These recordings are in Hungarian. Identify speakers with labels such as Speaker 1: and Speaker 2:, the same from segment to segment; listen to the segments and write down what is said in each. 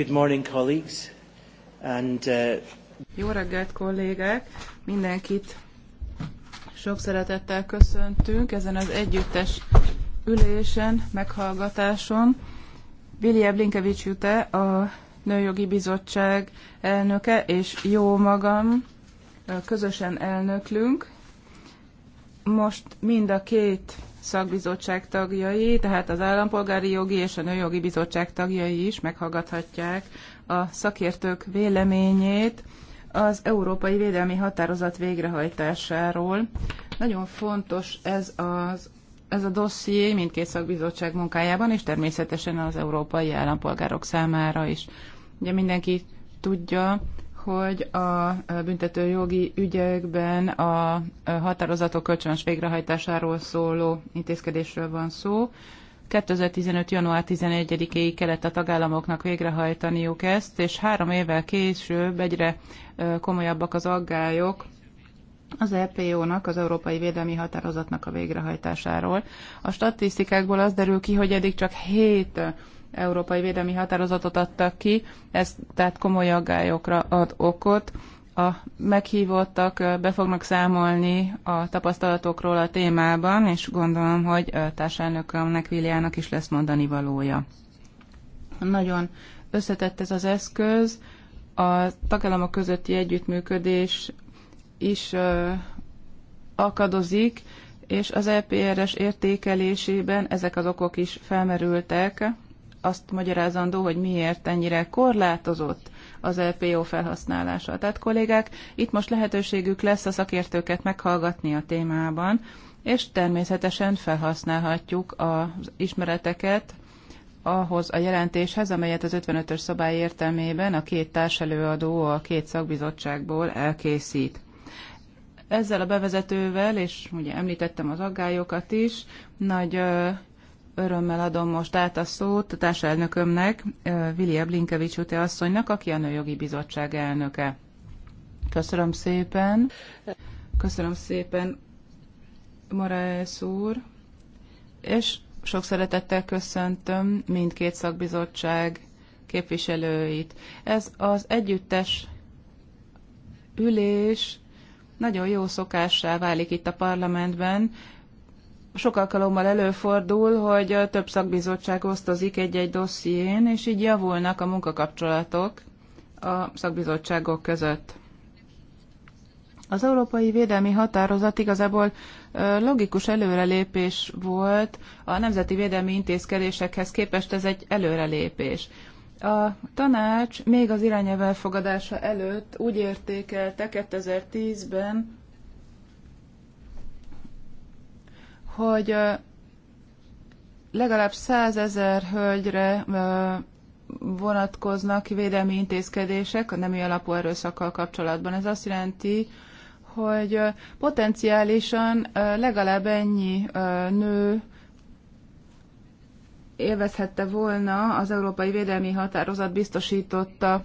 Speaker 1: Good morning, colleagues. And, uh...
Speaker 2: Jó reggelt, kollégák! Mindenkit sok szeretettel köszöntünk ezen az együttes ülésen, meghallgatáson. Vilje Blinkevics Jute, a Nőjogi Bizottság elnöke, és jó magam, közösen elnöklünk. Most mind a két szakbizottság tagjai, tehát az Állampolgári Jogi és a Nőjogi Bizottság tagjai is meghallgathatják a szakértők véleményét az Európai Védelmi Határozat végrehajtásáról. Nagyon fontos ez az ez a dosszié mindkét szakbizottság munkájában, és természetesen az európai állampolgárok számára is. Ugye mindenki tudja, hogy a büntetőjogi ügyekben a határozatok kölcsönös végrehajtásáról szóló intézkedésről van szó. 2015. január 11-éig kellett a tagállamoknak végrehajtaniuk ezt, és három évvel később egyre komolyabbak az aggályok, az EPO-nak, az Európai Védelmi Határozatnak a végrehajtásáról. A statisztikákból az derül ki, hogy eddig csak 7 európai védelmi határozatot adtak ki, ez tehát komoly aggályokra ad okot. A meghívottak be fognak számolni a tapasztalatokról a témában, és gondolom, hogy társelnökömnek, Viliának is lesz mondani valója. Nagyon összetett ez az eszköz, a tagállamok közötti együttműködés is akadozik, és az EPRS értékelésében ezek az okok is felmerültek, azt magyarázandó, hogy miért ennyire korlátozott az LPO e felhasználása. Tehát kollégák, itt most lehetőségük lesz a szakértőket meghallgatni a témában, és természetesen felhasználhatjuk az ismereteket ahhoz a jelentéshez, amelyet az 55-ös szabály értelmében a két társelőadó a két szakbizottságból elkészít. Ezzel a bevezetővel, és ugye említettem az aggályokat is, nagy örömmel adom most át a szót a társelnökömnek, Vilja Blinkevics úti asszonynak, aki a Nőjogi Bizottság elnöke. Köszönöm szépen. Köszönöm szépen, Moraes úr. És sok szeretettel köszöntöm mindkét szakbizottság képviselőit. Ez az együttes ülés nagyon jó szokássá válik itt a parlamentben, sok alkalommal előfordul, hogy több szakbizottság osztozik egy-egy dosszién, és így javulnak a munkakapcsolatok a szakbizottságok között. Az Európai Védelmi Határozat igazából logikus előrelépés volt, a nemzeti védelmi intézkedésekhez képest ez egy előrelépés. A tanács még az irányelv elfogadása előtt úgy értékelte 2010-ben, hogy legalább százezer hölgyre vonatkoznak védelmi intézkedések a nemi alapú erőszakkal kapcsolatban. Ez azt jelenti, hogy potenciálisan legalább ennyi nő élvezhette volna az Európai Védelmi Határozat biztosította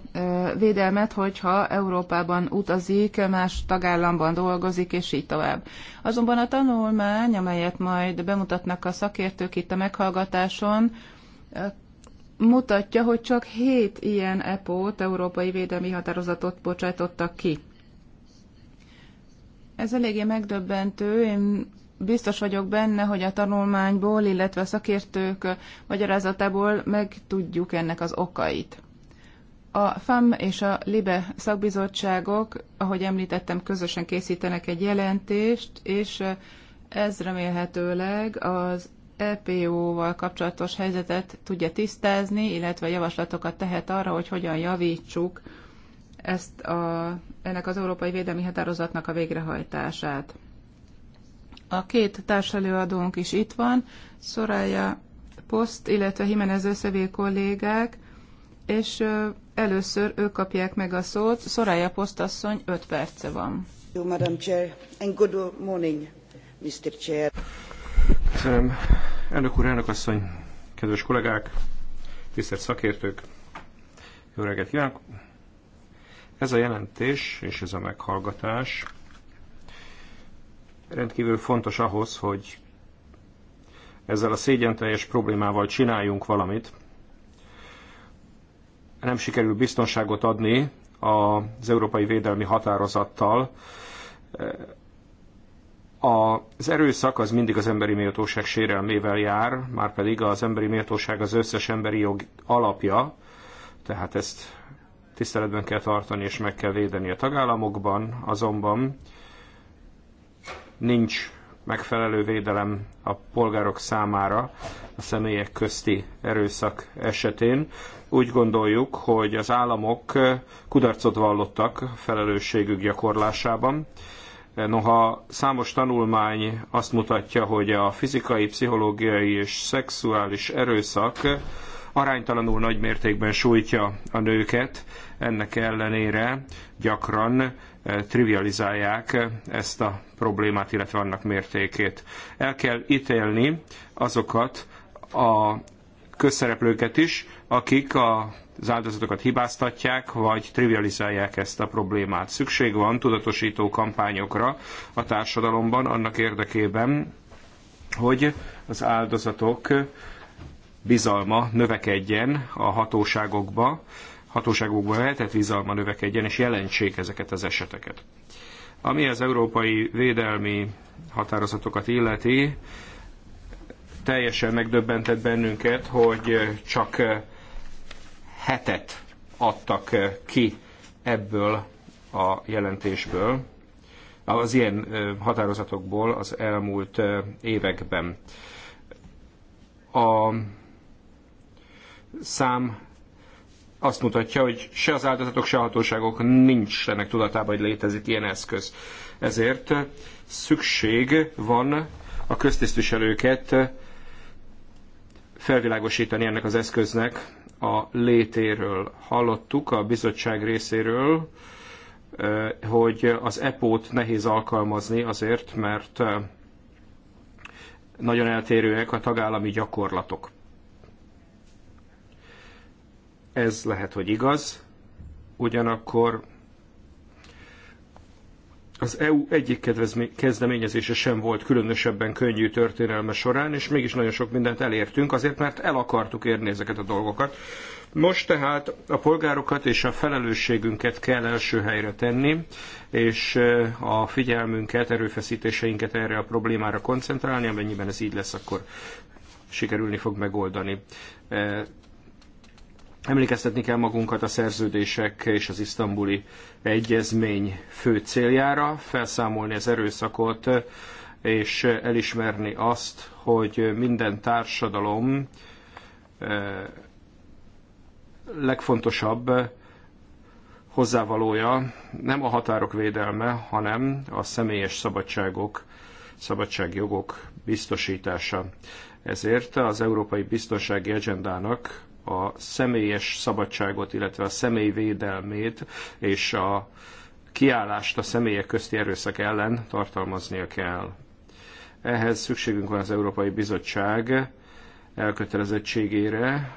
Speaker 2: védelmet, hogyha Európában utazik, más tagállamban dolgozik, és így tovább. Azonban a tanulmány, amelyet majd bemutatnak a szakértők itt a meghallgatáson, mutatja, hogy csak hét ilyen epót Európai Védelmi Határozatot bocsájtottak ki. Ez eléggé megdöbbentő. Én biztos vagyok benne, hogy a tanulmányból, illetve a szakértők magyarázatából megtudjuk ennek az okait. A FAM és a LIBE szakbizottságok, ahogy említettem, közösen készítenek egy jelentést, és ez remélhetőleg az EPO-val kapcsolatos helyzetet tudja tisztázni, illetve javaslatokat tehet arra, hogy hogyan javítsuk ezt a, ennek az európai védelmi határozatnak a végrehajtását. A két társelőadónk is itt van, Soraya Post, illetve Jimenez Összevé kollégák, és először ők kapják meg a szót. Soraya Post asszony Öt perce van. Jó, Madam Chair, and good morning, Mr.
Speaker 3: Chair. Köszönöm. Elnök úr, elnök asszony, kedves kollégák, tisztelt szakértők, jó reggelt kívánok! Ez a jelentés és ez a meghallgatás rendkívül fontos ahhoz, hogy ezzel a szégyenteljes problémával csináljunk valamit. Nem sikerül biztonságot adni az Európai Védelmi Határozattal. Az erőszak az mindig az emberi méltóság sérelmével jár, már pedig az emberi méltóság az összes emberi jog alapja, tehát ezt tiszteletben kell tartani és meg kell védeni a tagállamokban, azonban nincs megfelelő védelem a polgárok számára a személyek közti erőszak esetén. Úgy gondoljuk, hogy az államok kudarcot vallottak felelősségük gyakorlásában. Noha számos tanulmány azt mutatja, hogy a fizikai, pszichológiai és szexuális erőszak aránytalanul nagy mértékben sújtja a nőket, ennek ellenére gyakran trivializálják ezt a problémát, illetve annak mértékét. El kell ítélni azokat a közszereplőket is, akik a az áldozatokat hibáztatják, vagy trivializálják ezt a problémát. Szükség van tudatosító kampányokra a társadalomban annak érdekében, hogy az áldozatok bizalma növekedjen a hatóságokba, hatóságokba vetett bizalma növekedjen, és jelentsék ezeket az eseteket. Ami az európai védelmi határozatokat illeti, teljesen megdöbbentett bennünket, hogy csak hetet adtak ki ebből a jelentésből, az ilyen határozatokból az elmúlt években. A szám azt mutatja, hogy se az áldozatok, se a hatóságok nincsenek tudatában, hogy létezik ilyen eszköz. Ezért szükség van a köztisztviselőket felvilágosítani ennek az eszköznek a létéről. Hallottuk a bizottság részéről, hogy az EPO-t nehéz alkalmazni azért, mert nagyon eltérőek a tagállami gyakorlatok. Ez lehet, hogy igaz, ugyanakkor az EU egyik kezdeményezése sem volt különösebben könnyű történelme során, és mégis nagyon sok mindent elértünk, azért mert el akartuk érni ezeket a dolgokat. Most tehát a polgárokat és a felelősségünket kell első helyre tenni, és eh, a figyelmünket, erőfeszítéseinket erre a problémára koncentrálni, amennyiben ez így lesz, akkor sikerülni fog megoldani. Eh, Emlékeztetni kell magunkat a szerződések és az isztambuli egyezmény fő céljára, felszámolni az erőszakot, és elismerni azt, hogy minden társadalom eh, legfontosabb hozzávalója nem a határok védelme, hanem a személyes szabadságok, szabadságjogok biztosítása. Ezért az Európai Biztonsági Agendának a személyes szabadságot, illetve a személy védelmét és a kiállást a személyek közti erőszak ellen tartalmaznia kell. Ehhez szükségünk van az Európai Bizottság elkötelezettségére,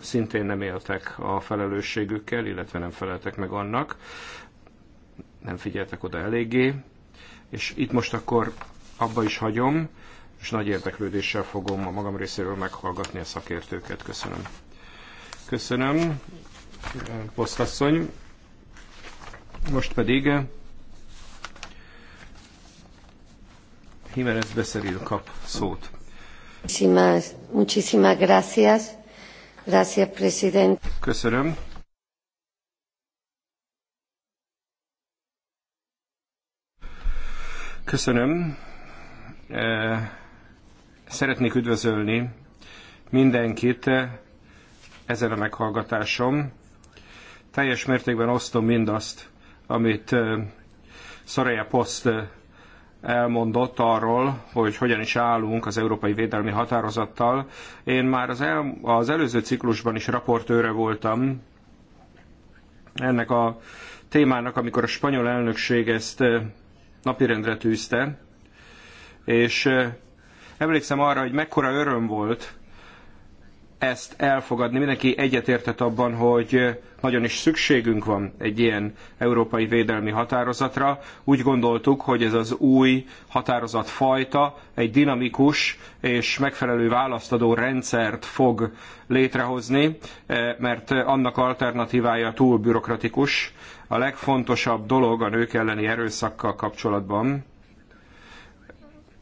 Speaker 3: szintén nem éltek a felelősségükkel, illetve nem feleltek meg annak, nem figyeltek oda eléggé, és itt most akkor abba is hagyom, és nagy érdeklődéssel fogom a magam részéről meghallgatni a szakértőket. Köszönöm. Köszönöm, posztasszony. Most pedig Jiménez Beszeril kap szót.
Speaker 4: Muchísimas, gracias. Gracias,
Speaker 3: Köszönöm. Köszönöm. Eh, szeretnék üdvözölni mindenkit, eh, ezen a meghallgatásom. Teljes mértékben osztom mindazt, amit Szoraya Post elmondott arról, hogy hogyan is állunk az Európai Védelmi Határozattal. Én már az, el, az előző ciklusban is raportőre voltam ennek a témának, amikor a spanyol elnökség ezt napirendre tűzte, és emlékszem arra, hogy mekkora öröm volt ezt elfogadni. Mindenki egyetértett abban, hogy nagyon is szükségünk van egy ilyen európai védelmi határozatra. Úgy gondoltuk, hogy ez az új határozatfajta egy dinamikus és megfelelő választadó rendszert fog létrehozni, eh, mert annak alternatívája túl bürokratikus. A legfontosabb dolog a nők elleni erőszakkal kapcsolatban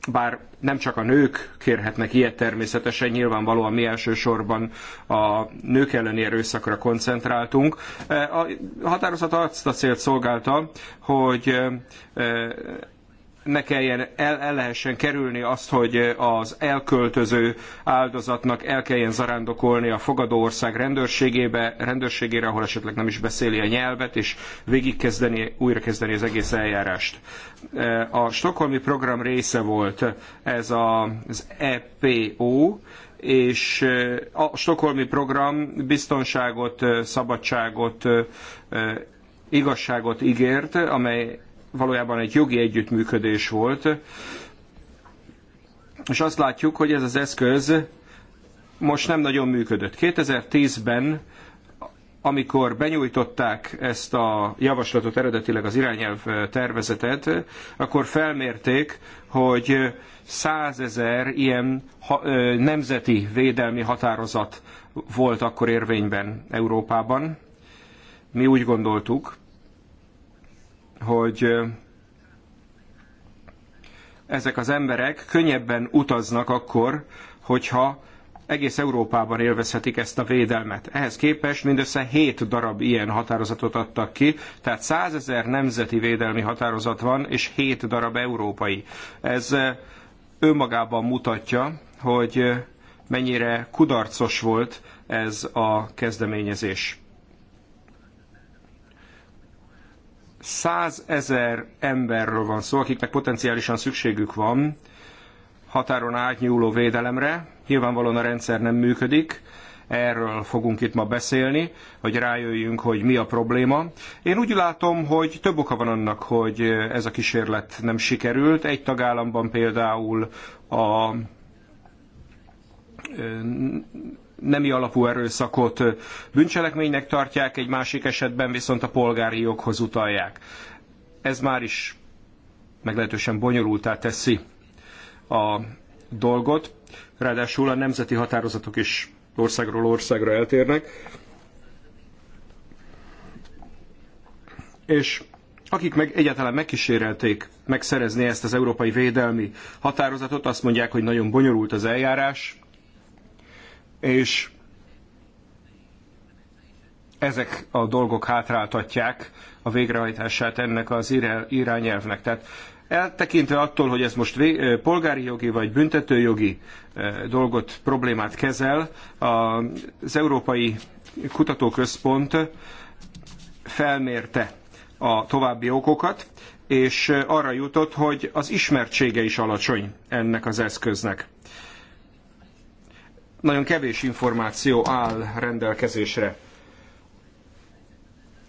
Speaker 3: bár nem csak a nők kérhetnek ilyet természetesen, nyilvánvalóan mi elsősorban a nők elleni erőszakra koncentráltunk. A határozat azt a célt szolgálta, hogy ne kelljen, el, el lehessen kerülni azt, hogy az elköltöző áldozatnak el kelljen zarándokolni a fogadó ország rendőrségébe, rendőrségére, ahol esetleg nem is beszéli a nyelvet, és végigkezdeni, újrakezdeni az egész eljárást. A Stockholmi program része volt ez az EPO, és a Stockholmi program biztonságot, szabadságot, igazságot ígért, amely valójában egy jogi együttműködés volt, és azt látjuk, hogy ez az eszköz most nem nagyon működött. 2010-ben, amikor benyújtották ezt a javaslatot, eredetileg az irányelv tervezetet, akkor felmérték, hogy százezer ilyen nemzeti védelmi határozat volt akkor érvényben Európában. Mi úgy gondoltuk, hogy ezek az emberek könnyebben utaznak akkor, hogyha egész Európában élvezhetik ezt a védelmet. Ehhez képest mindössze 7 darab ilyen határozatot adtak ki, tehát 100 ezer nemzeti védelmi határozat van, és 7 darab európai. Ez önmagában mutatja, hogy mennyire kudarcos volt ez a kezdeményezés. százezer emberről van szó, akiknek potenciálisan szükségük van határon átnyúló védelemre. Nyilvánvalóan a rendszer nem működik, erről fogunk itt ma beszélni, hogy rájöjjünk, hogy mi a probléma. Én úgy látom, hogy több oka van annak, hogy ez a kísérlet nem sikerült. Egy tagállamban például a nemi alapú erőszakot bűncselekménynek tartják, egy másik esetben viszont a polgári joghoz utalják. Ez már is meglehetősen bonyolultá teszi a dolgot. Ráadásul a nemzeti határozatok is országról országra eltérnek. És akik meg egyáltalán megkísérelték megszerezni ezt az európai védelmi határozatot, azt mondják, hogy nagyon bonyolult az eljárás, és ezek a dolgok hátráltatják a végrehajtását ennek az irányelvnek. Tehát eltekintve attól, hogy ez most polgári jogi vagy büntetőjogi dolgot, problémát kezel, az Európai Kutatóközpont felmérte a további okokat, és arra jutott, hogy az ismertsége is alacsony ennek az eszköznek nagyon kevés információ áll rendelkezésre.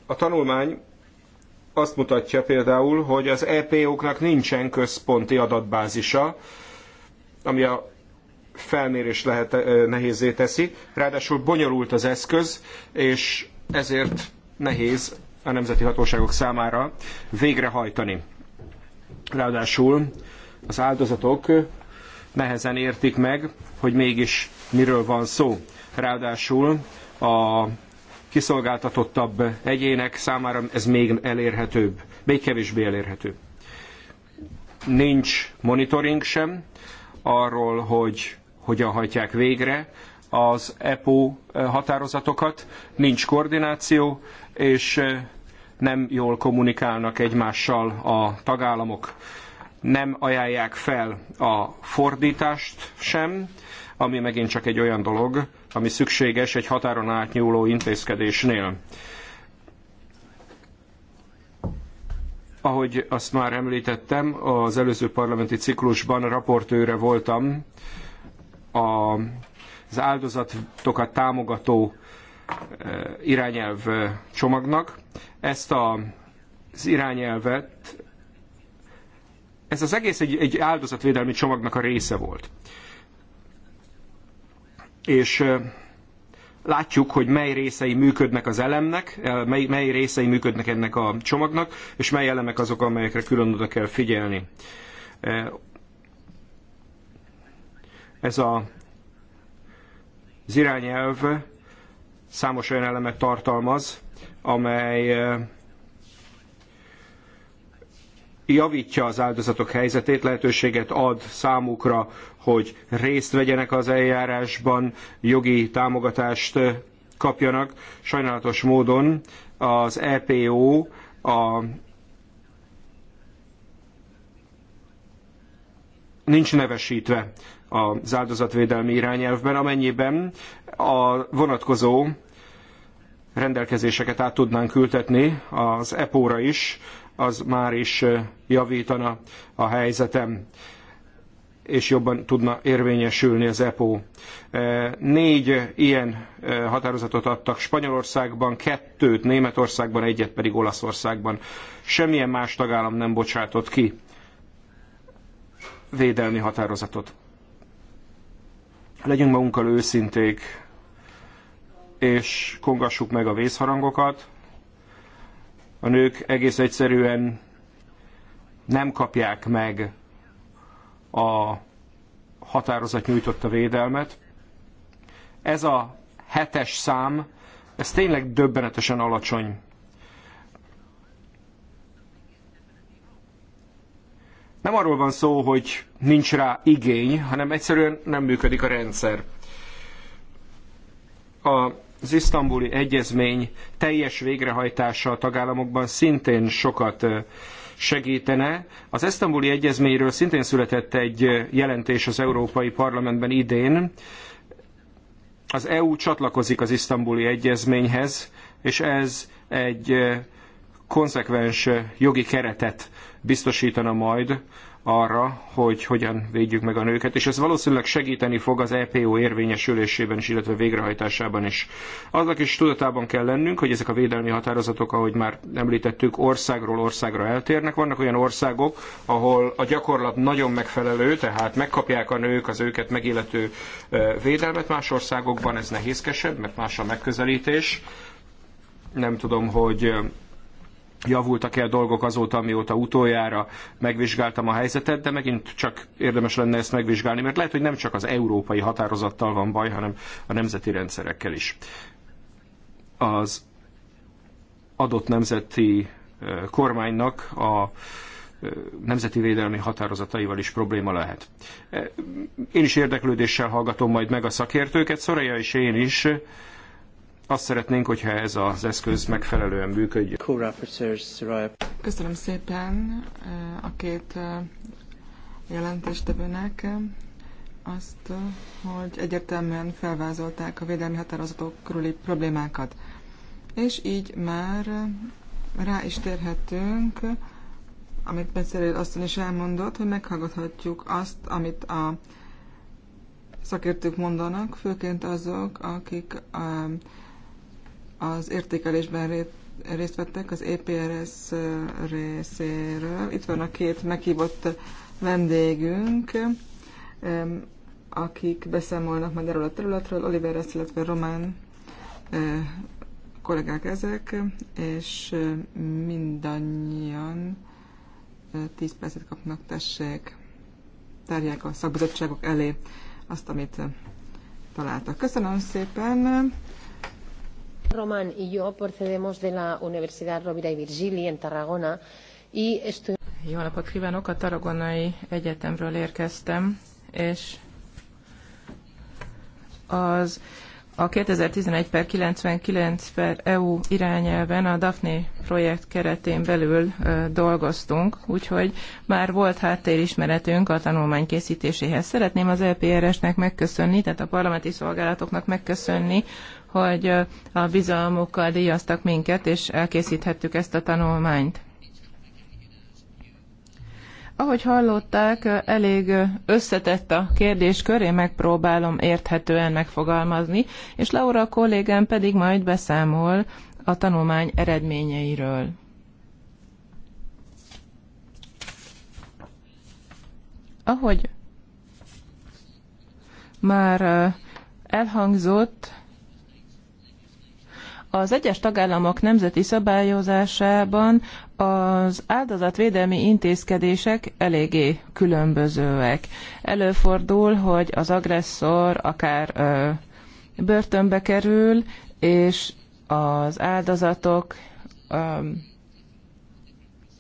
Speaker 3: A tanulmány azt mutatja például, hogy az EPO-knak nincsen központi adatbázisa, ami a felmérés lehet, nehézé teszi. Ráadásul bonyolult az eszköz, és ezért nehéz a nemzeti hatóságok számára végrehajtani. Ráadásul az áldozatok nehezen értik meg, hogy mégis miről van szó. Ráadásul a kiszolgáltatottabb egyének számára ez még elérhetőbb, még kevésbé elérhető. Nincs monitoring sem arról, hogy hogyan hajtják végre az EPO határozatokat, nincs koordináció, és eh, nem jól kommunikálnak egymással a tagállamok, nem ajánlják fel a fordítást sem, ami megint csak egy olyan dolog, ami szükséges egy határon átnyúló intézkedésnél. Ahogy azt már említettem, az előző parlamenti ciklusban raportőre voltam a, az áldozatokat támogató e, irányelv e, csomagnak. Ezt a, az irányelvet, ez az egész egy, egy áldozatvédelmi csomagnak a része volt és látjuk, hogy mely részei működnek az elemnek, mely, mely részei működnek ennek a csomagnak, és mely elemek azok, amelyekre külön oda kell figyelni. Ez a, az irányelv számos olyan elemet tartalmaz, amely javítja az áldozatok helyzetét, lehetőséget ad számukra hogy részt vegyenek az eljárásban, jogi támogatást kapjanak. Sajnálatos módon az EPO a nincs nevesítve az áldozatvédelmi irányelvben, amennyiben a vonatkozó rendelkezéseket át tudnánk ültetni az EPO-ra is, az már is javítana a helyzetem és jobban tudna érvényesülni az EPO. E, négy ilyen e, határozatot adtak Spanyolországban, kettőt Németországban, egyet pedig Olaszországban. Semmilyen más tagállam nem bocsátott ki védelmi határozatot. Legyünk magunkkal őszinték, és kongassuk meg a vészharangokat. A nők egész egyszerűen nem kapják meg a határozat nyújtotta védelmet. Ez a hetes szám, ez tényleg döbbenetesen alacsony. Nem arról van szó, hogy nincs rá igény, hanem egyszerűen nem működik a rendszer. A az isztambuli egyezmény teljes végrehajtása a tagállamokban szintén sokat segítene. Az esztambuli egyezményről szintén született egy jelentés az Európai Parlamentben idén. Az EU csatlakozik az isztambuli egyezményhez, és ez egy konzekvens jogi keretet biztosítana majd arra, hogy hogyan védjük meg a nőket, és ez valószínűleg segíteni fog az EPO érvényesülésében is, illetve végrehajtásában is. Aznak is tudatában kell lennünk, hogy ezek a védelmi határozatok, ahogy már említettük, országról országra eltérnek. Vannak olyan országok, ahol a gyakorlat nagyon megfelelő, tehát megkapják a nők az őket megillető védelmet, más országokban ez nehézkesebb, mert más a megközelítés. Nem tudom, hogy javultak-e a dolgok azóta, amióta utoljára megvizsgáltam a helyzetet, de megint csak érdemes lenne ezt megvizsgálni, mert lehet, hogy nem csak az európai határozattal van baj, hanem a nemzeti rendszerekkel is. Az adott nemzeti kormánynak a nemzeti védelmi határozataival is probléma lehet. Én is érdeklődéssel hallgatom majd meg a szakértőket, Szoraja és én is azt szeretnénk, hogyha ez az eszköz megfelelően működjön.
Speaker 5: Köszönöm szépen eh, a két eh, jelentéstevőnek azt, hogy egyértelműen felvázolták a védelmi határozatok körüli problémákat. És így már rá is térhetünk, amit beszélő asszony is elmondott, hogy meghallgathatjuk azt, amit a szakértők mondanak, főként azok, akik a eh, az értékelésben részt vettek az EPRS részéről. Itt van a két meghívott vendégünk, akik beszámolnak majd erről a területről, Oliver Esz, illetve Román eh, kollégák ezek, és eh, mindannyian 10 eh, percet kapnak, tessék, tárják a szakbizottságok elé azt, amit találtak. Köszönöm szépen!
Speaker 6: Román y yo procedemos de la Universidad Rovira y Virgili en Tarragona. Y estoy...
Speaker 2: Jó napot kívánok! A Tarragonai Egyetemről érkeztem, és az a 2011 per 99 per EU irányelven a Daphne projekt keretén belül dolgoztunk, úgyhogy már volt háttérismeretünk a tanulmány készítéséhez. Szeretném az LPRS-nek e megköszönni, tehát a parlamenti szolgálatoknak megköszönni hogy a bizalmukkal díjaztak minket, és elkészíthettük ezt a tanulmányt. Ahogy hallották, elég összetett a kérdéskör, én megpróbálom érthetően megfogalmazni, és Laura kollégám pedig majd beszámol a tanulmány eredményeiről. Ahogy már elhangzott, az egyes tagállamok nemzeti szabályozásában az áldozatvédelmi intézkedések eléggé különbözőek. Előfordul, hogy az agresszor akár ö, börtönbe kerül, és az áldozatok ö,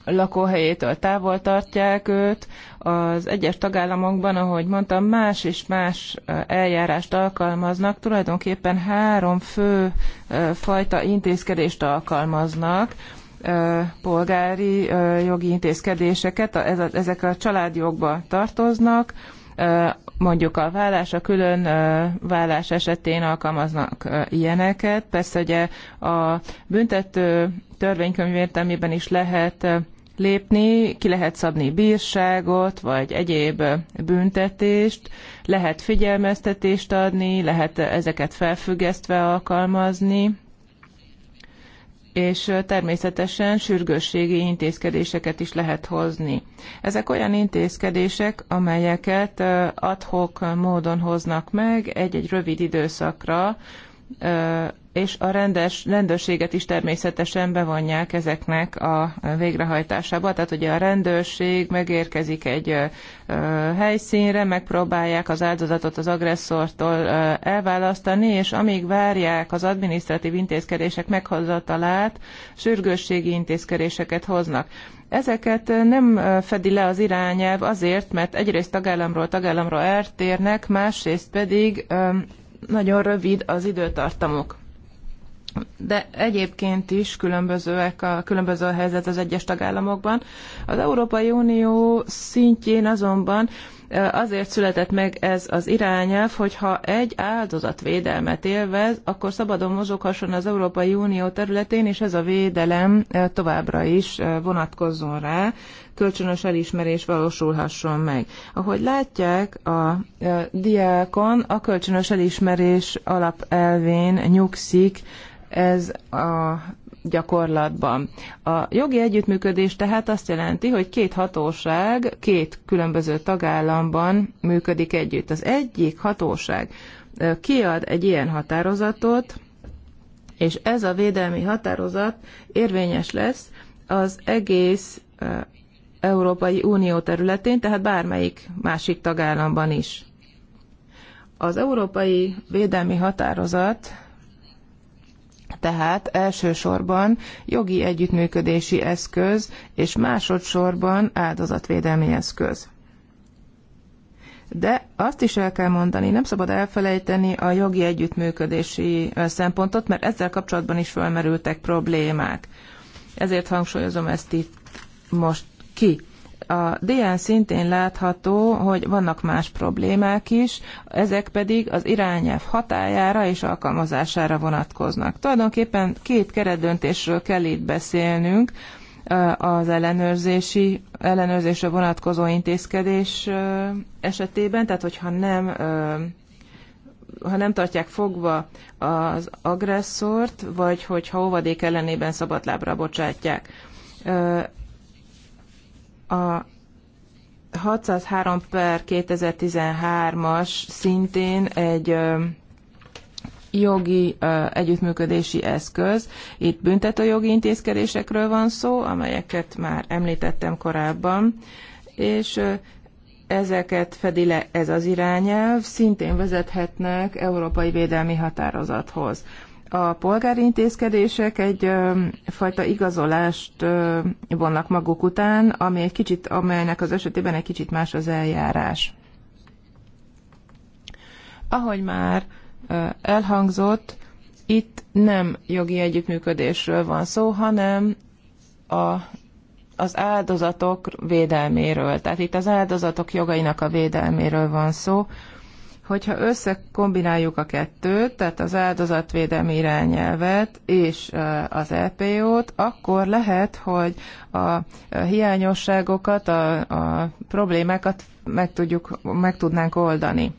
Speaker 2: lakóhelyétől távol tartják őt, az egyes tagállamokban, ahogy mondtam, más és más eljárást alkalmaznak, tulajdonképpen három fő fajta intézkedést alkalmaznak, polgári jogi intézkedéseket, ezek a családjogba tartoznak, mondjuk a vállás, a külön vállás esetén alkalmaznak ilyeneket. Persze ugye a büntető törvénykönyv értelmében is lehet lépni, ki lehet szabni bírságot, vagy egyéb büntetést, lehet figyelmeztetést adni, lehet ezeket felfüggesztve alkalmazni, és természetesen sürgősségi intézkedéseket is lehet hozni. Ezek olyan intézkedések, amelyeket adhok módon hoznak meg egy-egy rövid időszakra, és a rendes, rendőrséget is természetesen bevonják ezeknek a végrehajtásába. Tehát ugye a rendőrség megérkezik egy helyszínre, megpróbálják az áldozatot az agresszortól elválasztani, és amíg várják az adminisztratív intézkedések meghozatalát, sürgősségi intézkedéseket hoznak. Ezeket nem fedi le az irányelv azért, mert egyrészt tagállamról tagállamra eltérnek, másrészt pedig nagyon rövid az időtartamok de egyébként is különbözőek a, különböző a helyzet az egyes tagállamokban. Az Európai Unió szintjén azonban azért született meg ez az irányelv, hogyha egy áldozat védelmet élvez, akkor szabadon mozoghasson az Európai Unió területén, és ez a védelem továbbra is vonatkozzon rá, kölcsönös elismerés valósulhasson meg. Ahogy látják, a diákon a kölcsönös elismerés alapelvén nyugszik ez a gyakorlatban. A jogi együttműködés tehát azt jelenti, hogy két hatóság két különböző tagállamban működik együtt. Az egyik hatóság kiad egy ilyen határozatot, és ez a védelmi határozat érvényes lesz az egész Európai Unió területén, tehát bármelyik másik tagállamban is. Az Európai Védelmi Határozat tehát elsősorban jogi együttműködési eszköz, és másodszorban áldozatvédelmi eszköz. De azt is el kell mondani, nem szabad elfelejteni a jogi együttműködési szempontot, mert ezzel kapcsolatban is felmerültek problémák. Ezért hangsúlyozom ezt itt most ki. A dián szintén látható, hogy vannak más problémák is, ezek pedig az irányelv hatájára és alkalmazására vonatkoznak. Tulajdonképpen két keretdöntésről kell itt beszélnünk, az ellenőrzési, ellenőrzésre vonatkozó intézkedés esetében, tehát hogyha nem ha nem tartják fogva az agresszort, vagy hogyha óvadék ellenében szabadlábra bocsátják. A 603 per 2013-as szintén egy jogi együttműködési eszköz. Itt jogi intézkedésekről van szó, amelyeket már említettem korábban, és ezeket fedi le ez az irányelv, szintén vezethetnek európai védelmi határozathoz a polgári intézkedések egyfajta igazolást vonnak maguk után, ami egy kicsit, amelynek az esetében egy kicsit más az eljárás. Ahogy már elhangzott, itt nem jogi együttműködésről van szó, hanem a, az áldozatok védelméről. Tehát itt az áldozatok jogainak a védelméről van szó, Hogyha összekombináljuk a kettőt, tehát az áldozatvédelmi irányelvet és az LPO-t, e akkor lehet, hogy a hiányosságokat, a, a problémákat meg, tudjuk, meg tudnánk oldani.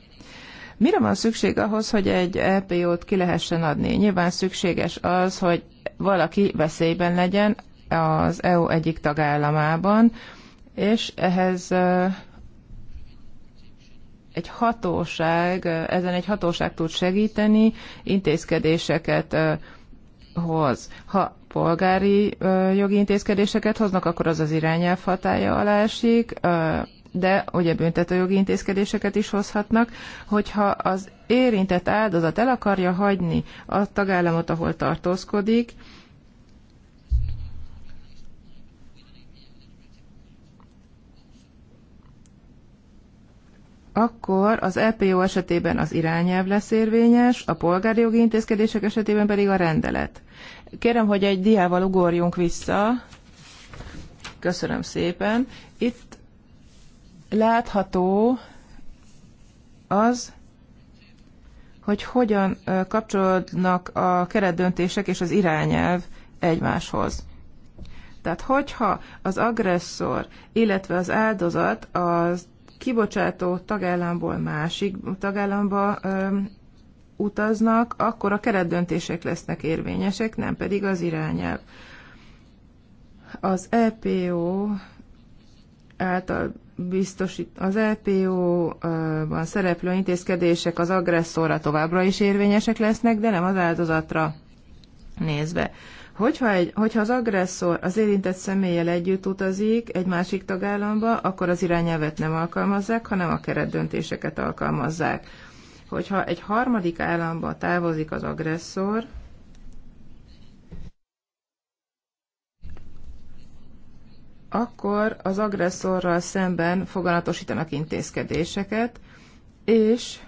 Speaker 2: Mire van szükség ahhoz, hogy egy LPO-t e ki lehessen adni? Nyilván szükséges az, hogy valaki veszélyben legyen az EU egyik tagállamában, és ehhez egy hatóság, ezen egy hatóság tud segíteni, intézkedéseket hoz. Ha polgári jogi intézkedéseket hoznak, akkor az az irányelv hatája alá esik, de ugye büntetőjogi intézkedéseket is hozhatnak, hogyha az érintett áldozat el akarja hagyni a tagállamot, ahol tartózkodik, akkor az LPO e esetében az irányelv lesz érvényes, a polgári jogi intézkedések esetében pedig a rendelet. Kérem, hogy egy diával ugorjunk vissza. Köszönöm szépen. Itt látható az, hogy hogyan kapcsolódnak a keretdöntések és az irányelv egymáshoz. Tehát hogyha az agresszor, illetve az áldozat az kibocsátó tagállamból másik tagállamba utaznak, akkor a keretdöntések lesznek érvényesek, nem pedig az irányelv. Az EPO által biztosít, az EPO-ban szereplő intézkedések az agresszorra továbbra is érvényesek lesznek, de nem az áldozatra nézve. Hogyha, egy, hogyha az agresszor az érintett személlyel együtt utazik egy másik tagállamba, akkor az irányelvet nem alkalmazzák, hanem a keretdöntéseket alkalmazzák. Hogyha egy harmadik államba távozik az agresszor, akkor az agresszorral szemben foganatosítanak intézkedéseket, és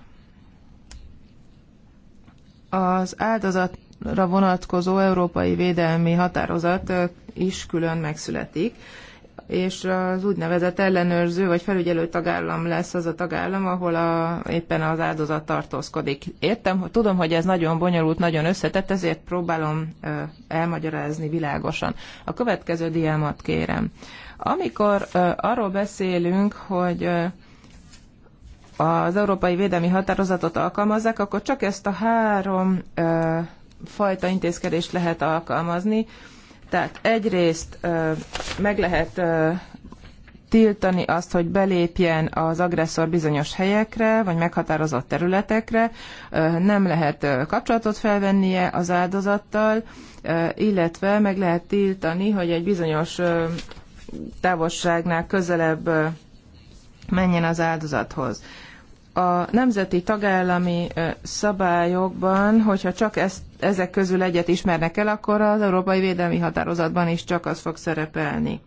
Speaker 2: az áldozat Ukrajnára vonatkozó európai védelmi határozat is külön megszületik és az úgynevezett ellenőrző vagy felügyelő tagállam lesz az a tagállam, ahol a, éppen az áldozat tartózkodik. Értem, tudom, hogy ez nagyon bonyolult, nagyon összetett, ezért próbálom elmagyarázni világosan. A következő diámat kérem. Amikor arról beszélünk, hogy az európai védelmi határozatot alkalmazzák, akkor csak ezt a három fajta intézkedést lehet alkalmazni. Tehát egyrészt meg lehet tiltani azt, hogy belépjen az agresszor bizonyos helyekre, vagy meghatározott területekre, nem lehet kapcsolatot felvennie az áldozattal, illetve meg lehet tiltani, hogy egy bizonyos távolságnál közelebb menjen az áldozathoz a nemzeti tagállami szabályokban, hogyha csak ezt, ezek közül egyet ismernek el, akkor az Európai Védelmi Határozatban is csak az fog szerepelni.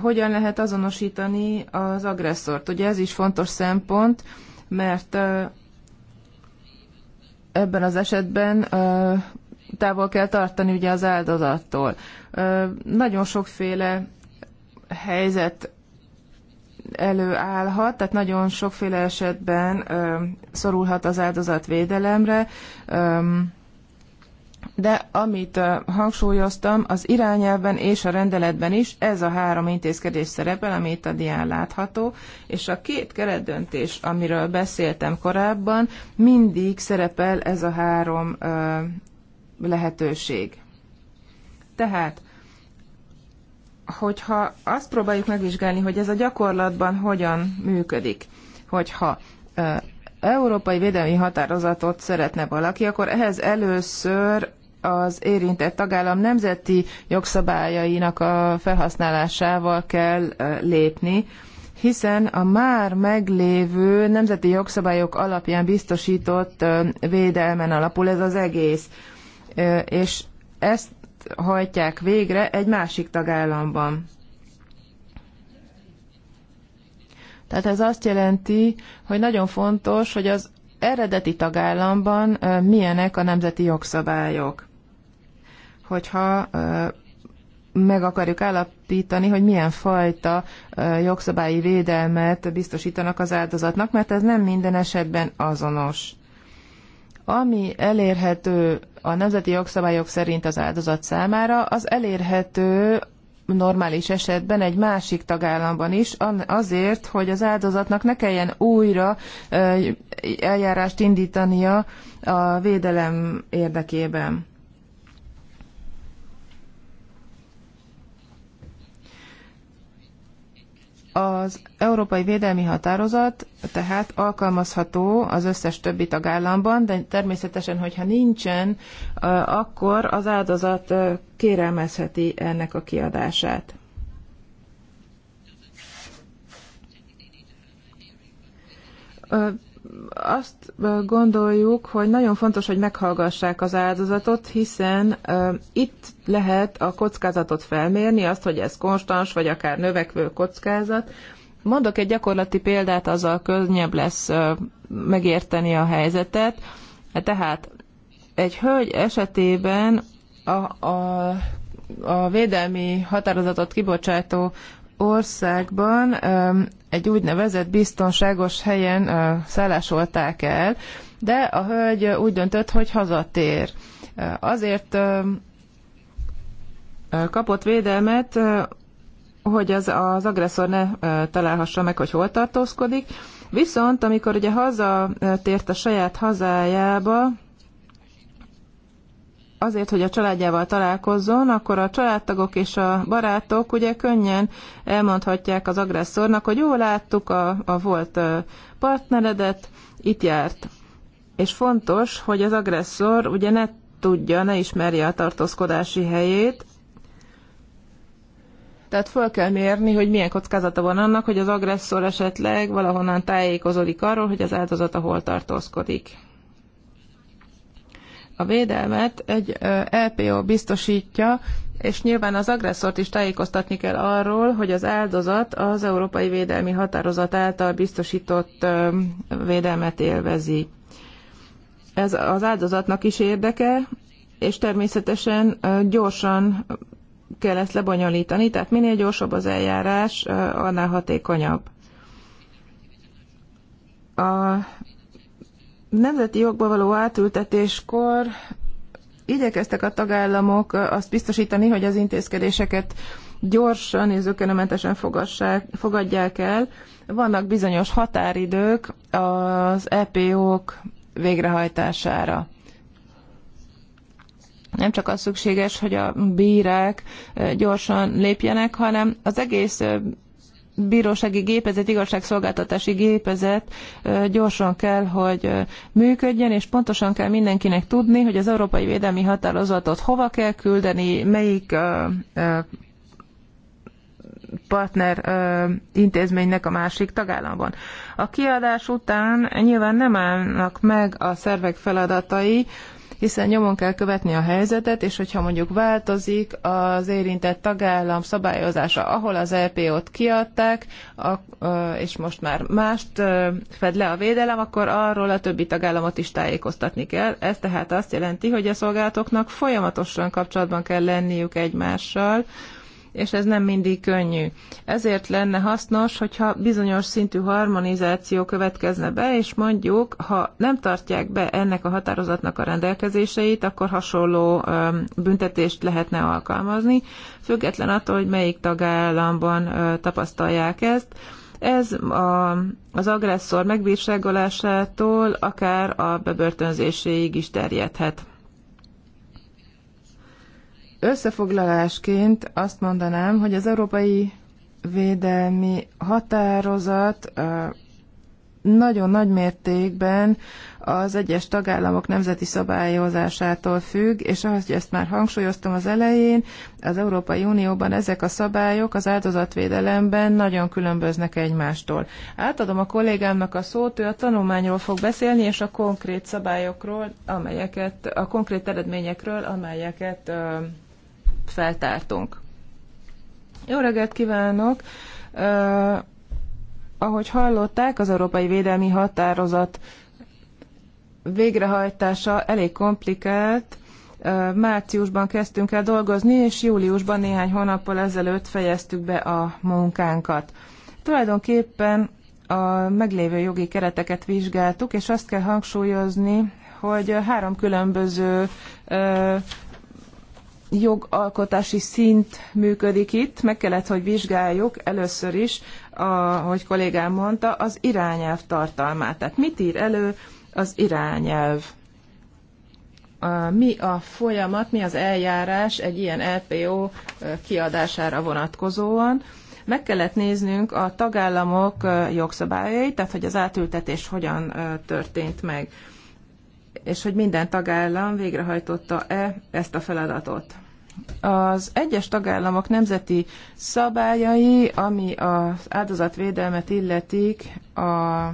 Speaker 2: Hogyan lehet azonosítani az agresszort? Ugye ez is fontos szempont, mert ebben az esetben távol kell tartani ugye az áldozattól. Nagyon sokféle helyzet előállhat, tehát nagyon sokféle esetben ö, szorulhat az áldozat védelemre. Ö, de amit hangsúlyoztam, az irányelven és a rendeletben is ez a három intézkedés szerepel, ami itt a dián látható, és a két keretdöntés, amiről beszéltem korábban, mindig szerepel ez a három ö, lehetőség. Tehát hogyha azt próbáljuk megvizsgálni, hogy ez a gyakorlatban hogyan működik, hogyha európai védelmi határozatot szeretne valaki, akkor ehhez először az érintett tagállam nemzeti jogszabályainak a felhasználásával kell lépni, hiszen a már meglévő nemzeti jogszabályok alapján biztosított védelmen alapul ez az egész. És ezt hajtják végre egy másik tagállamban. Tehát ez azt jelenti, hogy nagyon fontos, hogy az eredeti tagállamban milyenek a nemzeti jogszabályok. Hogyha meg akarjuk állapítani, hogy milyen fajta jogszabályi védelmet biztosítanak az áldozatnak, mert ez nem minden esetben azonos. Ami elérhető a nemzeti jogszabályok szerint az áldozat számára, az elérhető normális esetben egy másik tagállamban is, azért, hogy az áldozatnak ne kelljen újra eljárást indítania a védelem érdekében. Az Európai Védelmi Határozat tehát alkalmazható az összes többi tagállamban, de természetesen, hogyha nincsen, akkor az áldozat kérelmezheti ennek a kiadását azt gondoljuk, hogy nagyon fontos, hogy meghallgassák az áldozatot, hiszen itt lehet a kockázatot felmérni, azt, hogy ez konstans, vagy akár növekvő kockázat. Mondok egy gyakorlati példát, azzal könnyebb lesz megérteni a helyzetet. Tehát egy hölgy esetében a, a, a védelmi határozatot kibocsátó országban egy úgynevezett biztonságos helyen szállásolták el, de a hölgy úgy döntött, hogy hazatér. Azért kapott védelmet, hogy az, az agresszor ne találhassa meg, hogy hol tartózkodik. Viszont, amikor ugye hazatért a saját hazájába, azért, hogy a családjával találkozzon, akkor a családtagok és a barátok ugye könnyen elmondhatják az agresszornak, hogy jó, láttuk a, a volt partneredet, itt járt. És fontos, hogy az agresszor ugye ne tudja, ne ismerje a tartózkodási helyét, tehát föl kell mérni, hogy milyen kockázata van annak, hogy az agresszor esetleg valahonnan tájékozódik arról, hogy az áldozata hol tartózkodik. A védelmet egy LPO biztosítja, és nyilván az agresszort is tájékoztatni kell arról, hogy az áldozat az Európai Védelmi Határozat által biztosított védelmet élvezi. Ez az áldozatnak is érdeke, és természetesen gyorsan kell ezt lebonyolítani, tehát minél gyorsabb az eljárás, annál hatékonyabb. A nemzeti jogba való átültetéskor igyekeztek a tagállamok azt biztosítani, hogy az intézkedéseket gyorsan és zökkenőmentesen fogadják el. Vannak bizonyos határidők az EPO-k végrehajtására. Nem csak az szükséges, hogy a bírák gyorsan lépjenek, hanem az egész bírósági gépezet, igazságszolgáltatási gépezet gyorsan kell, hogy működjön, és pontosan kell mindenkinek tudni, hogy az Európai Védelmi Határozatot hova kell küldeni, melyik partner ö, intézménynek a másik tagállamban. A kiadás után nyilván nem állnak meg a szervek feladatai, hiszen nyomon kell követni a helyzetet, és hogyha mondjuk változik az érintett tagállam szabályozása, ahol az LPO-t e kiadták, és most már mást fed le a védelem, akkor arról a többi tagállamot is tájékoztatni kell. Ez tehát azt jelenti, hogy a szolgálatoknak folyamatosan kapcsolatban kell lenniük egymással, és ez nem mindig könnyű. Ezért lenne hasznos, hogyha bizonyos szintű harmonizáció következne be, és mondjuk, ha nem tartják be ennek a határozatnak a rendelkezéseit, akkor hasonló büntetést lehetne alkalmazni, független attól, hogy melyik tagállamban tapasztalják ezt ez a, az agresszor megbírságolásától akár a bebörtönzéséig is terjedhet. Összefoglalásként azt mondanám, hogy az európai védelmi határozat nagyon nagy mértékben az egyes tagállamok nemzeti szabályozásától függ, és ahogy ezt már hangsúlyoztam az elején, az Európai Unióban ezek a szabályok az áldozatvédelemben nagyon különböznek egymástól. Átadom a kollégámnak a szót, ő a tanulmányról fog beszélni, és a konkrét szabályokról, amelyeket, a konkrét eredményekről, amelyeket feltártunk. Jó reggelt kívánok! Uh, ahogy hallották, az Európai Védelmi Határozat végrehajtása elég komplikált. Uh, márciusban kezdtünk el dolgozni, és júliusban néhány hónappal ezelőtt fejeztük be a munkánkat. Tulajdonképpen a meglévő jogi kereteket vizsgáltuk, és azt kell hangsúlyozni, hogy három különböző uh, jogalkotási szint működik itt. Meg kellett, hogy vizsgáljuk először is, ahogy kollégám mondta, az irányelv tartalmát. Tehát mit ír elő az irányelv? Mi a folyamat, mi az eljárás egy ilyen LPO kiadására vonatkozóan? Meg kellett néznünk a tagállamok jogszabályait, tehát hogy az átültetés hogyan történt meg és hogy minden tagállam végrehajtotta-e ezt a feladatot. Az egyes tagállamok nemzeti szabályai, ami az áldozatvédelmet illetik, a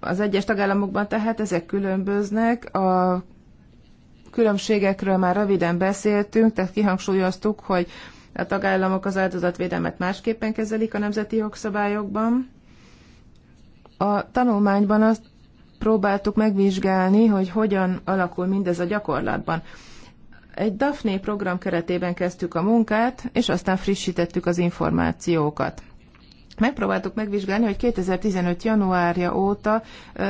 Speaker 2: az egyes tagállamokban tehát ezek különböznek. A különbségekről már röviden beszéltünk, tehát kihangsúlyoztuk, hogy a tagállamok az áldozatvédelmet másképpen kezelik a nemzeti jogszabályokban. A tanulmányban azt próbáltuk megvizsgálni, hogy hogyan alakul mindez a gyakorlatban. Egy DAFNE program keretében kezdtük a munkát, és aztán frissítettük az információkat. Megpróbáltuk megvizsgálni, hogy 2015. januárja óta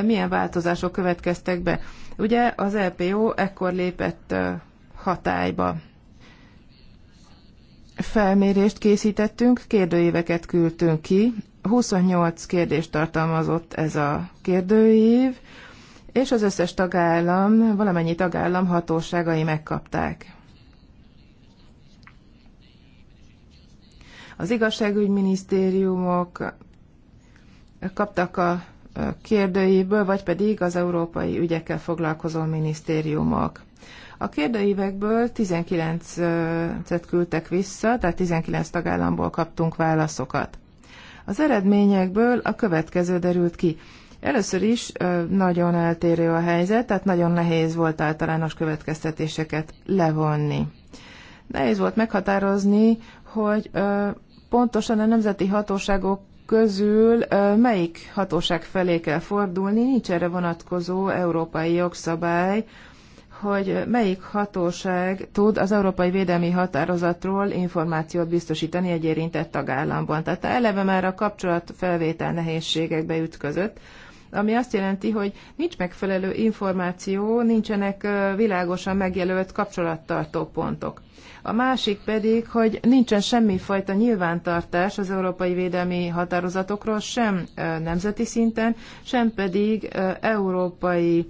Speaker 2: milyen változások következtek be. Ugye az LPO ekkor lépett hatályba. Felmérést készítettünk, kérdőíveket küldtünk ki 28 kérdést tartalmazott ez a kérdőív, és az összes tagállam, valamennyi tagállam hatóságai megkapták. Az igazságügyminisztériumok kaptak a kérdőívből, vagy pedig az európai ügyekkel foglalkozó minisztériumok. A kérdőívekből 19-et küldtek vissza, tehát 19 tagállamból kaptunk válaszokat. Az eredményekből a következő derült ki. Először is nagyon eltérő a helyzet, tehát nagyon nehéz volt általános következtetéseket levonni. Nehéz volt meghatározni, hogy pontosan a nemzeti hatóságok közül melyik hatóság felé kell fordulni, nincs erre vonatkozó európai jogszabály, hogy melyik hatóság tud az Európai Védelmi Határozatról információt biztosítani egy érintett tagállamban. Tehát eleve már a kapcsolatfelvétel nehézségekbe ütközött, ami azt jelenti, hogy nincs megfelelő információ, nincsenek világosan megjelölt kapcsolattartó pontok. A másik pedig, hogy nincsen semmifajta nyilvántartás az európai védelmi határozatokról, sem nemzeti szinten, sem pedig európai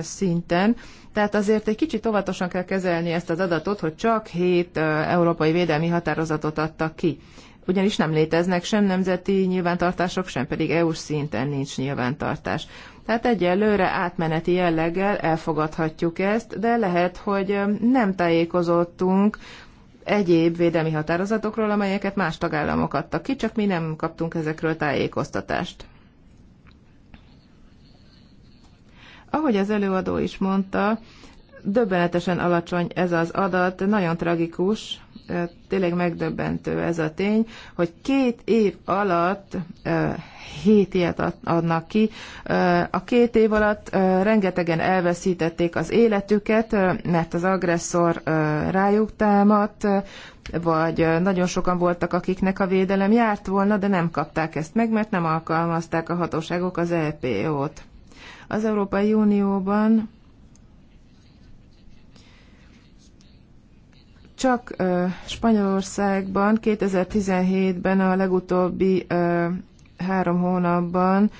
Speaker 2: szinten. Tehát azért egy kicsit óvatosan kell kezelni ezt az adatot, hogy csak hét európai védelmi határozatot adtak ki. Ugyanis nem léteznek sem nemzeti nyilvántartások, sem pedig EU-s szinten nincs nyilvántartás. Tehát egyelőre átmeneti jelleggel elfogadhatjuk ezt, de lehet, hogy nem tájékozottunk egyéb védelmi határozatokról, amelyeket más tagállamok adtak ki, csak mi nem kaptunk ezekről tájékoztatást. Ahogy az előadó is mondta, döbbenetesen alacsony ez az adat, nagyon tragikus, tényleg megdöbbentő ez a tény, hogy két év alatt hét ilyet adnak ki. A két év alatt rengetegen elveszítették az életüket, mert az agresszor rájuk támadt, vagy nagyon sokan voltak, akiknek a védelem járt volna, de nem kapták ezt meg, mert nem alkalmazták a hatóságok az EPO-t. Az Európai Unióban csak Spanyolországban 2017-ben a legutóbbi három hónapban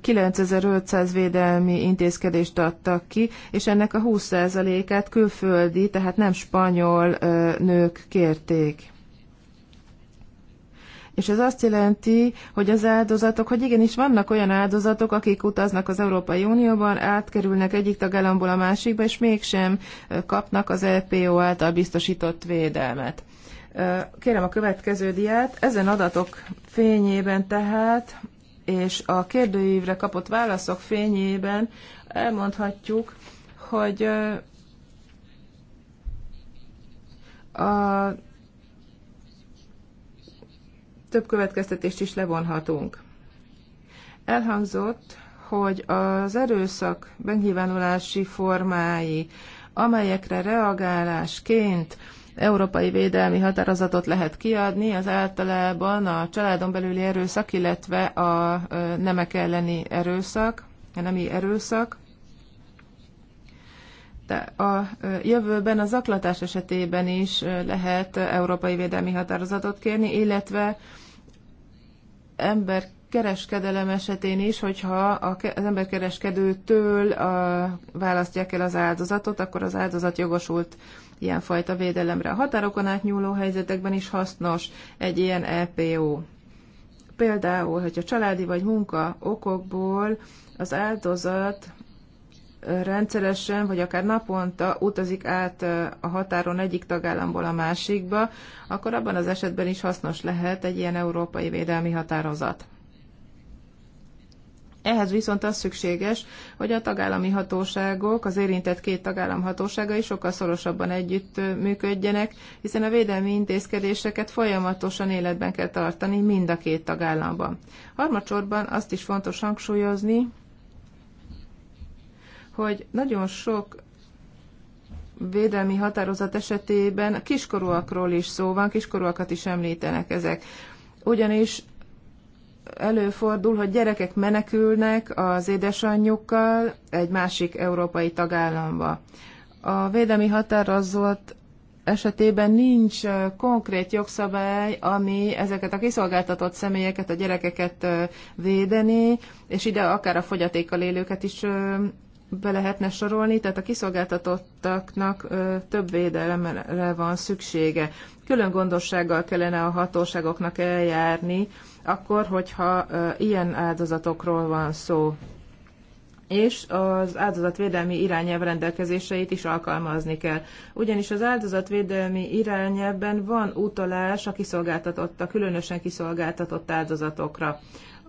Speaker 2: 9500 védelmi intézkedést adtak ki, és ennek a 20%-át külföldi, tehát nem spanyol nők kérték. És ez azt jelenti, hogy az áldozatok, hogy igenis vannak olyan áldozatok, akik utaznak az Európai Unióban, átkerülnek egyik tagállamból a másikba, és mégsem kapnak az EPO által biztosított védelmet. Kérem a következő diát. Ezen adatok fényében tehát, és a kérdőívre kapott válaszok fényében elmondhatjuk, hogy a több következtetést is levonhatunk. Elhangzott, hogy az erőszak benyilvánulási formái, amelyekre reagálásként európai védelmi határozatot lehet kiadni, az általában a családon belüli erőszak, illetve a nemek elleni erőszak, a nemi erőszak. De a jövőben a zaklatás esetében is lehet európai védelmi határozatot kérni, illetve ember kereskedelem esetén is, hogyha az emberkereskedőtől a, választják el az áldozatot, akkor az áldozat jogosult ilyenfajta védelemre. A határokon átnyúló helyzetekben is hasznos egy ilyen EPO. Például, hogyha családi vagy munka okokból az áldozat rendszeresen, vagy akár naponta utazik át a határon egyik tagállamból a másikba, akkor abban az esetben is hasznos lehet egy ilyen európai védelmi határozat. Ehhez viszont az szükséges, hogy a tagállami hatóságok, az érintett két tagállam hatóságai sokkal szorosabban együtt működjenek, hiszen a védelmi intézkedéseket folyamatosan életben kell tartani mind a két tagállamban. Harmadsorban azt is fontos hangsúlyozni, hogy nagyon sok védelmi határozat esetében kiskorúakról is szó van, kiskorúakat is említenek ezek. Ugyanis előfordul, hogy gyerekek menekülnek az édesanyjukkal egy másik európai tagállamba. A védelmi határozat esetében nincs konkrét jogszabály, ami ezeket a kiszolgáltatott személyeket, a gyerekeket védeni, és ide akár a fogyatékkal élőket is be lehetne sorolni, tehát a kiszolgáltatottaknak több védelemre van szüksége. Külön gondossággal kellene a hatóságoknak eljárni, akkor, hogyha ilyen áldozatokról van szó. És az áldozatvédelmi irányelv rendelkezéseit is alkalmazni kell. Ugyanis az áldozatvédelmi irányelvben van utalás a kiszolgáltatotta, különösen kiszolgáltatott áldozatokra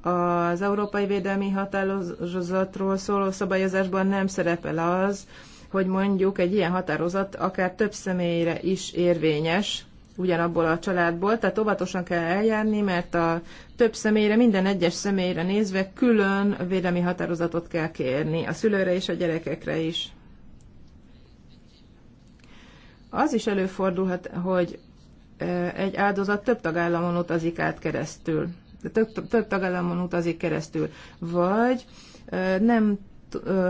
Speaker 2: az Európai Védelmi Határozatról szóló szabályozásban nem szerepel az, hogy mondjuk egy ilyen határozat akár több személyre is érvényes, ugyanabból a családból, tehát óvatosan kell eljárni, mert a több személyre, minden egyes személyre nézve külön védelmi határozatot kell kérni, a szülőre és a gyerekekre is. Az is előfordulhat, hogy eh, egy áldozat több tagállamon utazik át keresztül több, több tagállamon utazik keresztül, vagy nem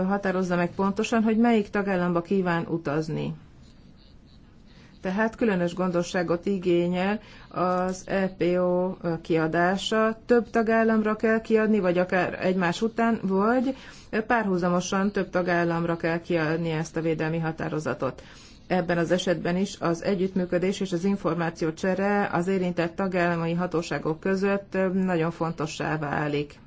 Speaker 2: határozza meg pontosan, hogy melyik tagállamba kíván utazni. Tehát különös gondosságot igényel az EPO kiadása. Több tagállamra kell kiadni, vagy akár egymás után, vagy párhuzamosan több tagállamra kell kiadni ezt a védelmi határozatot ebben az esetben is az együttműködés és az információ csere az érintett tagállamai hatóságok között nagyon fontossá válik.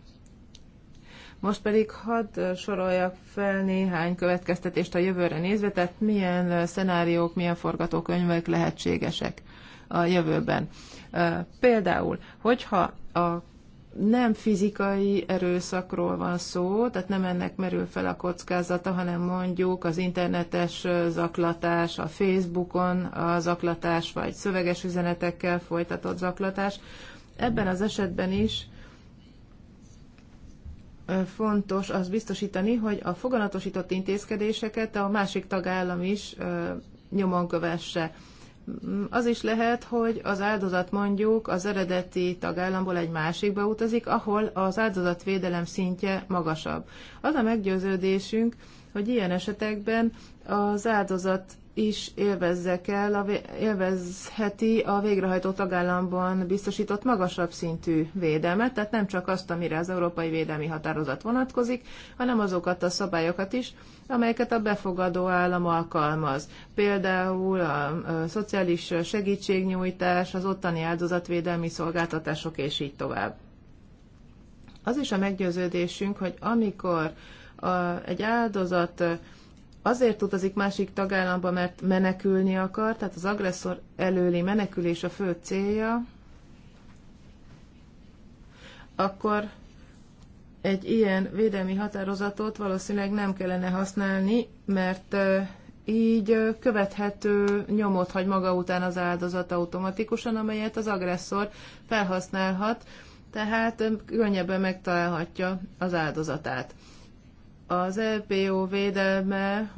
Speaker 2: Most pedig hadd soroljak fel néhány következtetést a jövőre nézve, tehát milyen szenáriók, milyen forgatókönyvek lehetségesek a jövőben. Például, hogyha a nem fizikai erőszakról van szó, tehát nem ennek merül fel a kockázata, hanem mondjuk az internetes zaklatás, a Facebookon a zaklatás, vagy szöveges üzenetekkel folytatott zaklatás. Ebben az esetben is fontos az biztosítani, hogy a foganatosított intézkedéseket a másik tagállam is nyomon kövesse. Az is lehet, hogy az áldozat mondjuk az eredeti tagállamból egy másikba utazik, ahol az áldozatvédelem szintje magasabb. Az a meggyőződésünk, hogy ilyen esetekben az áldozat is élvezzek el, élvezheti a végrehajtó tagállamban biztosított magasabb szintű védelmet, tehát nem csak azt, amire az Európai Védelmi Határozat vonatkozik, hanem azokat a szabályokat is, amelyeket a befogadó állam alkalmaz. Például a szociális segítségnyújtás, az ottani áldozatvédelmi szolgáltatások, és így tovább. Az is a meggyőződésünk, hogy amikor a, egy áldozat azért utazik másik tagállamba, mert menekülni akar, tehát az agresszor előli menekülés a fő célja, akkor egy ilyen védelmi határozatot valószínűleg nem kellene használni, mert így követhető nyomot hagy maga után az áldozat automatikusan, amelyet az agresszor felhasználhat, tehát könnyebben megtalálhatja az áldozatát. Az LPO e védelme,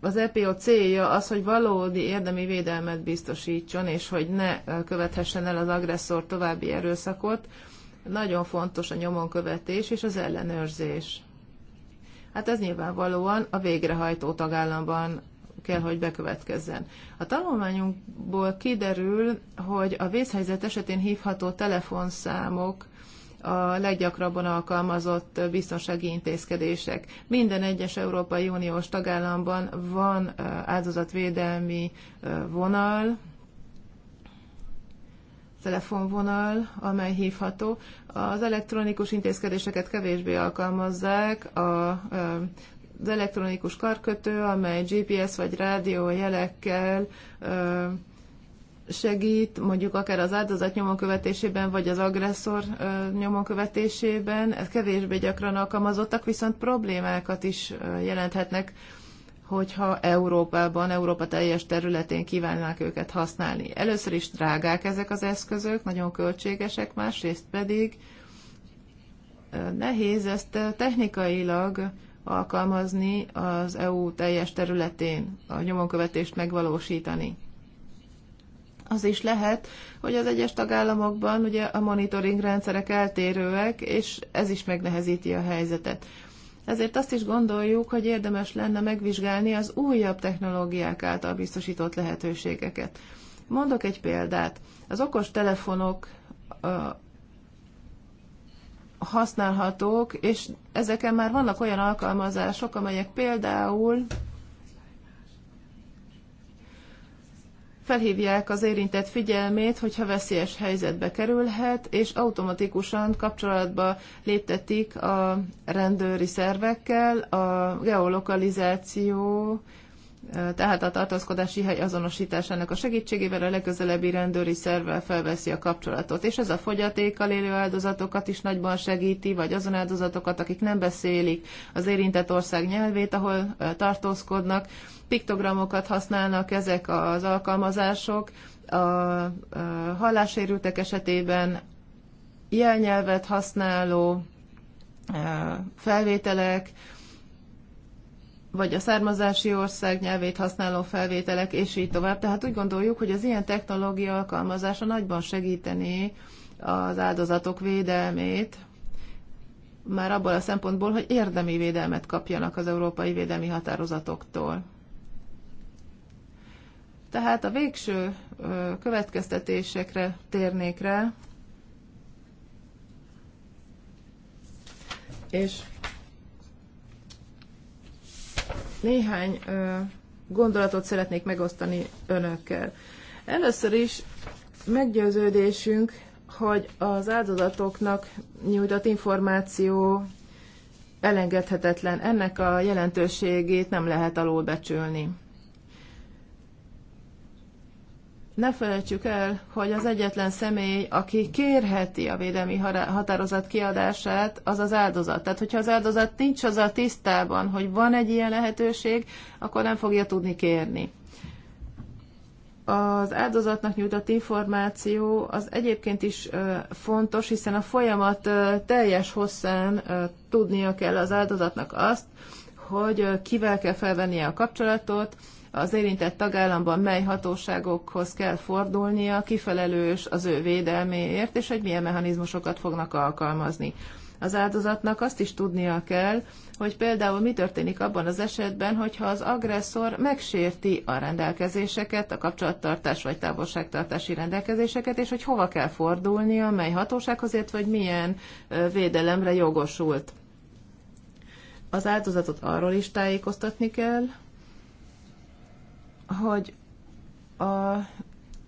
Speaker 2: az LPO e célja az, hogy valódi érdemi védelmet biztosítson, és hogy ne követhessen el az agresszor további erőszakot. Nagyon fontos a nyomonkövetés és az ellenőrzés. Hát ez nyilvánvalóan a végrehajtó tagállamban kell, hogy bekövetkezzen. A tanulmányunkból kiderül, hogy a vészhelyzet esetén hívható telefonszámok a leggyakrabban alkalmazott biztonsági intézkedések. Minden egyes Európai Uniós tagállamban van áldozatvédelmi vonal, telefonvonal, amely hívható. Az elektronikus intézkedéseket kevésbé alkalmazzák, a, az elektronikus karkötő, amely GPS vagy rádió jelekkel segít, mondjuk akár az áldozat nyomon követésében, vagy az agresszor nyomon követésében. Ez kevésbé gyakran alkalmazottak, viszont problémákat is jelenthetnek, hogyha Európában, Európa teljes területén kívánnák őket használni. Először is drágák ezek az eszközök, nagyon költségesek, másrészt pedig nehéz ezt technikailag alkalmazni az EU teljes területén, a nyomonkövetést megvalósítani az is lehet, hogy az egyes tagállamokban ugye a monitoring rendszerek eltérőek, és ez is megnehezíti a helyzetet. Ezért azt is gondoljuk, hogy érdemes lenne megvizsgálni az újabb technológiák által biztosított lehetőségeket. Mondok egy példát. Az okos telefonok használhatók, és ezeken már vannak olyan alkalmazások, amelyek például felhívják az érintett figyelmét, hogyha veszélyes helyzetbe kerülhet, és automatikusan kapcsolatba léptetik a rendőri szervekkel, a geolokalizáció tehát a tartózkodási hely azonosításának a segítségével a legközelebbi rendőri szervvel felveszi a kapcsolatot. És ez a fogyatékkal élő áldozatokat is nagyban segíti, vagy azon áldozatokat, akik nem beszélik az érintett ország nyelvét, ahol tartózkodnak. Piktogramokat használnak ezek az alkalmazások, a hallásérültek esetében jelnyelvet használó felvételek, vagy a származási ország nyelvét használó felvételek, és így tovább. Tehát úgy gondoljuk, hogy az ilyen technológia alkalmazása nagyban segítené az áldozatok védelmét, már abból a szempontból, hogy érdemi védelmet kapjanak az európai védelmi határozatoktól. Tehát a végső következtetésekre térnék rá, és néhány gondolatot szeretnék megosztani önökkel. Először is meggyőződésünk, hogy az áldozatoknak nyújtott információ elengedhetetlen. Ennek a jelentőségét nem lehet alulbecsülni. ne felejtsük el, hogy az egyetlen személy, aki kérheti a védelmi határozat kiadását, az az áldozat. Tehát, hogyha az áldozat nincs a tisztában, hogy van egy ilyen lehetőség, akkor nem fogja tudni kérni. Az áldozatnak nyújtott információ az egyébként is fontos, hiszen a folyamat teljes hosszán tudnia kell az áldozatnak azt, hogy kivel kell felvennie a kapcsolatot, az érintett tagállamban mely hatóságokhoz kell fordulnia, kifelelős az ő védelméért, és hogy milyen mechanizmusokat fognak alkalmazni. Az áldozatnak azt is tudnia kell, hogy például mi történik abban az esetben, hogyha az agresszor megsérti a rendelkezéseket, a kapcsolattartás vagy távolságtartási rendelkezéseket, és hogy hova kell fordulnia, mely hatósághoz ért, vagy milyen védelemre jogosult. Az áldozatot arról is tájékoztatni kell, hogy a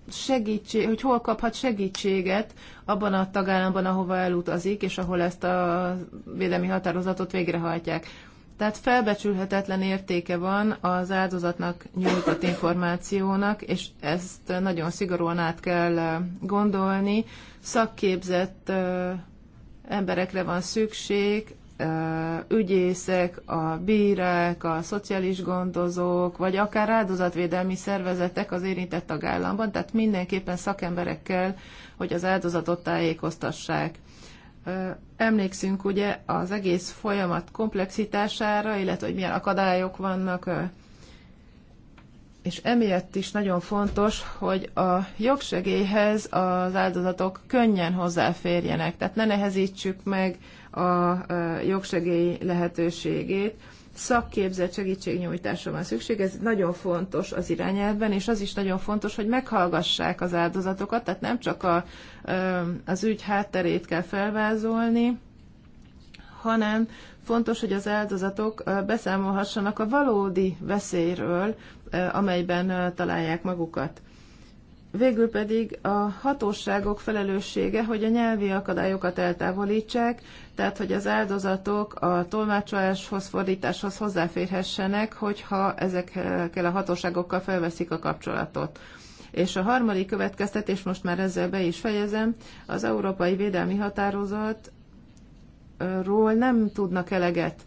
Speaker 2: segítség, hogy hol kaphat segítséget abban a tagállamban, ahova elutazik, és ahol ezt a védelmi határozatot végrehajtják. Tehát felbecsülhetetlen értéke van az áldozatnak nyújtott információnak, és ezt nagyon szigorúan át kell gondolni. Szakképzett emberekre van szükség, ügyészek, a bírák, a szociális gondozók, vagy akár áldozatvédelmi szervezetek az érintett tagállamban, tehát mindenképpen szakemberekkel, hogy az áldozatot tájékoztassák. Emlékszünk ugye az egész folyamat komplexitására, illetve hogy milyen akadályok vannak és emiatt is nagyon fontos, hogy a jogsegélyhez az áldozatok könnyen hozzáférjenek, tehát ne nehezítsük meg a jogsegély lehetőségét. Szakképzett segítségnyújtásra van szükség, ez nagyon fontos az irányelvben, és az is nagyon fontos, hogy meghallgassák az áldozatokat, tehát nem csak a, az ügy hátterét kell felvázolni, hanem fontos, hogy az áldozatok beszámolhassanak a valódi veszélyről, amelyben találják magukat. Végül pedig a hatóságok felelőssége, hogy a nyelvi akadályokat eltávolítsák, tehát hogy az áldozatok a tolmácsoláshoz, fordításhoz hozzáférhessenek, hogyha ezekkel a hatóságokkal felveszik a kapcsolatot. És a harmadik következtetés, most már ezzel be is fejezem, az Európai Védelmi Határozatról nem tudnak eleget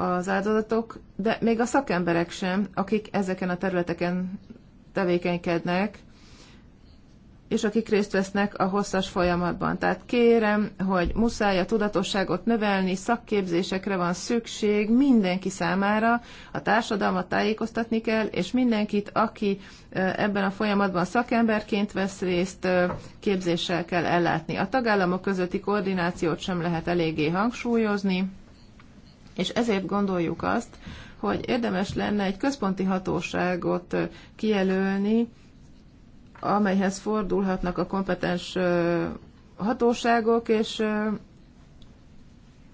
Speaker 2: az áldozatok, de még a szakemberek sem, akik ezeken a területeken tevékenykednek, és akik részt vesznek a hosszas folyamatban. Tehát kérem, hogy muszáj a tudatosságot növelni, szakképzésekre van szükség mindenki számára, a társadalmat tájékoztatni kell, és mindenkit, aki ebben a folyamatban szakemberként vesz részt, képzéssel kell ellátni. A tagállamok közötti koordinációt sem lehet eléggé hangsúlyozni, és ezért gondoljuk azt, hogy érdemes lenne egy központi hatóságot kijelölni, amelyhez fordulhatnak a kompetens hatóságok, és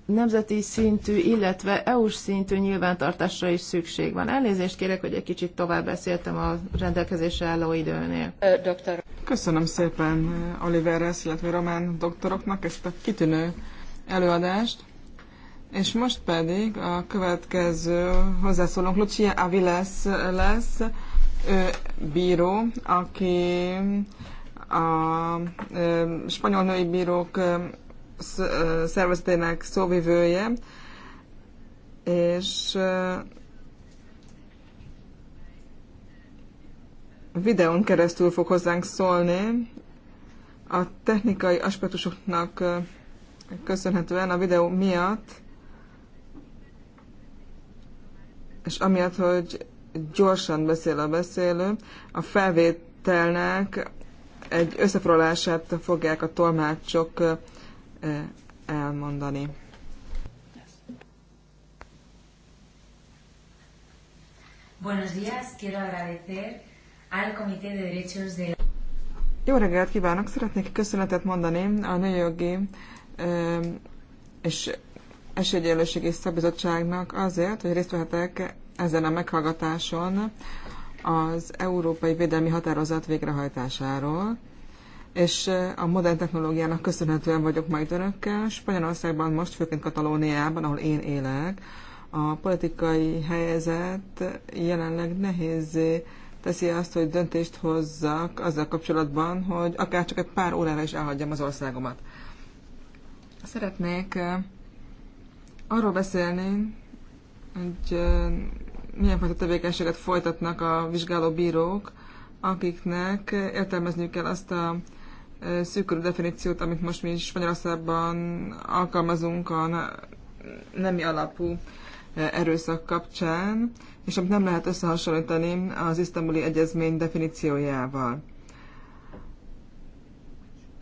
Speaker 2: nemzeti szintű, illetve EU-s szintű nyilvántartásra is szükség van. Elnézést kérek, hogy egy kicsit tovább
Speaker 5: beszéltem a rendelkezésre álló időnél. Doktor. Köszönöm szépen Oliver Resz, illetve Román doktoroknak ezt a kitűnő előadást. És most pedig a következő hozzászólónk Lucia Aviles lesz, ő bíró, aki a spanyol női bírók szervezetének szóvivője, és videón keresztül fog hozzánk szólni. A technikai aspektusoknak köszönhetően a videó miatt és amiatt, hogy gyorsan beszél a beszélő, a felvételnek egy összefoglalását fogják a tolmácsok elmondani.
Speaker 6: Buenos días, quiero agradecer al Comité de Derechos de la...
Speaker 5: Jó reggelt kívánok! Szeretnék köszönetet mondani a Nőjogi és Esélyegyenlőségi Szabizottságnak azért, hogy részt vehetek ezen a meghallgatáson az Európai Védelmi Határozat végrehajtásáról, és a modern technológiának köszönhetően vagyok majd önökkel. Spanyolországban most, főként Katalóniában, ahol én élek, a politikai helyzet jelenleg nehézé teszi azt, hogy döntést hozzak azzal kapcsolatban, hogy akár csak egy pár órára is elhagyjam az országomat. Szeretnék arról beszélni, hogy milyen fajta tevékenységet folytatnak a vizsgáló bírók, akiknek értelmezniük kell azt a szűkörű definíciót, amit most mi Spanyolországban alkalmazunk a nemi alapú erőszak kapcsán, és amit nem lehet összehasonlítani az isztambuli egyezmény definíciójával.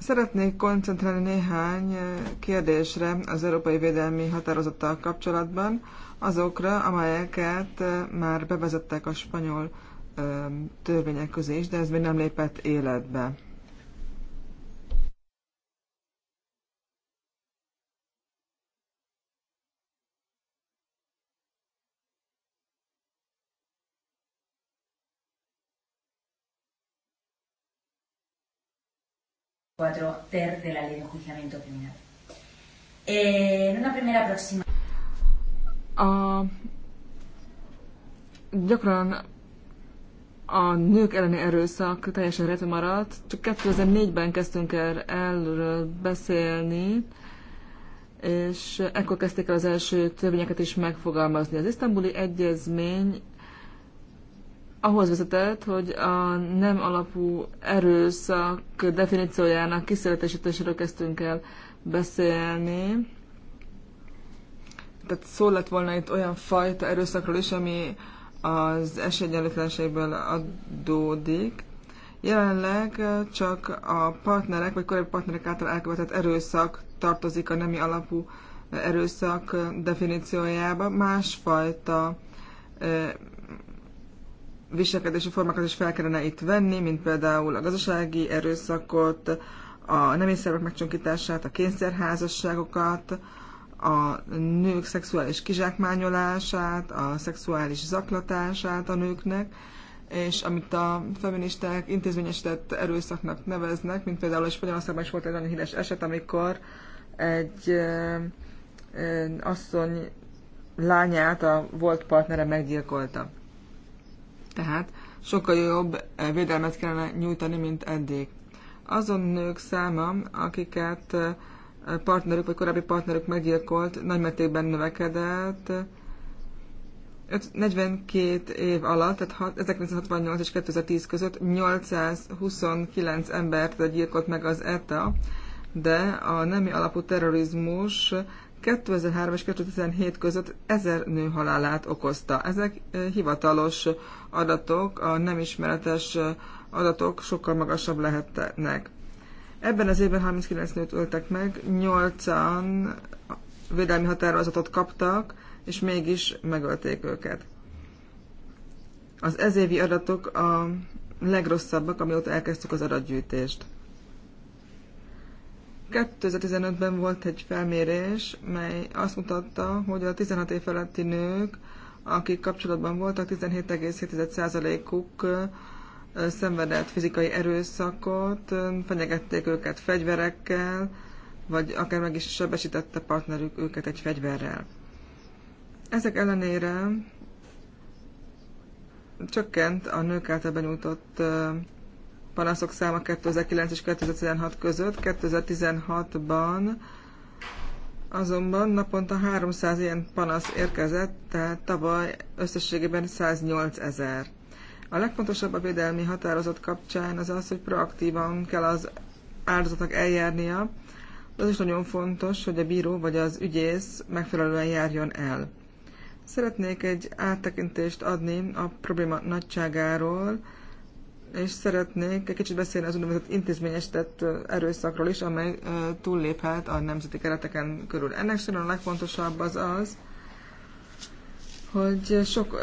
Speaker 5: Szeretnék koncentrálni néhány eh, kérdésre az Európai Védelmi Határozattal kapcsolatban, azokra, amelyeket eh, már bevezettek a spanyol eh, törvények közé is, de ez még nem lépett életbe.
Speaker 6: 4 ter de la Ley de Enjuiciamiento Criminal. Eh, en una primera yo creo Gyakran
Speaker 5: a nők elleni erőszak teljesen retve maradt. Csak 2004-ben kezdtünk el erről beszélni, és ekkor kezdték el az első törvényeket is megfogalmazni. Az isztambuli egyezmény ahhoz vezetett, hogy a nem alapú erőszak definíciójának kiszületesítéséről kezdtünk el beszélni. Tehát szó lett volna itt olyan fajta erőszakról is, ami az esélyegyenlőtlenségből adódik. Jelenleg csak a partnerek vagy korábbi partnerek által elkövetett erőszak tartozik a nemi alapú erőszak definíciójába. Másfajta viselkedési formákat is fel kellene itt venni, mint például a gazdasági erőszakot, a nemi szervek megcsonkítását, a kényszerházasságokat, a nők szexuális kizsákmányolását, a szexuális zaklatását a nőknek, és amit a feministák intézményesített erőszaknak neveznek, mint például a Spanyolországban is volt egy nagyon híres eset, amikor egy asszony lányát a volt partnere meggyilkolta. Tehát sokkal jobb eh, védelmet kellene nyújtani, mint eddig. Azon nők száma, akiket eh, partnerük vagy korábbi partnerük meggyilkolt, nagymértékben növekedett, 42 év alatt, tehát 1968 és 2010 között 829 embert gyilkolt meg az ETA, de a nemi alapú terrorizmus 2003 és 2017 között ezer nő halálát okozta. Ezek eh, hivatalos adatok, a nem ismeretes eh, adatok sokkal magasabb lehetnek. Ebben az évben 39 nőt öltek meg, 8-an védelmi határozatot kaptak, és mégis megölték őket. Az ezévi adatok a legrosszabbak, amióta elkezdtük az adatgyűjtést. 2015-ben volt egy felmérés, mely azt mutatta, hogy a 16 év feletti nők, akik kapcsolatban voltak, 17,7%-uk szenvedett fizikai erőszakot, fenyegették őket fegyverekkel, vagy akár meg is sebesítette partnerük őket egy fegyverrel. Ezek ellenére csökkent a nők által benyújtott panaszok száma 2009 és 2016 között. 2016-ban azonban naponta 300 ilyen panasz érkezett, tehát tavaly összességében 108 ezer. A legfontosabb a védelmi határozat kapcsán az az, hogy proaktívan kell az áldozatnak eljárnia. Az is nagyon fontos, hogy a bíró vagy az ügyész megfelelően járjon el. Szeretnék egy áttekintést adni a probléma nagyságáról, és szeretnék egy kicsit beszélni az úgynevezett tett erőszakról is, amely túlléphet a nemzeti kereteken körül. Ennek során a legfontosabb az az, hogy sok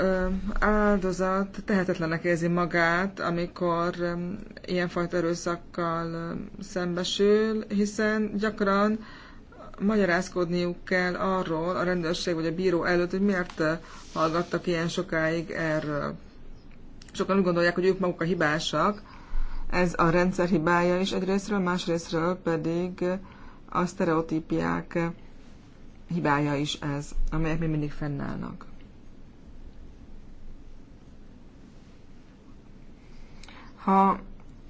Speaker 5: áldozat tehetetlenek érzi magát, amikor ilyenfajta erőszakkal szembesül, hiszen gyakran magyarázkodniuk kell arról a rendőrség vagy a bíró előtt, hogy miért hallgattak ilyen sokáig erről sokan úgy gondolják, hogy ők maguk a hibásak. Ez a rendszer hibája is egyrésztről, másrésztről pedig a sztereotípiák hibája is ez, amelyek még mindig fennállnak. Ha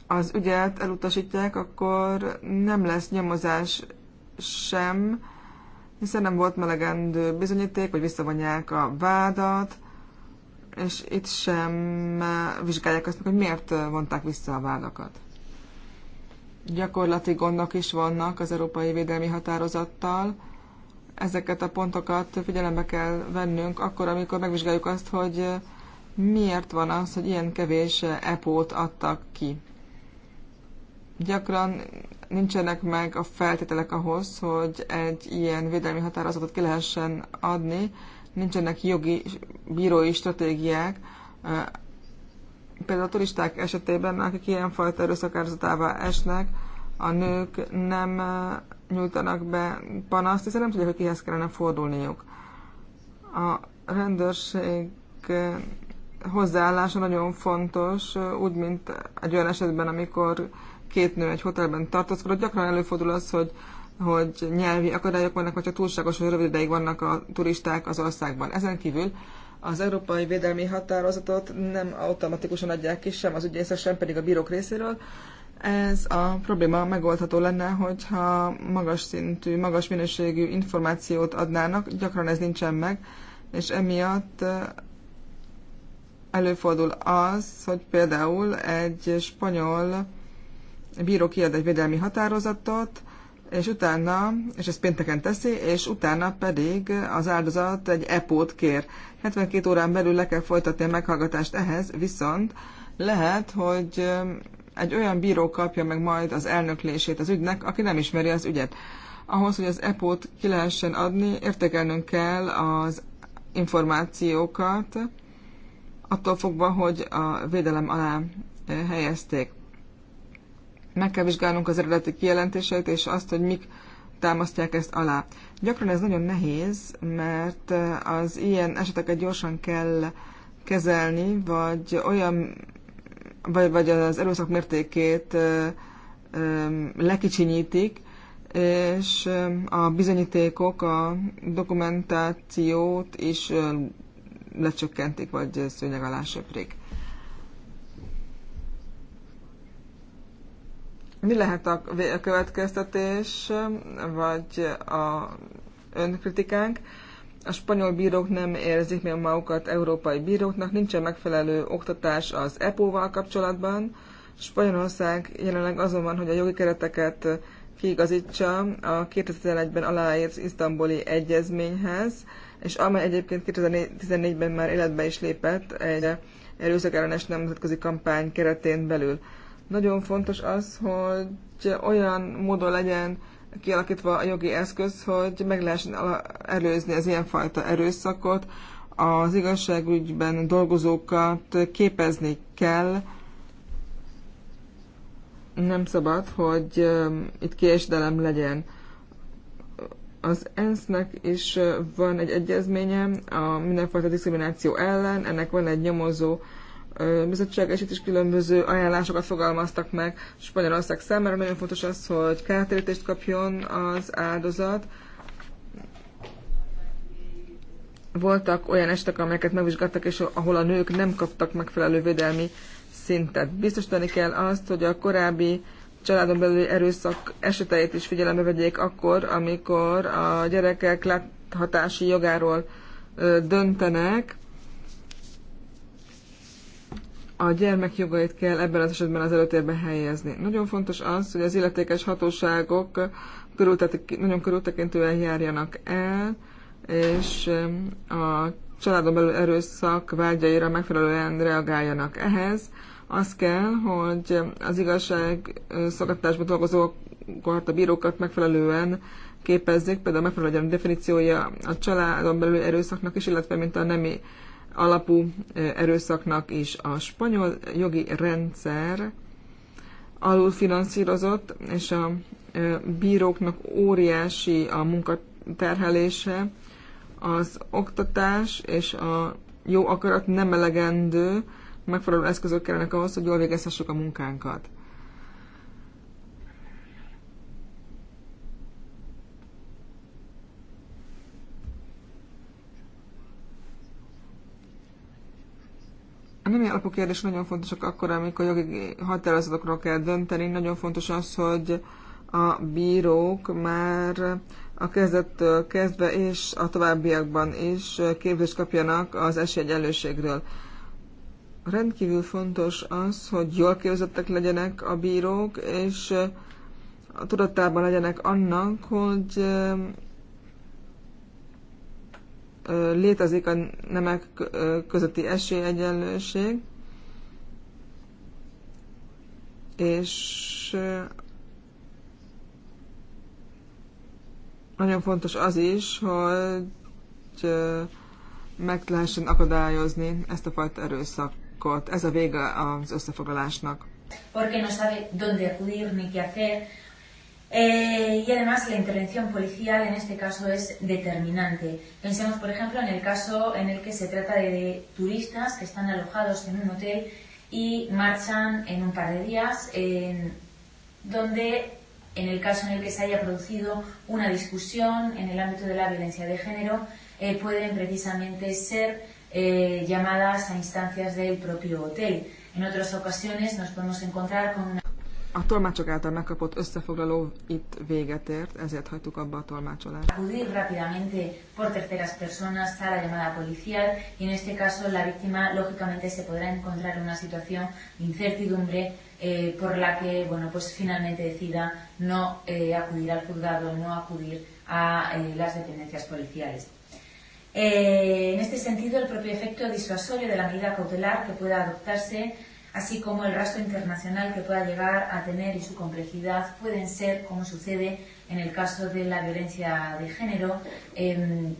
Speaker 5: az ügyet elutasítják, akkor nem lesz nyomozás sem, hiszen nem volt melegendő bizonyíték, hogy visszavonják a vádat, és itt sem eh, vizsgálják azt, hogy miért eh, vonták vissza a vádakat. Gyakorlati gondok is vannak az Európai Védelmi Határozattal. Ezeket a pontokat figyelembe kell vennünk akkor, amikor megvizsgáljuk azt, hogy eh, miért van az, hogy ilyen kevés epót adtak ki. Gyakran nincsenek meg a feltételek ahhoz, hogy egy ilyen védelmi határozatot ki lehessen adni, nincsenek jogi bírói stratégiák. Például a turisták esetében, akik ilyenfajta erőszakározatává esnek, a nők nem nyújtanak be panaszt, hiszen nem tudják, hogy kihez kellene fordulniuk. A rendőrség hozzáállása nagyon fontos, úgy, mint egy olyan esetben, amikor két nő egy hotelben tartózkodott, gyakran előfordul az, hogy hogy nyelvi akadályok vannak, vagy csak túlságosan rövid ideig vannak a turisták az országban. Ezen kívül az európai védelmi határozatot nem automatikusan adják ki sem az ügyészek, sem pedig a bírók részéről. Ez a probléma megoldható lenne, hogyha magas szintű, magas minőségű információt adnának, gyakran ez nincsen meg, és emiatt eh, előfordul az, hogy például egy spanyol bíró kiad egy védelmi határozatot, és utána, és ezt pénteken teszi, és utána pedig az áldozat egy epót kér. 72 órán belül le kell folytatni a meghallgatást ehhez, viszont lehet, hogy um, egy olyan bíró kapja meg majd az elnöklését az ügynek, aki nem ismeri az ügyet. Ahhoz, hogy az epót ki lehessen adni, értékelnünk kell az információkat, attól fogva, hogy a védelem alá eh, helyezték. Meg kell vizsgálnunk az eredeti kijelentéseit, és azt, hogy mik támasztják ezt alá. Gyakran ez nagyon nehéz, mert az ilyen eseteket gyorsan kell kezelni, vagy olyan, vagy, vagy az erőszak mértékét lekicsinyítik, és a bizonyítékok, a dokumentációt is lecsökkentik, vagy szőnyeg alá söprik. Mi lehet a következtetés, vagy a önkritikánk? A spanyol bírók nem érzik még magukat európai bíróknak, nincsen megfelelő oktatás az EPO-val kapcsolatban. Spanyolország jelenleg azon van, hogy a jogi kereteket kiigazítsa a 2011 ben aláírt isztambuli egyezményhez, és amely egyébként 2014-ben már életbe is lépett egy erőszakellenes nemzetközi kampány keretén belül. Nagyon fontos az, hogy olyan módon legyen kialakítva a jogi eszköz, hogy meg lehessen előzni az ilyenfajta erőszakot. Az igazságügyben dolgozókat képezni kell, nem szabad, hogy itt késdelem legyen. Az ENSZ-nek is van egy egyezménye a mindenfajta diszkrimináció ellen, ennek van egy nyomozó bizottság, és itt is különböző ajánlásokat fogalmaztak meg Spanyolország számára. Nagyon fontos az, hogy kártérítést kapjon az áldozat. Voltak olyan estek, amelyeket megvizsgáltak, és ahol a nők nem kaptak megfelelő védelmi szintet. Biztosítani kell azt, hogy a korábbi családon belüli erőszak eseteit is figyelembe vegyék akkor, amikor a gyerekek láthatási jogáról döntenek, a gyermek jogait kell ebben az esetben az előtérben helyezni. Nagyon fontos az, hogy az illetékes hatóságok nagyon körültekintően járjanak el, és a családon belül erőszak vágyaira megfelelően reagáljanak ehhez. Az kell, hogy az igazság szolgáltatásban dolgozókat, a bírókat megfelelően képezzék, például megfelelően legyen a definíciója a családon belül erőszaknak is, illetve mint a nemi alapú erőszaknak is. A spanyol jogi rendszer alulfinanszírozott, és a bíróknak óriási a munkaterhelése, az oktatás és a jó akarat nem elegendő, megfelelő eszközök kellenek ahhoz, hogy jól végezhessük a munkánkat. nemi alapú kérdés nagyon fontosak akkor, amikor jogi határozatokról kell dönteni. Nagyon fontos az, hogy a bírók már a kezdettől kezdve és a továbbiakban is képzést kapjanak az esélyegyenlőségről. Rendkívül fontos az, hogy jól képzettek legyenek a bírók, és a tudatában legyenek annak, hogy létezik a nemek közötti esélyegyenlőség, és nagyon fontos az is, hogy meg lehessen akadályozni ezt a fajta erőszakot. Ez a vége az összefoglalásnak.
Speaker 6: Porque no sabe dónde acudir ni qué hacer, Eh, y además la intervención policial en este caso es determinante. Pensemos, por ejemplo, en el caso en el que se trata de, turistas que están alojados en un hotel y marchan en un par de días, en donde en el caso en el que se haya producido una discusión en el ámbito de la violencia de género, eh, pueden precisamente ser eh, llamadas a instancias del propio hotel. En otras ocasiones nos podemos encontrar con una
Speaker 5: a tolmácsok által megkapott összefoglaló itt véget ért, ezért hagytuk abba a tolmácsolást.
Speaker 6: Acudir rápidamente por terceras personas a la llamada policial y en este caso la víctima lógicamente se podrá encontrar una situación de incertidumbre eh, por la que bueno pues finalmente decida no eh, acudir al juzgado, no acudir a eh, las dependencias policiales. Eh, en este sentido, el propio efecto disuasorio de la medida cautelar que pueda adoptarse así como el rastro internacional que pueda llegar a tener y su complejidad pueden ser, como sucede en el caso de la violencia de género, eh,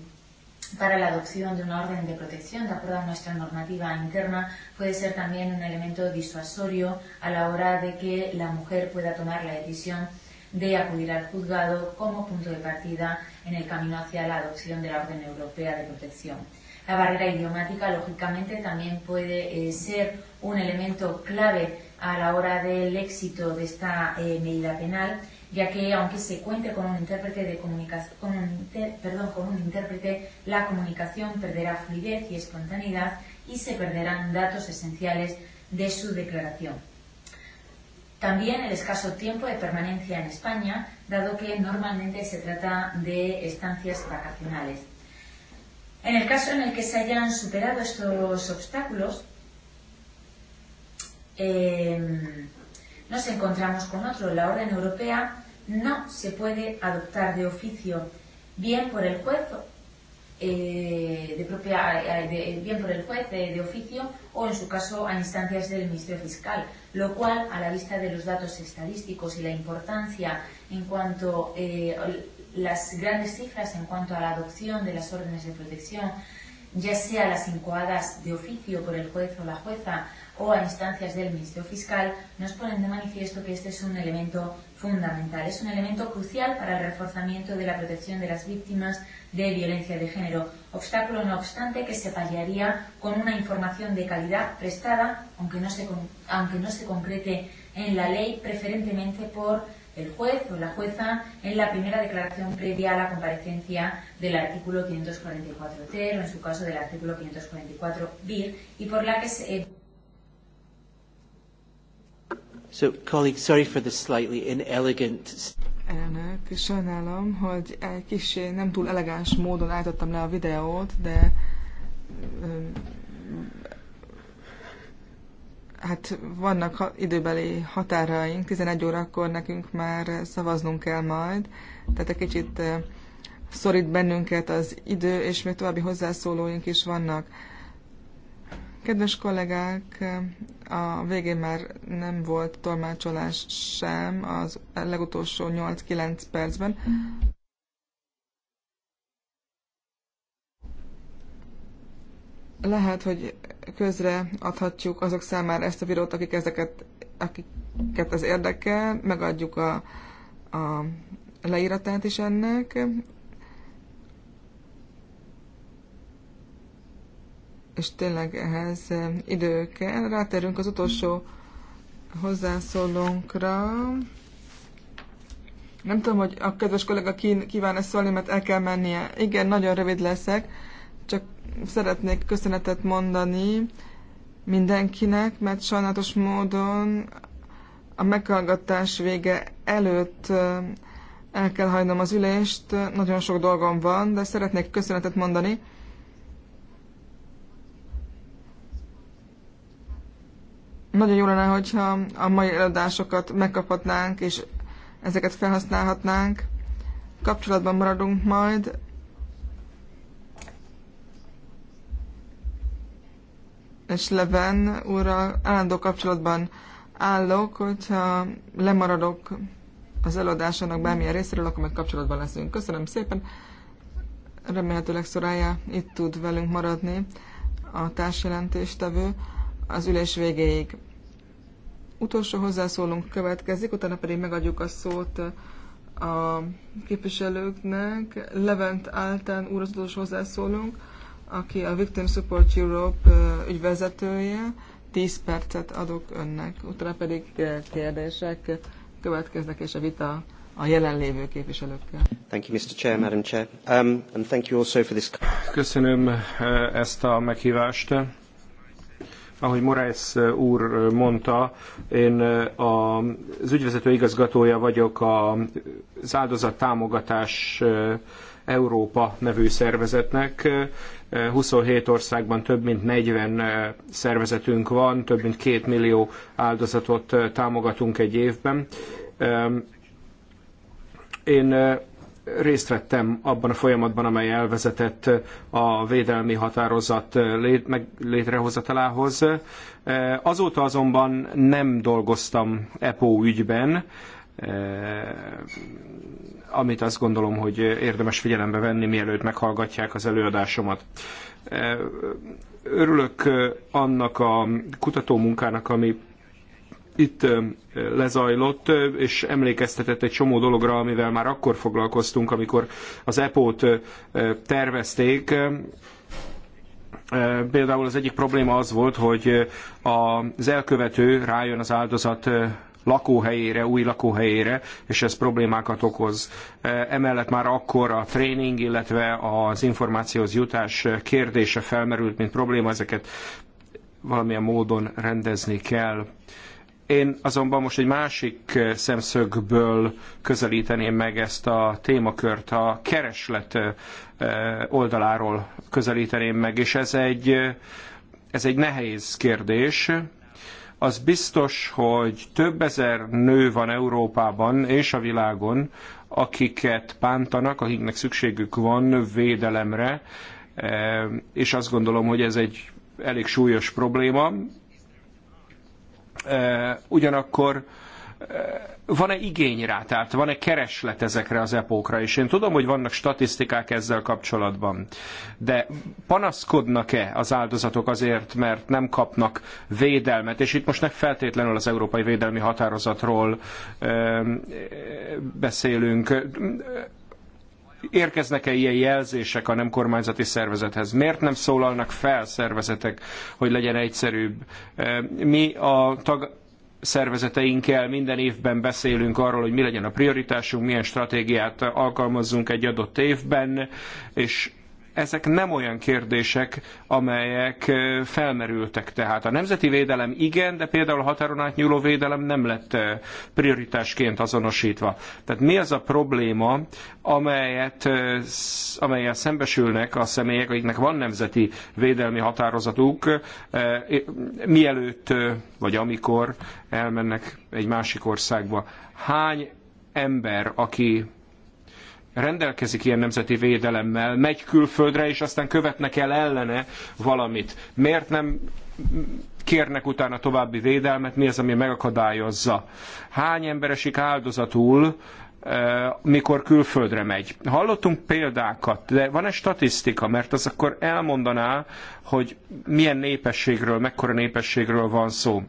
Speaker 6: para la adopción de una orden de protección de acuerdo a nuestra normativa interna puede ser también un elemento disuasorio a la hora de que la mujer pueda tomar la decisión de acudir al juzgado como punto de partida en el camino hacia la adopción de la orden europea de protección. La barrera idiomática, lógicamente, también puede eh, ser un elemento clave a la hora del éxito de esta eh, medida penal, ya que aunque se cuente con un intérprete de comunicación, con un inter, perdón, con un intérprete, la comunicación perderá fluidez y espontaneidad y se perderán datos esenciales de su declaración. También el escaso tiempo de permanencia en España, dado que normalmente se trata de estancias vacacionales. En el caso en el que se hayan superado estos obstáculos, eh, nos encontramos con otro. La orden europea no se puede adoptar de oficio, bien por el juez, eh, de propia, eh, de, bien por el juez de, de oficio o, en su caso, a instancias del Ministerio Fiscal, lo cual, a la vista de los datos estadísticos y la importancia en cuanto eh, las grandes cifras en cuanto a la adopción de las órdenes de protección, ya sea las incoadas de oficio por el juez o la jueza o a instancias del Ministerio Fiscal, nos ponen de manifiesto que este es un elemento fundamental, es un elemento crucial para el reforzamiento de la protección de las víctimas de violencia de género, obstáculo no obstante que se paliaría con una información de calidad prestada, aunque no se, aunque no se concrete en la ley, preferentemente por el juez o la jueza en la primera declaración previa a la comparecencia del artículo 544.3 o en su caso del artículo 544 bis y por la que se eh,
Speaker 1: So, colleagues, sorry for the slightly inelegant...
Speaker 5: Elnök, sajnálom, hogy egy kis nem túl elegáns módon állítottam le a videót, de hát vannak időbeli határaink, 11 órakor nekünk már szavaznunk kell majd, tehát egy kicsit szorít bennünket az idő, és még további hozzászólóink is vannak. Kedves kollégák, a végén már nem volt tolmácsolás sem az legutolsó 8-9 percben. Lehet, hogy közre adhatjuk azok számára ezt a videót, akik ezeket, akiket ez érdekel, megadjuk a, a leíratát is ennek, és tényleg ehhez eh, idő kell. Ráterünk az utolsó hozzászólónkra. Nem tudom, hogy a kedves kollega kíván-e szólni, mert el kell mennie. Igen, nagyon rövid leszek csak szeretnék köszönetet mondani mindenkinek, mert sajnálatos módon a meghallgatás vége előtt el kell hagynom az ülést, nagyon sok dolgom van, de szeretnék köszönetet mondani. Nagyon jó lenne, hogyha a mai előadásokat megkaphatnánk, és ezeket felhasználhatnánk. Kapcsolatban maradunk majd. és Leven úrral állandó kapcsolatban állok, hogyha lemaradok az eladásának bármilyen részéről, akkor meg kapcsolatban leszünk. Köszönöm szépen, remélhetőleg Szorája itt tud velünk maradni a társjelentéstevő az ülés végéig. Utolsó hozzászólunk következik, utána pedig megadjuk a szót a képviselőknek. Levent Áltán úr az utolsó hozzászólunk aki a Victim Support Europe ügyvezetője. 10 percet adok önnek, utána pedig kérdések következnek, és a vita a jelenlévő képviselőkkel.
Speaker 3: Thank you, Mr. Chair, Madam Chair, um, and thank you also for this. Köszönöm ezt a meghívást. Ahogy Moraes úr mondta, én az ügyvezető igazgatója vagyok az áldozat támogatás Európa nevű szervezetnek. 27 országban több mint 40 szervezetünk van, több mint 2 millió áldozatot támogatunk egy évben. Én részt vettem abban a folyamatban, amely elvezetett a védelmi határozat létrehozatalához. Azóta azonban nem dolgoztam EPO ügyben, amit azt gondolom, hogy érdemes figyelembe venni, mielőtt meghallgatják az előadásomat. Örülök annak a kutatómunkának, ami itt lezajlott, és emlékeztetett egy csomó dologra, amivel már akkor foglalkoztunk, amikor az EPO-t tervezték. Például az egyik probléma az volt, hogy az elkövető rájön az áldozat lakóhelyére, új lakóhelyére, és ez problémákat okoz. E, emellett már akkor a tréning, illetve az információhoz jutás kérdése felmerült, mint probléma, ezeket valamilyen módon rendezni kell. Én azonban most egy másik szemszögből közelíteném meg ezt a témakört, a kereslet e, oldaláról közelíteném meg, és ez egy, e, ez egy nehéz kérdés, az biztos, hogy több ezer nő van Európában és a világon, akiket bántanak, akiknek szükségük van védelemre, e, és azt gondolom, hogy ez egy elég súlyos probléma. E, ugyanakkor van-e igény rá, tehát van-e kereslet ezekre az epókra, és én tudom, hogy vannak statisztikák ezzel kapcsolatban, de panaszkodnak-e az áldozatok azért, mert nem kapnak védelmet, és itt most nem feltétlenül az európai védelmi határozatról beszélünk, érkeznek-e ilyen jelzések a nem kormányzati szervezethez? Miért nem szólalnak fel szervezetek, hogy legyen egyszerűbb? Mi a tag, szervezeteinkkel minden évben beszélünk arról, hogy mi legyen a prioritásunk, milyen stratégiát alkalmazzunk egy adott évben, és ezek nem olyan kérdések, amelyek felmerültek. Tehát a nemzeti védelem igen, de például a határon átnyúló védelem nem lett prioritásként azonosítva. Tehát mi az a probléma, amelyet, amelyel szembesülnek a személyek, akiknek van nemzeti védelmi határozatuk, mielőtt vagy amikor elmennek egy másik országba? Hány ember, aki rendelkezik ilyen nemzeti védelemmel, megy külföldre, és aztán követnek el ellene valamit. Miért nem kérnek utána további védelmet, mi az, ami megakadályozza? Hány ember esik áldozatul, eh, mikor külföldre megy. Hallottunk példákat, de van-e statisztika, mert az akkor elmondaná, hogy milyen népességről, mekkora népességről van szó.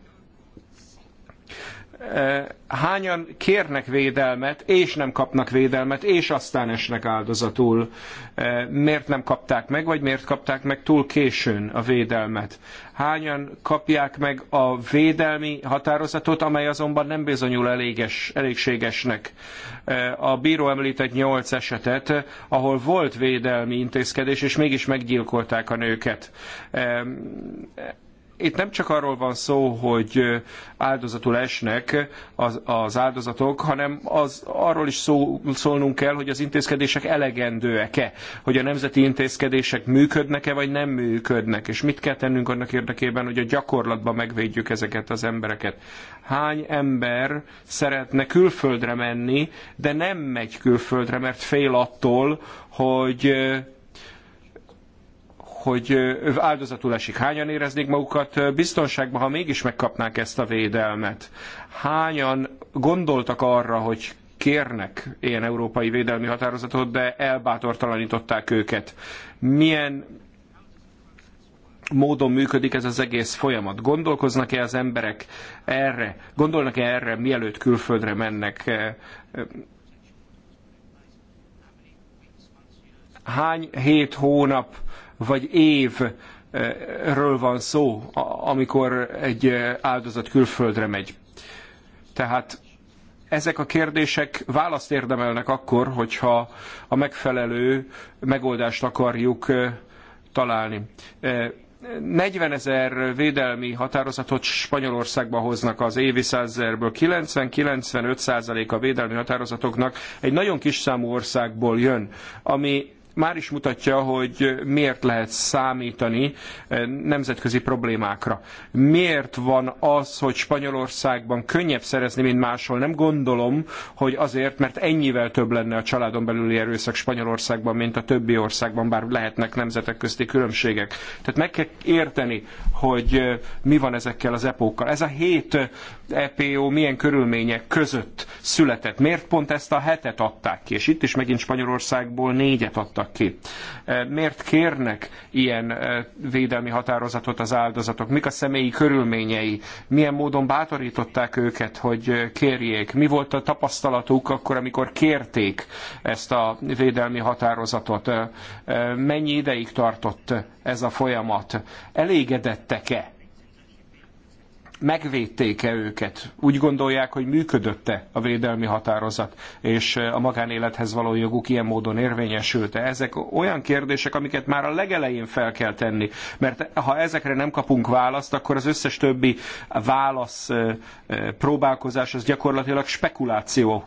Speaker 3: Eh, hányan kérnek védelmet, és nem kapnak védelmet, és aztán esnek áldozatul. Eh, miért nem kapták meg, vagy miért kapták meg túl későn a védelmet? Hányan kapják meg a védelmi határozatot, amely azonban nem bizonyul eléges, elégségesnek? Eh, a bíró említett nyolc esetet, ahol volt védelmi intézkedés, és mégis meggyilkolták a nőket. Itt nem csak arról van szó, hogy áldozatul esnek az, az áldozatok, hanem az, arról is szó, szólnunk kell, hogy az intézkedések elegendőek-e, hogy a nemzeti intézkedések működnek-e, vagy nem működnek, és mit kell tennünk annak érdekében, hogy a gyakorlatban megvédjük ezeket az embereket. Hány ember szeretne külföldre menni, de nem megy külföldre, mert fél attól, hogy hogy áldozatul esik. Hányan éreznék magukat biztonságban, ha mégis megkapnák ezt a védelmet? Hányan gondoltak arra, hogy kérnek ilyen európai védelmi határozatot, de elbátortalanították őket. Milyen módon működik ez az egész folyamat? Gondolkoznak-e az emberek erre? Gondolnak-e erre, mielőtt külföldre mennek? Hány hét hónap vagy évről van szó, amikor egy áldozat külföldre megy. Tehát ezek a kérdések választ érdemelnek akkor, hogyha a megfelelő megoldást akarjuk találni. 40 ezer védelmi határozatot Spanyolországba hoznak az évi 100 ezerből. 90-95 százalék a védelmi határozatoknak egy nagyon kis számú országból jön, ami már is mutatja, hogy miért lehet számítani eh, nemzetközi problémákra. Miért van az, hogy Spanyolországban könnyebb szerezni, mint máshol? Nem gondolom, hogy azért, mert ennyivel több lenne a családon belüli erőszak Spanyolországban, mint a többi országban, bár lehetnek nemzetek közti különbségek. Tehát meg kell érteni, hogy eh, mi van ezekkel az epókkal. Ez a hét eh, EPO milyen körülmények között született. Miért pont ezt a hetet adták ki? És itt is megint Spanyolországból négyet adtak ki. E, miért kérnek ilyen e, védelmi határozatot az áldozatok? Mik a személyi körülményei? Milyen módon bátorították őket, hogy e, kérjék? Mi volt a tapasztalatuk akkor, amikor kérték ezt a védelmi határozatot? Mennyi ideig tartott ez a folyamat? Elégedettek-e megvédték-e őket? Úgy gondolják, hogy működötte a védelmi határozat, és a magánélethez való joguk ilyen módon érvényesült-e? Ezek olyan kérdések, amiket már a legelején fel kell tenni, mert ha ezekre nem kapunk választ, akkor az összes többi válasz próbálkozás az gyakorlatilag spekuláció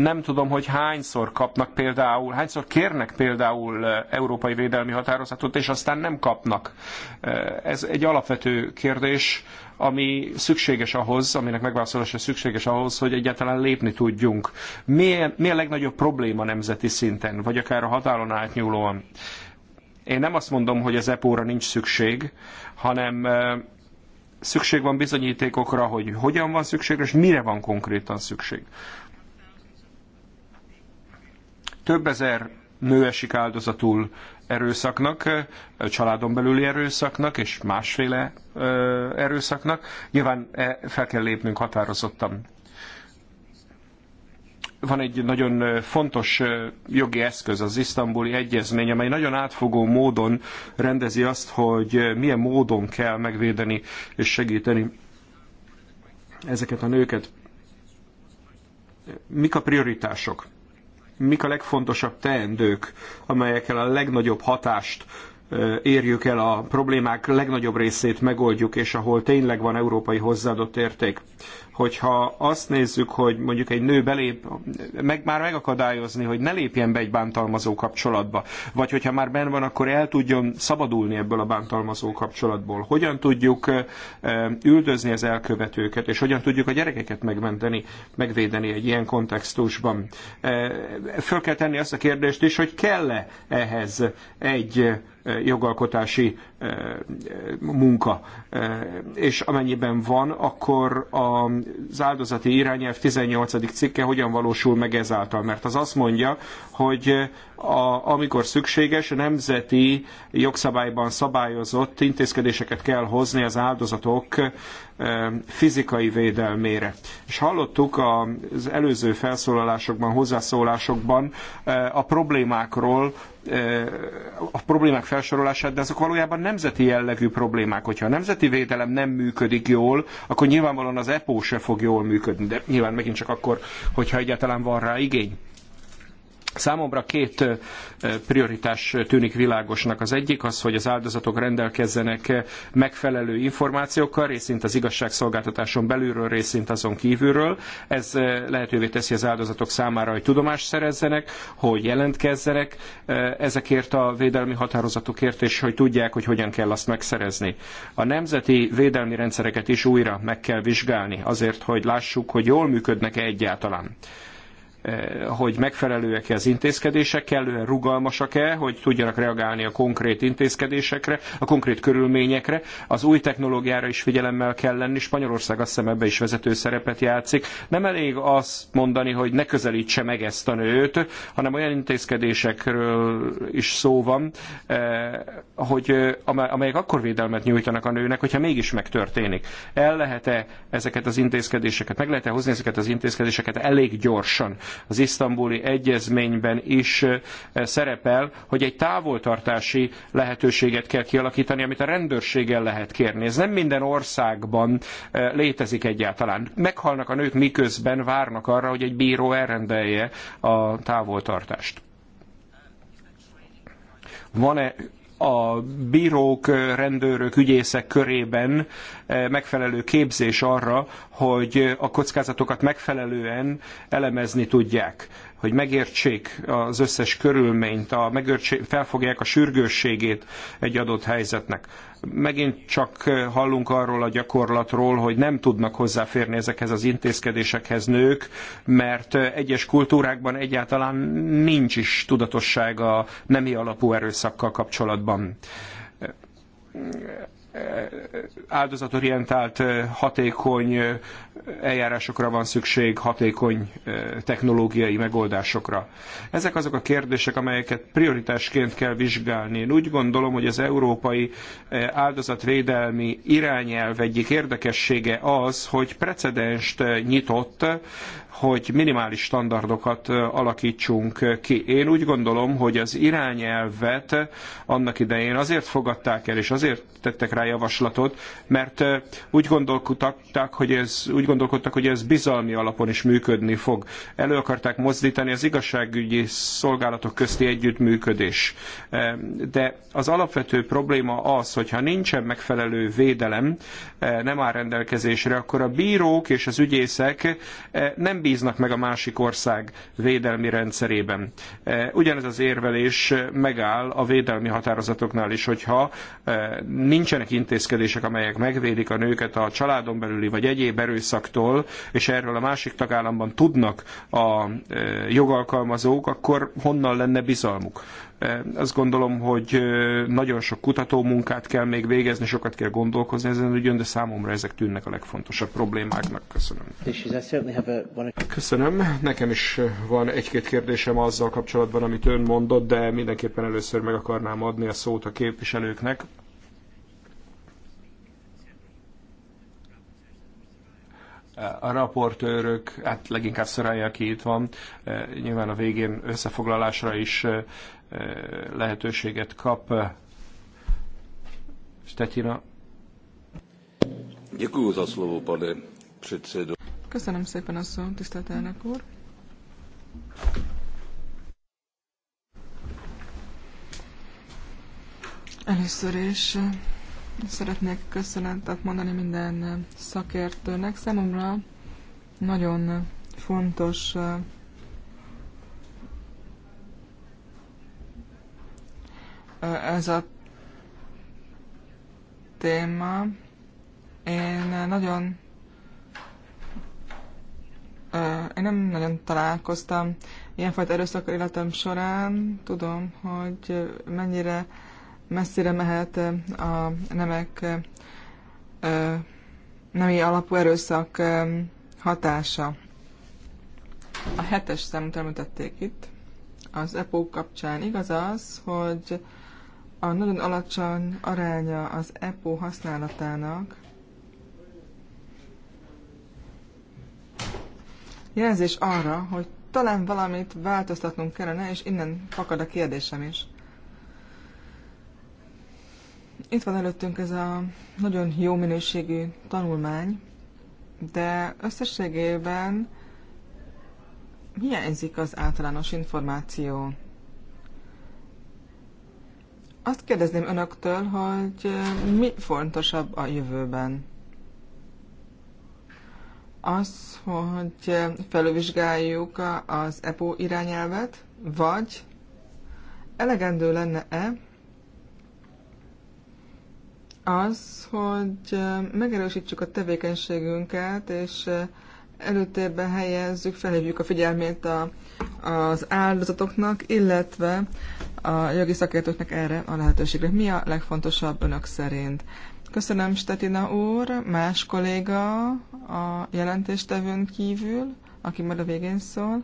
Speaker 3: nem tudom, hogy hányszor kapnak például, hányszor kérnek például eh, európai védelmi határozatot, és aztán nem kapnak. Eh, ez egy alapvető kérdés, ami szükséges ahhoz, aminek megválaszolása szükséges ahhoz, hogy egyáltalán lépni tudjunk. Milyen, mi a legnagyobb probléma nemzeti szinten, vagy akár a határon átnyúlóan? Én nem azt mondom, hogy az EPO-ra nincs szükség, hanem eh, szükség van bizonyítékokra, hogy hogyan van szükség, és mire van konkrétan szükség. Több ezer nő esik áldozatul erőszaknak, családon belüli erőszaknak és másféle erőszaknak. Nyilván e, fel kell lépnünk határozottan. Van egy nagyon fontos jogi eszköz, az isztambuli egyezmény, amely nagyon átfogó módon rendezi azt, hogy milyen módon kell megvédeni és segíteni ezeket a nőket. Mik a prioritások? mik a legfontosabb teendők, amelyekkel a legnagyobb hatást érjük el a problémák legnagyobb részét, megoldjuk, és ahol tényleg van európai hozzáadott érték hogyha azt nézzük, hogy mondjuk egy nő belép, meg már megakadályozni, hogy ne lépjen be egy bántalmazó kapcsolatba, vagy hogyha már benne van, akkor el tudjon szabadulni ebből a bántalmazó kapcsolatból. Hogyan tudjuk üldözni az elkövetőket, és hogyan tudjuk a gyerekeket megmenteni, megvédeni egy ilyen kontextusban. Föl kell tenni azt a kérdést is, hogy kell-e ehhez egy jogalkotási eh, munka. Eh, és amennyiben van, akkor az áldozati irányelv 18. cikke hogyan valósul meg ezáltal? Mert az azt mondja, hogy eh, a, amikor szükséges, nemzeti jogszabályban szabályozott intézkedéseket kell hozni az áldozatok fizikai védelmére. És hallottuk az előző felszólalásokban, hozzászólásokban a problémákról, a problémák felsorolását, de azok valójában nemzeti jellegű problémák. Hogyha a nemzeti védelem nem működik jól, akkor nyilvánvalóan az EPO se fog jól működni, de nyilván megint csak akkor, hogyha egyáltalán van rá igény. Számomra két prioritás tűnik világosnak. Az egyik az, hogy az áldozatok rendelkezzenek megfelelő információkkal, részint az igazságszolgáltatáson belülről, részint azon kívülről. Ez lehetővé teszi az áldozatok számára, hogy tudomást szerezzenek, hogy jelentkezzenek ezekért a védelmi határozatokért, és hogy tudják, hogy hogyan kell azt megszerezni. A nemzeti védelmi rendszereket is újra meg kell vizsgálni, azért, hogy lássuk, hogy jól működnek-e egyáltalán Eh, hogy megfelelőek-e az intézkedések, kellően rugalmasak-e, hogy tudjanak reagálni a konkrét intézkedésekre, a konkrét körülményekre. Az új technológiára is figyelemmel kell lenni, Spanyolország azt hiszem ebbe is vezető szerepet játszik. Nem elég azt mondani, hogy ne közelítse meg ezt a nőt, hanem olyan intézkedésekről is szó van, eh, hogy eh, amelyek akkor védelmet nyújtanak a nőnek, hogyha mégis megtörténik. El lehet-e ezeket az intézkedéseket, meg lehet-e hozni ezeket az intézkedéseket elég gyorsan? az isztambuli egyezményben is szerepel, hogy egy távoltartási lehetőséget kell kialakítani, amit a rendőrséggel lehet kérni. Ez nem minden országban létezik egyáltalán. Meghalnak a nők miközben várnak arra, hogy egy bíró elrendelje a távoltartást. Van-e a bírók, rendőrök, ügyészek körében eh, megfelelő képzés arra, hogy a kockázatokat megfelelően elemezni tudják hogy megértsék az összes körülményt, a, megértsék, felfogják a sürgősségét egy adott helyzetnek. Megint csak eh, hallunk arról a gyakorlatról, hogy nem tudnak hozzáférni ezekhez az intézkedésekhez nők, mert eh, egyes kultúrákban egyáltalán nincs is tudatosság a nemi alapú erőszakkal kapcsolatban áldozatorientált, hatékony eljárásokra van szükség, hatékony technológiai megoldásokra. Ezek azok a kérdések, amelyeket prioritásként kell vizsgálni. Én úgy gondolom, hogy az európai áldozatvédelmi irányelv egyik érdekessége az, hogy precedenst nyitott hogy minimális standardokat alakítsunk ki. Én úgy gondolom, hogy az irányelvet annak idején azért fogadták el, és azért tettek rá javaslatot, mert úgy gondolkodtak, hogy ez, úgy gondolkodtak, hogy ez bizalmi alapon is működni fog. Elő akarták mozdítani az igazságügyi szolgálatok közti együttműködés. De az alapvető probléma az, hogyha nincsen megfelelő védelem, nem áll rendelkezésre, akkor a bírók és az ügyészek nem nem bíznak meg a másik ország védelmi rendszerében. E, ugyanez az érvelés megáll a védelmi határozatoknál is, hogyha e, nincsenek intézkedések, amelyek megvédik a nőket a családon belüli vagy egyéb erőszaktól, és erről a másik tagállamban tudnak a e, jogalkalmazók, akkor honnan lenne bizalmuk? Eh, azt gondolom, hogy eh, nagyon sok kutató munkát kell még végezni, sokat kell gondolkozni ezen ügyön, de számomra ezek tűnnek a legfontosabb problémáknak. Köszönöm. Köszönöm. Nekem is van egy-két kérdésem azzal kapcsolatban, amit ön mondott, de mindenképpen először meg akarnám adni a szót a képviselőknek. a raportőrök, hát leginkább Szerája, aki itt van, eh, nyilván a végén összefoglalásra is lehetőséget kap Stetina. Děkuji
Speaker 4: slovo, pane předsedo.
Speaker 5: Köszönöm szépen a szót, tisztelt elnök úr. Először is eh, szeretnék köszönetet mondani minden szakértőnek. Számomra nagyon fontos eh, ez a téma. Én nagyon én nem nagyon találkoztam ilyenfajta erőszak életem során. Tudom, hogy mennyire messzire mehet a nemek nemi alapú erőszak hatása. A hetes szemtől itt. Az EPO kapcsán igaz az, hogy a nagyon alacsony aránya az EPO használatának jelzés arra, hogy talán valamit változtatnunk kellene, és innen fakad a kérdésem is. Itt van előttünk ez a nagyon jó minőségű tanulmány, de összességében hiányzik az általános információ. Azt kérdezném önöktől, hogy mi fontosabb a jövőben? Az, hogy felvizsgáljuk az EPO irányelvet, vagy elegendő lenne-e az, hogy megerősítsük a tevékenységünket, és előtérbe helyezzük, felhívjuk a figyelmét a, az áldozatoknak, illetve a jogi szakértőknek erre a lehetőségre. Mi a legfontosabb önök szerint? Köszönöm, Stetina úr. Más kolléga a jelentéstevőn kívül, aki majd a végén szól.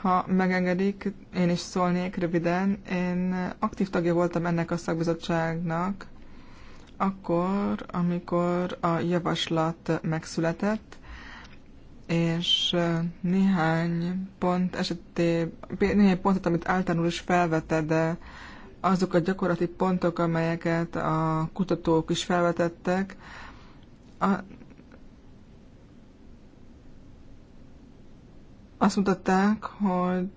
Speaker 5: Ha megengedik, én is szólnék röviden. Én aktív tagja voltam ennek a szakbizottságnak, akkor, amikor a javaslat megszületett, és néhány pont esetében, néhány pontot, amit általában is felvetett, de azok a gyakorlati pontok, amelyeket a kutatók is felvetettek, a, azt mutatták, hogy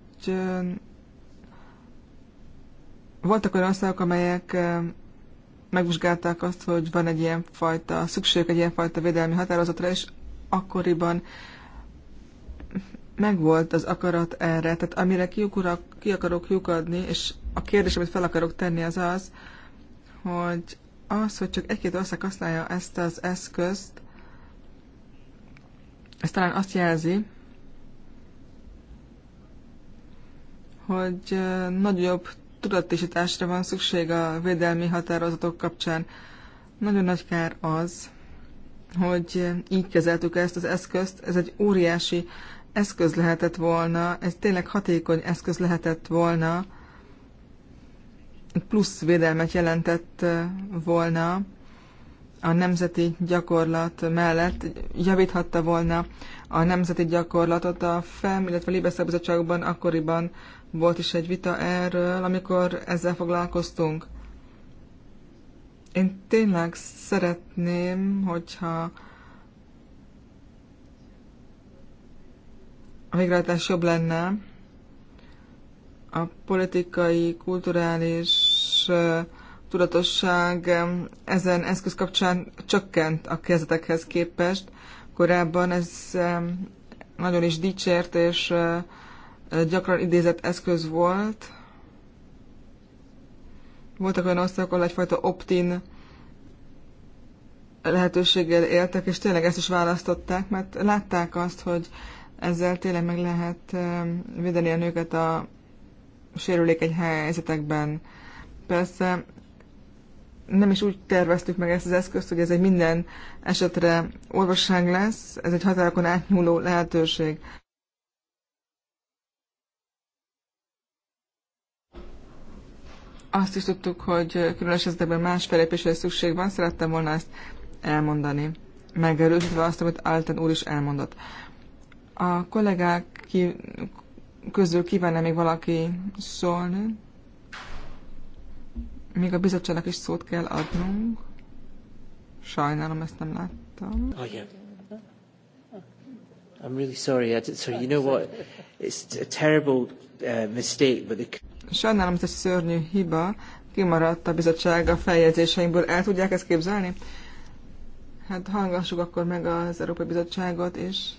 Speaker 5: voltak olyan országok, amelyek megvizsgálták azt, hogy van egy ilyen fajta szükség egy ilyen fajta védelmi határozatra, és akkoriban megvolt az akarat erre, tehát amire ki, ukura, ki akarok lyukadni, és a kérdés, amit fel akarok tenni, az az, hogy az, hogy csak egy-két ország használja ezt az eszközt, ez talán azt jelzi, hogy nagyobb tudatosításra van szükség a védelmi határozatok kapcsán. Nagyon nagy kár az, hogy így kezeltük ezt az eszközt. Ez egy óriási eszköz lehetett volna, egy tényleg hatékony eszköz lehetett volna, plusz védelmet jelentett volna a nemzeti gyakorlat mellett, javíthatta volna a nemzeti gyakorlatot a FEM, illetve a Libeszakbizottságban akkoriban volt is egy vita erről, amikor ezzel foglalkoztunk. Én tényleg szeretném, hogyha a végrehajtás jobb lenne, a politikai, kulturális tudatosság ezen eszköz kapcsán csökkent a kezdetekhez képest. Korábban ez nagyon is dicsért és gyakran idézett eszköz volt. Voltak olyan osztályok, ahol egyfajta opt-in lehetőséggel éltek, és tényleg ezt is választották, mert látták azt, hogy ezzel tényleg meg lehet védeni a nőket a sérülékeny helyzetekben. Persze nem is úgy terveztük meg ezt az eszközt, hogy ez egy minden esetre orvosság lesz, ez egy határokon átnyúló lehetőség. Azt is tudtuk, hogy különös esetekben más felépésre szükség van, szerettem volna ezt elmondani. Megerősítve azt, amit Alten úr is elmondott. A kollégák ki, közül kívánne még valaki szólni? Még a bizottságnak is szót kell adnunk. Sajnálom, ezt nem láttam. Oh,
Speaker 1: yeah. I'm really sorry. I You know what? It's a terrible uh, mistake, but the...
Speaker 5: Sajnálom, ez egy szörnyű hiba. Kimaradt a bizottság a feljegyzéseinkből. El tudják ezt képzelni? Hát hallgassuk akkor meg az Európai Bizottságot, és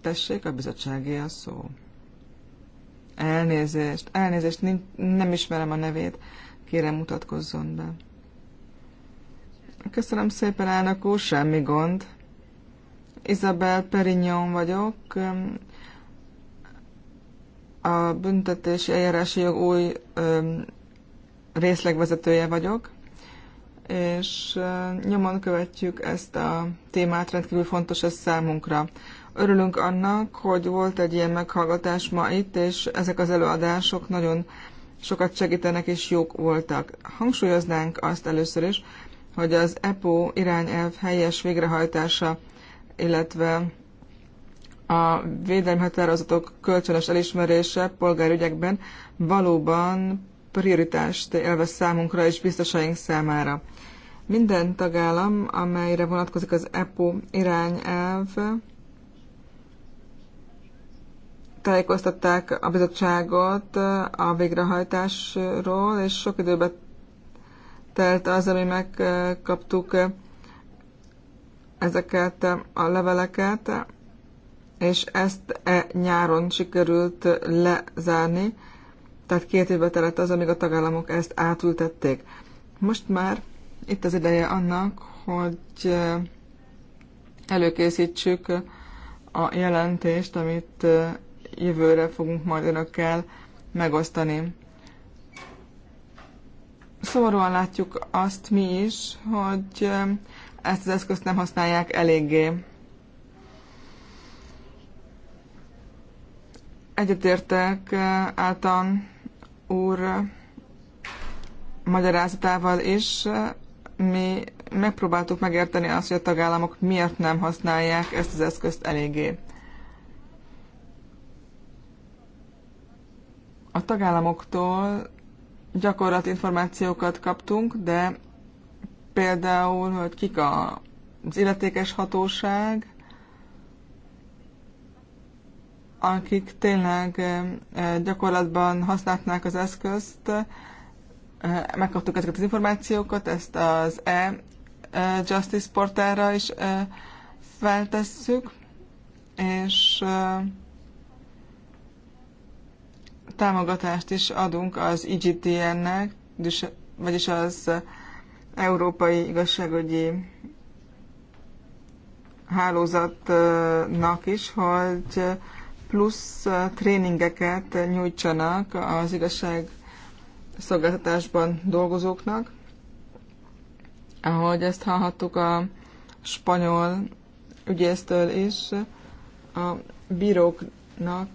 Speaker 5: Tessék, a bizottságé a szó. Elnézést, elnézést, nem ismerem a nevét. Kérem, mutatkozzon be. Köszönöm szépen, elnök úr, semmi gond. Isabel Perignon vagyok. A büntetési eljárási jog új részlegvezetője vagyok, és nyomon követjük ezt a témát, rendkívül fontos ez számunkra. Örülünk annak, hogy volt egy ilyen meghallgatás ma itt, és ezek az előadások nagyon sokat segítenek és jók voltak. Hangsúlyoznánk azt először is, hogy az EPO irányelv helyes végrehajtása, illetve a védelmi határozatok kölcsönös elismerése polgárügyekben valóban prioritást élvez számunkra és biztosaink számára. Minden tagállam, amelyre vonatkozik az EPO irányelv, tájékoztatták a bizottságot a végrehajtásról, és sok időbe telt az, ami megkaptuk ezeket a leveleket, és ezt e nyáron sikerült lezárni, tehát két évbe telett az, amíg a tagállamok ezt átültették. Most már itt az ideje annak, hogy előkészítsük a jelentést, amit jövőre fogunk majd önökkel megosztani. Szomorúan látjuk azt mi is, hogy um, ezt az eszközt nem használják eléggé. Egyetértek uh, által úr magyarázatával is, mi megpróbáltuk megérteni azt, hogy a tagállamok miért nem használják ezt az eszközt eléggé. A tagállamoktól gyakorlati információkat kaptunk, de például, hogy kik a, az illetékes hatóság, akik tényleg gyakorlatban használták az eszközt, megkaptuk ezeket az információkat, ezt az e-justice portára is feltesszük, és támogatást is adunk az IGTN-nek, vagyis az Európai Igazságügyi Hálózatnak is, hogy plusz tréningeket nyújtsanak az igazság szolgáltatásban dolgozóknak. Ahogy ezt hallhattuk a spanyol ügyésztől is, a bíróknak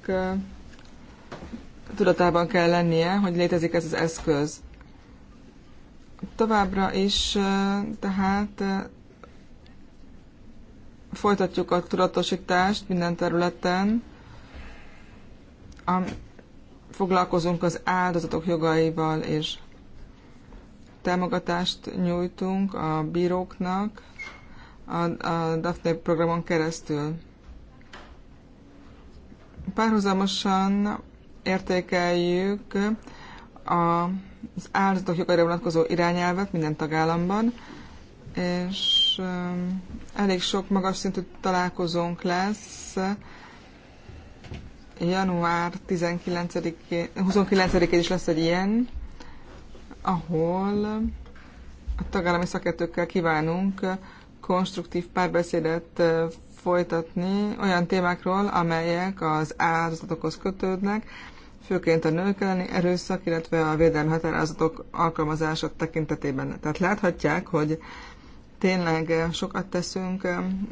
Speaker 5: tudatában kell lennie, hogy létezik ez az eszköz. Továbbra is tehát folytatjuk a tudatosítást minden területen, a, foglalkozunk az áldozatok jogaival, és támogatást nyújtunk a bíróknak a, a Daphne programon keresztül. Párhuzamosan értékeljük az áldozatok jogaira vonatkozó irányelvet minden tagállamban, és um, elég sok magas szintű találkozónk lesz január 19-én, 29-én is lesz egy ilyen, ahol a tagállami szakértőkkel kívánunk konstruktív párbeszédet folytatni olyan témákról, amelyek az áldozatokhoz kötődnek, főként a nők elleni erőszak, illetve a védelmi határozatok alkalmazása tekintetében. Tehát láthatják, hogy tényleg sokat teszünk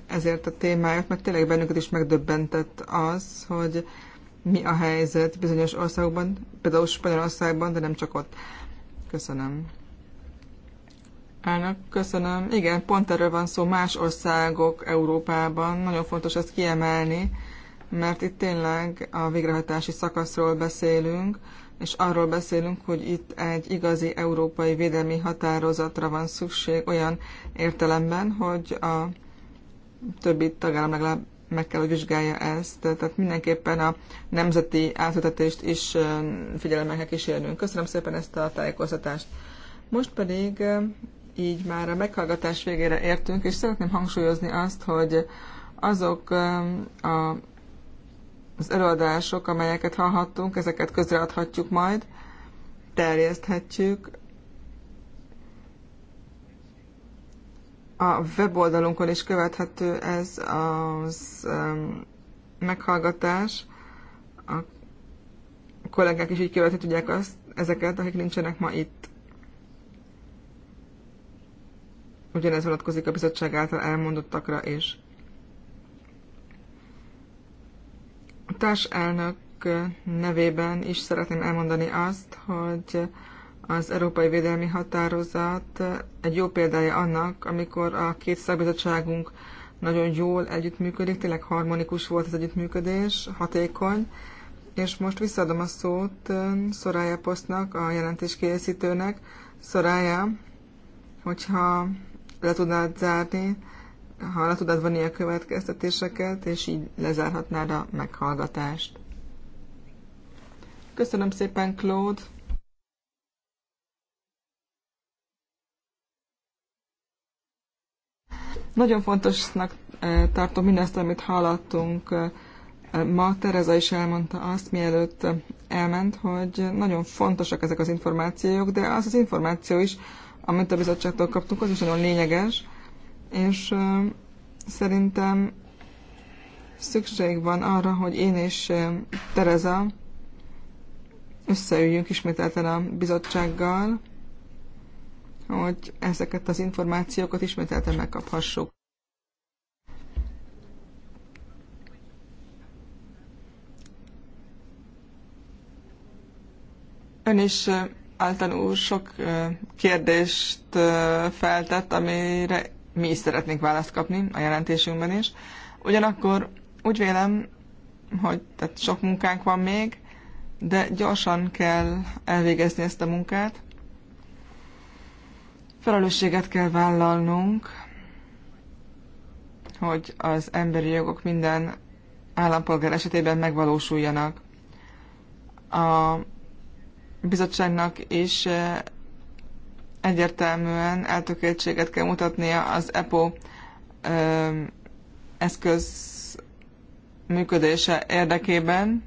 Speaker 5: ezért a témáért, mert tényleg bennünket is megdöbbentett az, hogy mi a helyzet bizonyos országokban, például Spanyolországban, de nem csak ott. Köszönöm. Elnök, köszönöm. Igen, pont erről van szó más országok Európában. Nagyon fontos ezt kiemelni mert itt tényleg a végrehajtási szakaszról beszélünk, és arról beszélünk, hogy itt egy igazi európai védelmi határozatra van szükség olyan értelemben, hogy a többi tagállam legalább meg kell, hogy vizsgálja ezt. Tehát mindenképpen a nemzeti átültetést is figyelemmel kell kísérnünk. Köszönöm szépen ezt a tájékoztatást. Most pedig így már a meghallgatás végére értünk, és szeretném hangsúlyozni azt, hogy azok a az előadások, amelyeket hallhattunk, ezeket közreadhatjuk majd, terjeszthetjük. A weboldalunkon is követhető ez az meghallgatás. A kollégák is így követni ezeket, akik nincsenek ma itt. Ugyanez vonatkozik a bizottság által elmondottakra is. társelnök nevében is szeretném elmondani azt, hogy az Európai Védelmi Határozat egy jó példája annak, amikor a két szakbizottságunk nagyon jól együttműködik, tényleg harmonikus volt az együttműködés, hatékony, és most visszaadom a szót Szorája Posztnak, a jelentés készítőnek. Szorája, hogyha le tudnád zárni ha le tudod vonni a következtetéseket, és így lezárhatnád a meghallgatást. Köszönöm szépen, Claude! Nagyon fontosnak eh, tartom mindezt, amit hallottunk eh, ma. Tereza is elmondta azt, mielőtt elment, hogy nagyon fontosak ezek az információk, de az az információ is, amit a bizottságtól kaptunk, az is nagyon lényeges, és szerintem szükség van arra, hogy én és Tereza összeüljünk ismételten a bizottsággal, hogy ezeket az információkat ismételten megkaphassuk. Ön is általán úr sok kérdést feltett, amire mi is szeretnénk választ kapni a jelentésünkben is. Ugyanakkor úgy vélem, hogy tehát sok munkánk van még, de gyorsan kell elvégezni ezt a munkát. Felelősséget kell vállalnunk, hogy az emberi jogok minden állampolgár esetében megvalósuljanak. A bizottságnak is egyértelműen eltökéltséget kell mutatnia az EPO ö, eszköz működése érdekében.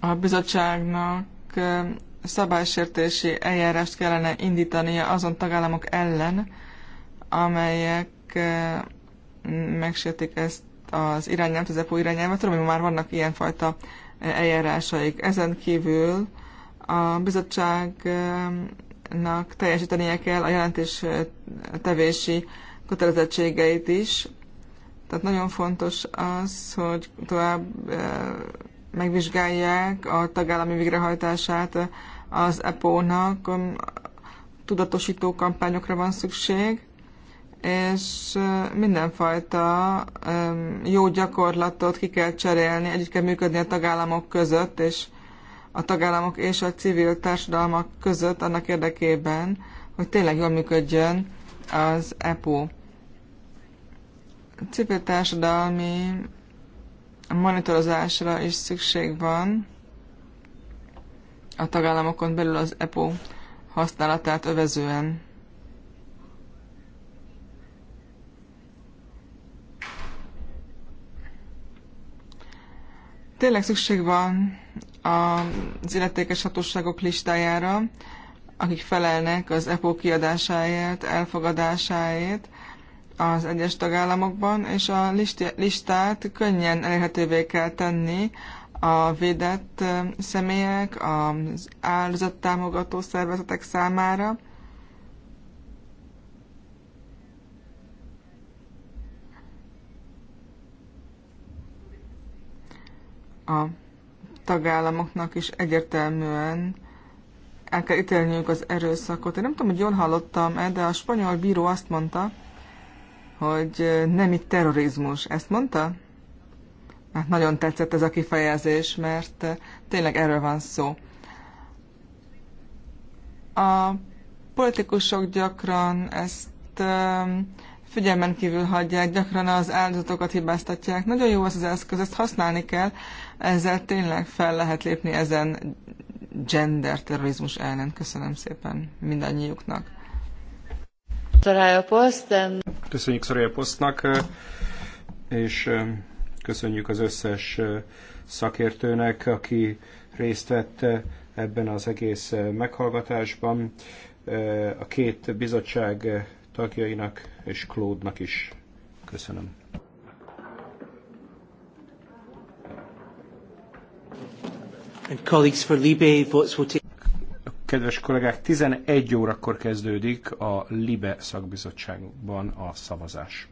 Speaker 5: A bizottságnak szabálysértési eljárást kellene indítania azon tagállamok ellen, amelyek megsértik ezt az irányelvet, az EPO irányelvet. Tudom, hogy már vannak ilyenfajta fajta eljárásaik. Ezen kívül a bizottságnak teljesítenie kell a jelentés tevési kötelezettségeit is. Tehát nagyon fontos az, hogy tovább megvizsgálják a tagállami végrehajtását az EPO-nak, tudatosító kampányokra van szükség, és mindenfajta jó gyakorlatot ki kell cserélni, együtt kell működni a tagállamok között, és a tagállamok és a civil társadalmak között annak érdekében, hogy tényleg jól működjön az EPO. A civil társadalmi monitorozásra is szükség van a tagállamokon belül az EPO használatát övezően. Tényleg szükség van az illetékes hatóságok listájára, akik felelnek az EPO kiadásáért, elfogadásáért az egyes tagállamokban, és a listát könnyen elérhetővé kell tenni a védett személyek, az áldozattámogató szervezetek számára, a tagállamoknak is egyértelműen el kell ítélniük az erőszakot. Én nem tudom, hogy jól hallottam-e, de a spanyol bíró azt mondta, hogy nem itt terrorizmus. Ezt mondta? Hát nagyon tetszett ez a kifejezés, mert tényleg erről van szó. A politikusok gyakran ezt um, figyelmen kívül hagyják, gyakran az áldozatokat hibáztatják. Nagyon jó az az eszköz, ezt használni kell, ezzel tényleg fel lehet lépni ezen gender terrorizmus ellen. Köszönöm szépen mindannyiuknak.
Speaker 3: Köszönjük Szorája Posztnak, és köszönjük az összes szakértőnek, aki részt vett ebben az egész meghallgatásban, a két bizottság tagjainak és Klódnak is. Köszönöm. Kedves kollégák, 11 órakor kezdődik a Libe szakbizottságban a szavazás.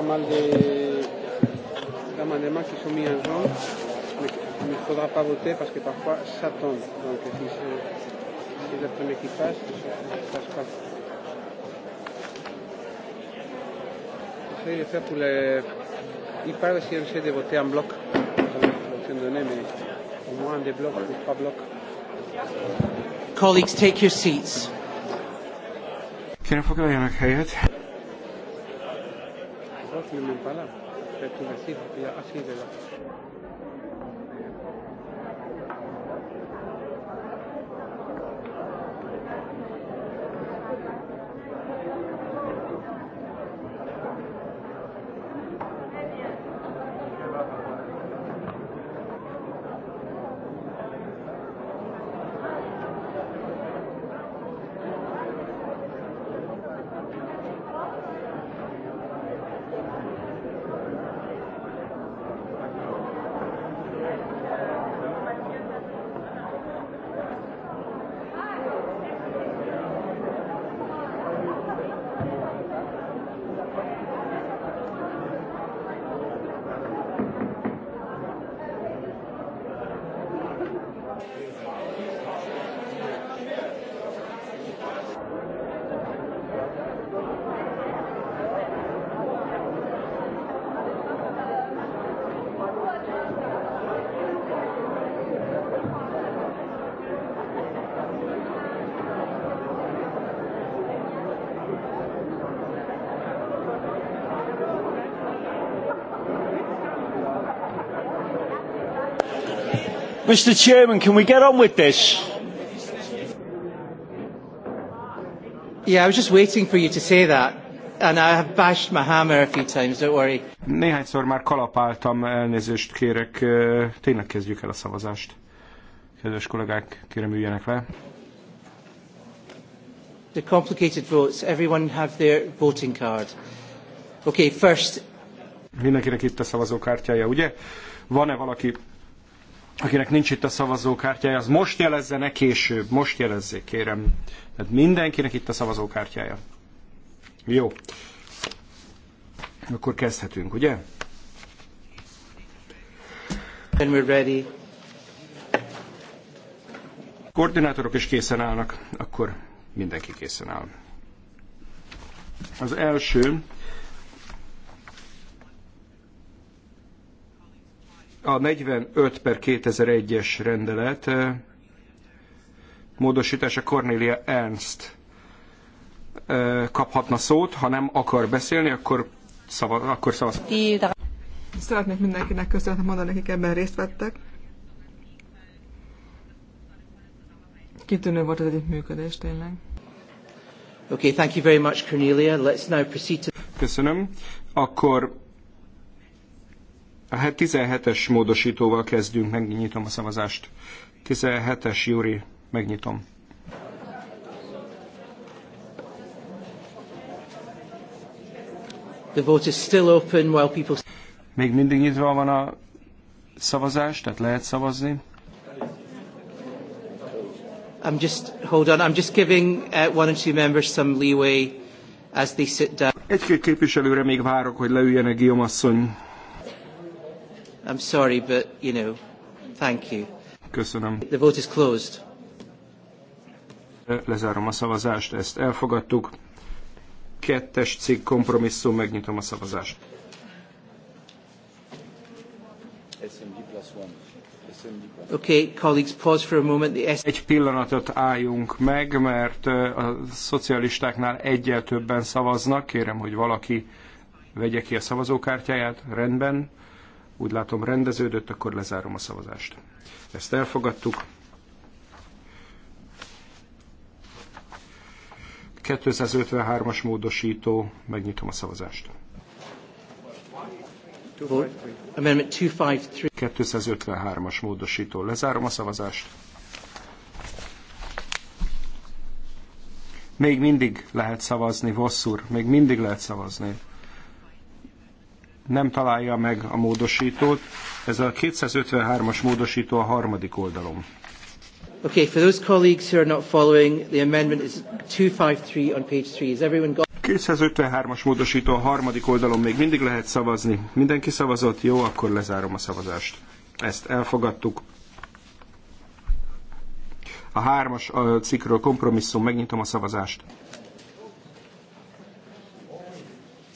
Speaker 4: pas mal de d'amendements qui sont mis en jaune,
Speaker 1: mais qu'il ne faudra pas voter parce que parfois ça tombe. Donc si c'est si
Speaker 3: le premier qui passe, ça ne passe pas.
Speaker 1: J'essaie de faire pour les... Il parle si on essaie de voter en bloc,
Speaker 3: dans donnée, mais au moins des blocs ou trois blocs.
Speaker 1: Colleagues, take your seats. Kérem foglaljanak helyet.
Speaker 3: Mipala, de Tunecía, así de la.
Speaker 4: Mr. Chairman, can we get on with this?
Speaker 1: Yeah, I was just waiting for you to say that. And I have bashed my hammer a few times, don't worry.
Speaker 3: Néhányszor már kalapáltam, elnézést kérek. Tényleg kezdjük el a szavazást. Kedves kollégák, kérem üljenek le.
Speaker 1: The complicated votes. Everyone have their voting card.
Speaker 3: Okay, first. Mindenkinek itt a szavazókártyája, ugye? Van-e valaki, akinek nincs itt a szavazókártyája, az most jelezze, ne később, most jelezzék, kérem. Tehát mindenkinek itt a szavazókártyája. Jó. Akkor kezdhetünk, ugye? When we're ready. Koordinátorok is készen állnak, akkor mindenki készen áll. Az első A 45 per 2001-es rendelet eh, módosítása Cornelia Ernst eh, kaphatna szót, ha nem akar beszélni, akkor szava, Akkor szavaz.
Speaker 5: Szeretnék mindenkinek köszönetet mondani, akik ebben részt vettek. Kitűnő volt az együttműködés, tényleg.
Speaker 3: Okay, thank you very much, Cornelia. Let's now proceed to... Köszönöm. Akkor a 17-es módosítóval kezdünk, megnyitom a szavazást. 17-es, Júri, megnyitom.
Speaker 1: The vote is still open while people... Még mindig nyitva van a szavazás, tehát lehet szavazni. I'm just, hold on, I'm just giving uh, one or two members some leeway as they sit down. Egy-két képviselőre
Speaker 3: még várok, hogy leüljenek Guillaume asszony.
Speaker 1: I'm sorry, but, you know,
Speaker 3: thank you. Köszönöm. The vote is closed. Lezárom a szavazást, ezt elfogadtuk. Kettes cikk kompromisszum, megnyitom a szavazást. Okay, colleagues, pause for a moment. The Egy pillanatot álljunk meg, mert eh, a szocialistáknál egyel többen szavaznak. Kérem, hogy valaki vegye ki a szavazókártyáját. Rendben. Úgy látom rendeződött, akkor lezárom a szavazást. Ezt elfogadtuk. 253-as módosító, megnyitom a szavazást. 253-as módosító, lezárom a szavazást. Még mindig lehet szavazni, Vosszúr, még mindig lehet szavazni nem találja meg a módosítót. Ez a 253-as módosító a harmadik oldalon.
Speaker 1: Okay, for those colleagues who are not following,
Speaker 3: the amendment is 253 on page 3. Has everyone got 253-as módosító a harmadik oldalon még mindig lehet szavazni. Mindenki szavazott? Jó, akkor lezárom a szavazást. Ezt elfogadtuk. A hármas a cikkről kompromisszum, megnyitom a szavazást.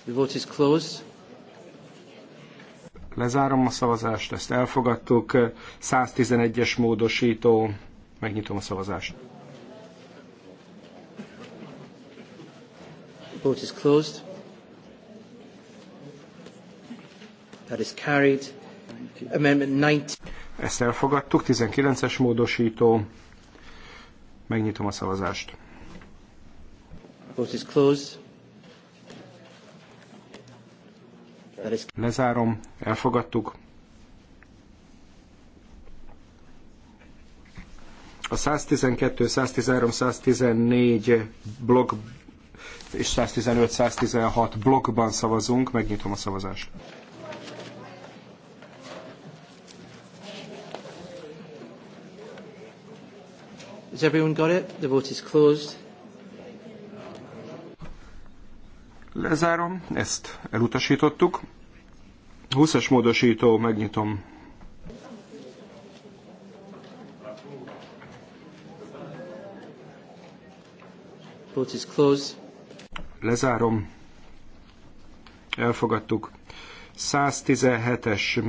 Speaker 3: The vote is closed. Lezárom a szavazást, ezt elfogadtuk. 111-es módosító. Megnyitom a szavazást. Vote is closed. That is carried. Amendment 19. Ezt elfogadtuk, 19-es módosító. Megnyitom a szavazást. Vote is closed. Lezárom, elfogadtuk. A 112, 113, 114 blokk és 115-116 blokkban szavazunk. Megnyitom a szavazást.
Speaker 1: Has everyone got it? The vote is closed.
Speaker 3: Lezárom, ezt elutasítottuk. 20-as módosító, megnyitom. Vote is closed. Lezárom. Elfogadtuk. 117-es,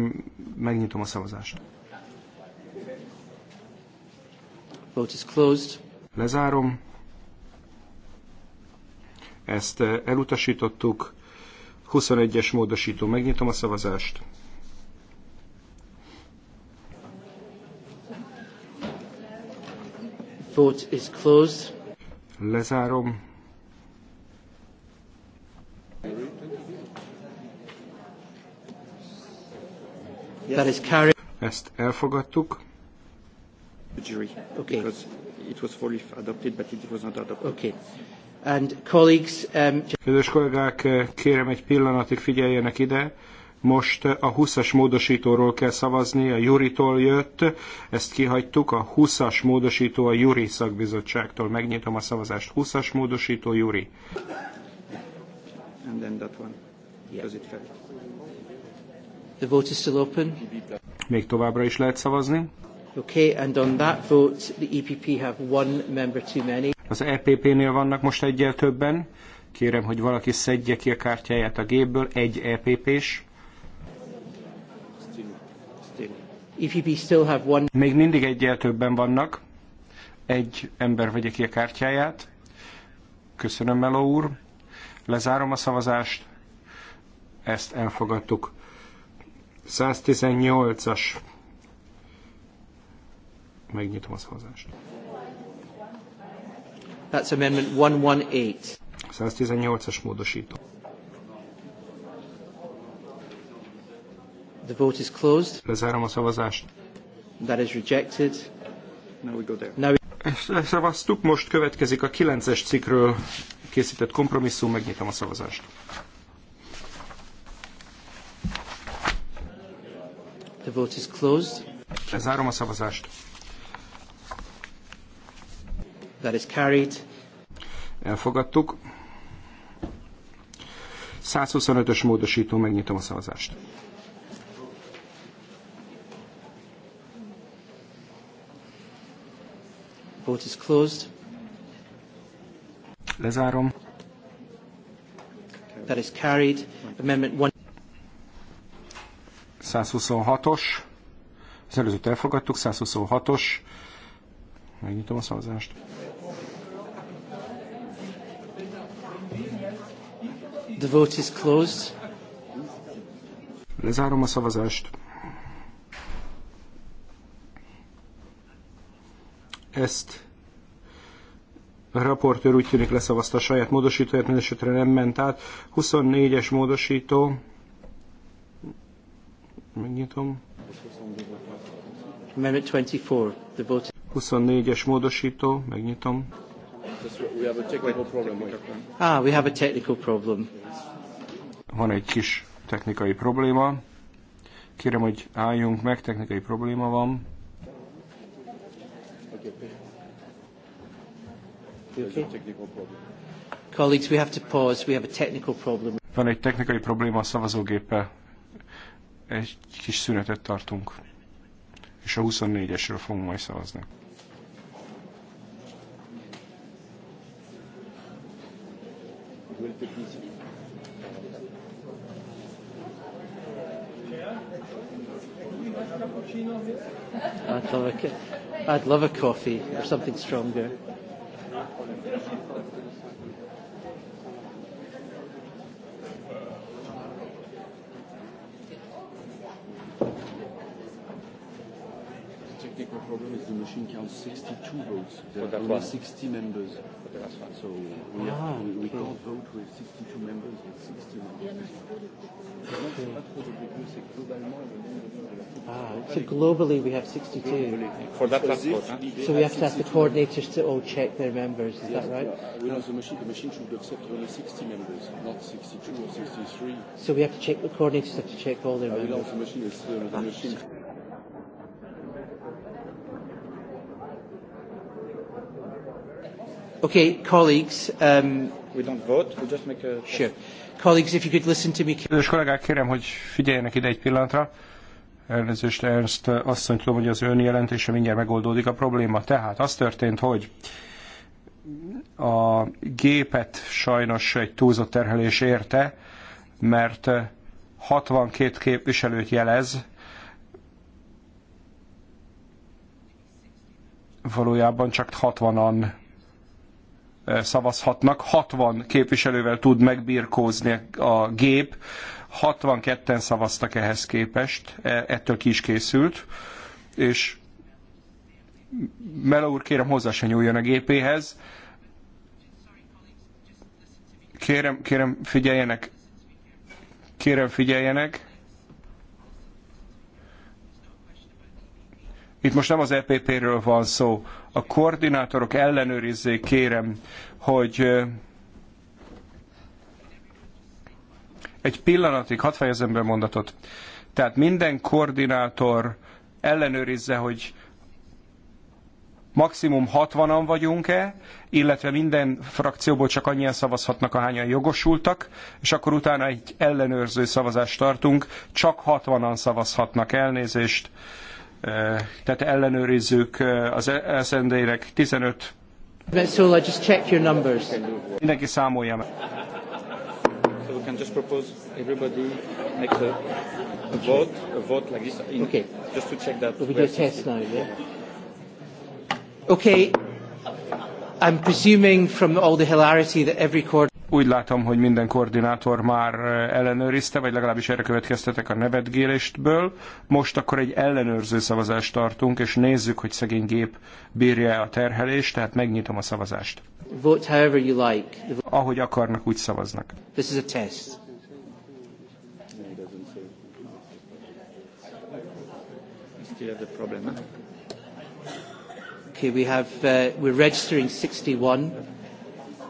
Speaker 3: megnyitom a szavazást. Vote is closed. Lezárom ezt elutasítottuk. 21-es módosító, megnyitom a szavazást. Vote is closed. Lezárom. That is carried. Ezt elfogadtuk. jury. Okay. Because it was fully adopted, but it was not adopted. Okay. Um, Kedves kollégák, kérem egy pillanatig figyeljenek ide. Most a 20-as módosítóról kell szavazni, a Juritól jött, ezt kihagytuk, a 20-as módosító a Juri szakbizottságtól. Megnyitom a szavazást. 20-as módosító Juri. And then that one. Yeah. The vote is still open. Még továbbra is
Speaker 1: lehet szavazni. Okay, and on that vote, the EPP have one member too many.
Speaker 3: Az EPP-nél vannak most egyel többen. Kérem, hogy valaki szedje ki a kártyáját a gépből. Egy EPP-s. Még mindig egyel többen vannak. Egy ember vegye ki a kártyáját. Köszönöm, Meló úr. Lezárom a szavazást. Ezt elfogadtuk. 118-as. Megnyitom a szavazást. That's amendment 118. 118-as módosító. The vote is closed. Lezárom a szavazást.
Speaker 1: That is rejected. Now we go there. Now
Speaker 3: we... Szavaztuk, most következik a 9-es cikkről készített kompromisszum, megnyitom a szavazást. The vote is closed. Lezárom a szavazást. That is carried. Elfogadtuk. 125-ös módosító, megnyitom a szavazást. Vote is closed. Lezárom. That is carried. Amendment one. 126-os. Az előzőt elfogadtuk, 126-os. Megnyitom a szavazást. The vote is closed. Lezárom a szavazást. Ezt a raportőr úgy tűnik leszavazta a saját módosítóját, mindesetre nem ment át. 24-es módosító. Megnyitom. 24-es módosító, megnyitom.
Speaker 4: We have a technical problem.
Speaker 3: Ah, we have a technical problem. Van egy kis technikai probléma. Kérem, hogy álljunk meg, technikai probléma van.
Speaker 4: Okay.
Speaker 1: Colleagues, we have to pause. We have a technical problem. Van egy technikai
Speaker 3: probléma a szavazógéppel. Egy kis szünetet tartunk. És a 24-esről fogunk majd szavazni.
Speaker 4: nouvelle technicité. I'd love, a, I'd love a coffee or something stronger. problem is the machine counts 62 votes. There are only 60 members. So we, have, ah, we, we can't vote with 62 members, with 60 members. Ah, so globally we have 62. For that passport, huh? So we have to ask the
Speaker 1: coordinators to all check their members, is yes, that right?
Speaker 4: we know the machine, the machine should accept only 60 members, not 62 or 63.
Speaker 1: So we have to check, the coordinators have to check all their members. Uh, we know the the
Speaker 4: machine is, Uh, Ah. machine.
Speaker 1: Okay, colleagues. Um, we
Speaker 3: don't vote, we just make a...
Speaker 1: Sure. Colleagues, if you could listen to
Speaker 3: me... Kedves kollégák, kérem, hogy figyeljenek ide egy pillanatra. Elnézést, Ernst azt mondtam, hogy az ön jelentése mindjárt megoldódik a probléma. Tehát az történt, hogy a gépet sajnos egy túlzott terhelés érte, mert 62 képviselőt jelez, valójában csak 60-an szavazhatnak, 60 képviselővel tud megbirkózni a gép, 62-en szavaztak ehhez képest, e, ettől ki is készült, és Melo úr, kérem hozzá se nyúljon a gépéhez. Kérem, kérem figyeljenek. Kérem figyeljenek. Itt most nem az EPP-ről van szó a koordinátorok ellenőrizzék, kérem, hogy egy pillanatig, hadd fejezem be mondatot. Tehát minden koordinátor ellenőrizze, hogy maximum 60-an vagyunk-e, illetve minden frakcióból csak annyian szavazhatnak, ahányan jogosultak, és akkor utána egy ellenőrző szavazást tartunk, csak 60-an szavazhatnak elnézést tehát ellenőrizzük az SND-nek 15.
Speaker 1: just check your
Speaker 3: numbers. Mindenki számolja meg.
Speaker 6: So we can just propose
Speaker 4: everybody a, a vote, a vote like this. In, okay. Just to check that. do a test now, yeah?
Speaker 3: Okay. I'm presuming from all the hilarity that every court úgy látom, hogy minden koordinátor már ellenőrizte, vagy legalábbis erre következtetek a nevetgélésből. Most akkor egy ellenőrző szavazást tartunk, és nézzük, hogy szegény gép bírja a terhelést, tehát megnyitom a szavazást.
Speaker 1: Vote you like. Ahogy akarnak, úgy szavaznak. This is a test.
Speaker 4: still have the
Speaker 3: problem. Okay, we have, uh, we're registering 61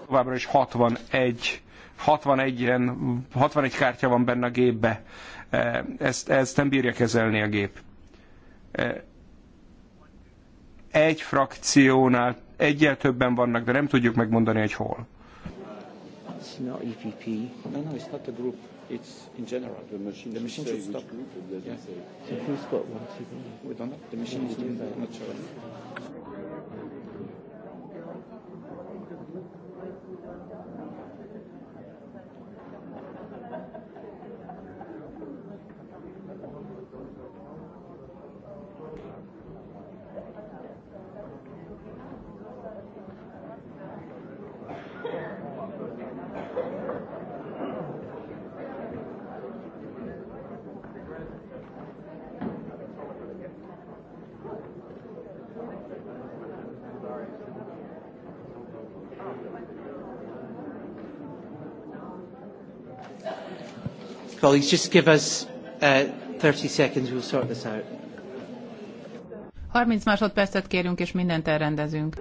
Speaker 3: továbbra is 61 61-en, 61 kártya van benne a gépbe. E, ezt, ezt nem bírja kezelni a gép. E, egy frakciónál egyel többen vannak, de nem tudjuk megmondani, hogy hol.
Speaker 4: It's not EPP. No, no, it's not a group. It's in general. The machine, the machine should stop. Group, it doesn't yeah. say. So who's got one? We don't know. The machine is doing that. Not sure.
Speaker 1: Colleagues, just give us uh, 30 seconds, we'll sort this out.
Speaker 2: 30 másodpercet kérünk, és mindent elrendezünk.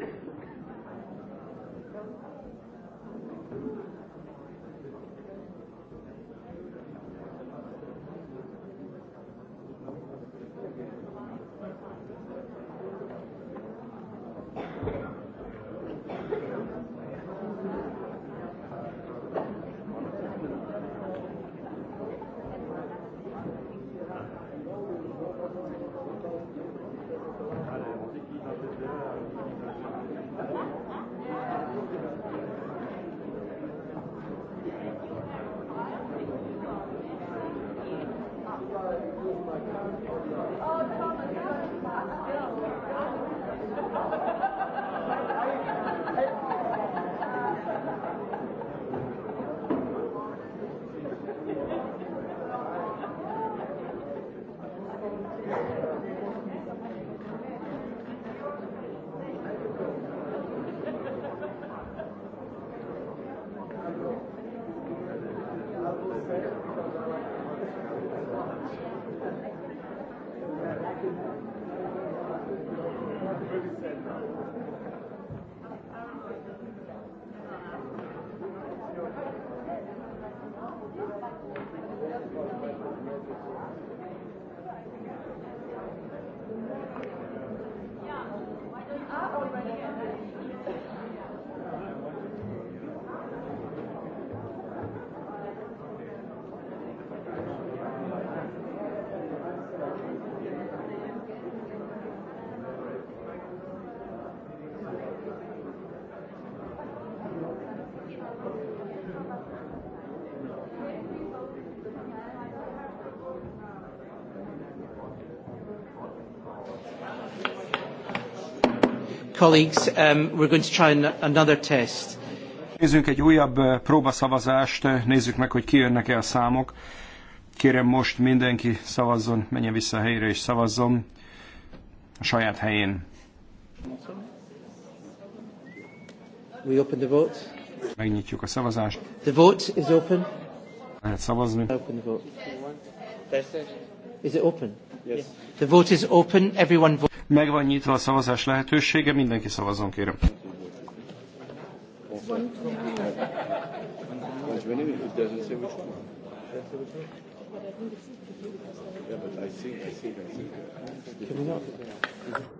Speaker 3: Colleagues, um, we're going to try an, another test. Nézzünk egy újabb uh, próbaszavazást, uh, nézzük meg, hogy kijönnek-e a számok. Kérem most mindenki szavazzon, menjen vissza a helyére és szavazzon a saját helyén.
Speaker 1: We open the vote.
Speaker 3: Megnyitjuk a szavazást. The vote is open. Lehet szavazni. Open the vote.
Speaker 4: Is it open? Yes.
Speaker 3: The vote is open. Everyone vote. Megvan nyitva a szavazás lehetősége, mindenki szavazzon kérem.
Speaker 4: Can we not?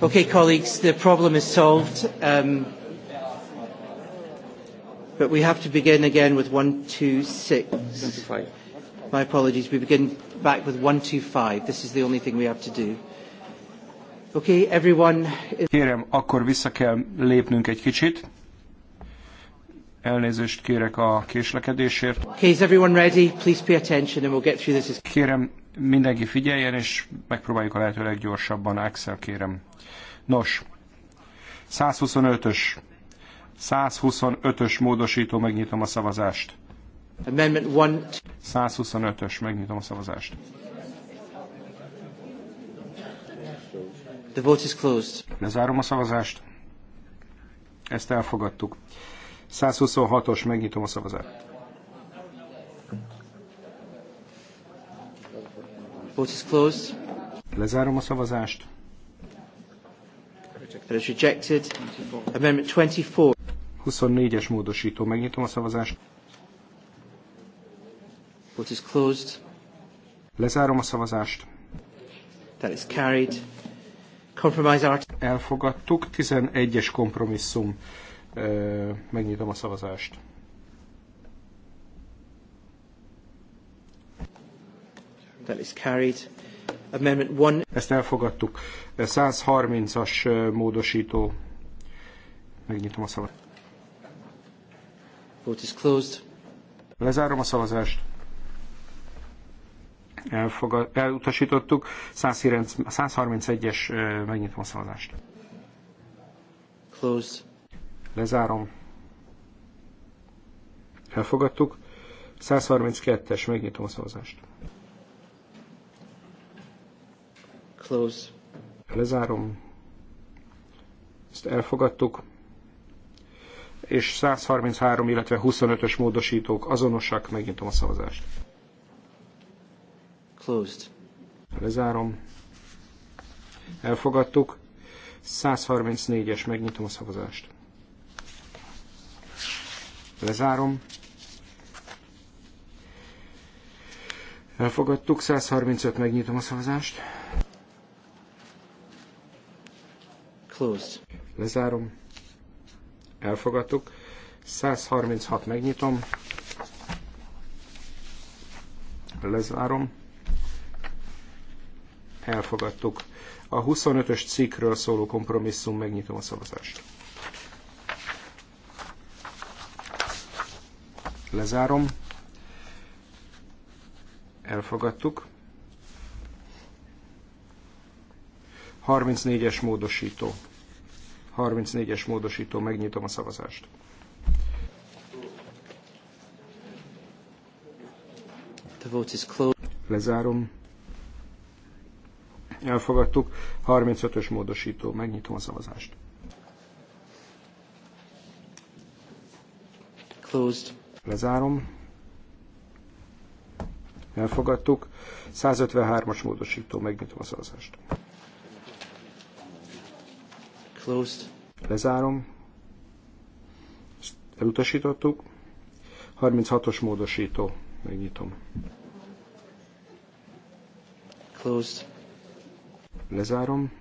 Speaker 1: Okay, colleagues, the problem is solved. Um, but we have to begin again with 126. 125. My apologies. We begin back with 125. This is the only thing we have to do.
Speaker 3: Okay, everyone. Kérem, akkor vissza kell lépnünk egy kicsit. Elnézést kérek a késlekedésért. Okay, is everyone ready? Please pay attention and we'll get through this. Kérem, mindenki figyeljen, és megpróbáljuk a lehető leggyorsabban. Axel, kérem. Nos, 125-ös. 125-ös módosító, megnyitom a szavazást. Amendment 125-ös, megnyitom a szavazást. The vote is closed. Lezárom a szavazást. Ezt elfogadtuk. 126-os, megnyitom a szavazást. Vote is closed. Lezárom a szavazást. That is rejected. Amendment 24. 24-es módosító. Megnyitom a szavazást. Vote is closed. Lezárom a szavazást. That is carried. Compromise art. Elfogadtuk. 11-es kompromisszum. Megnyitom a szavazást. That is carried. Amendment one. Ezt elfogadtuk. 130-as módosító. Megnyitom a szavat. Vote is closed. Lezárom a szavazást. Elfogad, elutasítottuk. 131-es, megnyitom a szavazást. Closed. Lezárom. Elfogadtuk. 132-es, megnyitom a szavazást. Close. Lezárom. Ezt elfogadtuk. És 133, illetve 25-ös módosítók azonosak. Megnyitom a szavazást. Closed. Lezárom. Elfogadtuk. 134-es, megnyitom a szavazást. Lezárom. Elfogadtuk, 135, megnyitom a szavazást. Closed. Lezárom. Elfogadtuk. 136 megnyitom. Lezárom. Elfogadtuk. A 25-ös cikkről szóló kompromisszum, megnyitom a szavazást. Lezárom. Elfogadtuk. 34-es módosító. 34-es módosító, megnyitom a szavazást. The vote is closed. Lezárom. Elfogadtuk. 35-ös módosító, megnyitom a szavazást. Closed. Lezárom. Elfogadtuk. 153-as módosító, megnyitom a szavazást. Closed. Lezárom. Ezt elutasítottuk. 36-os módosító. Megnyitom. Closed. Lezárom.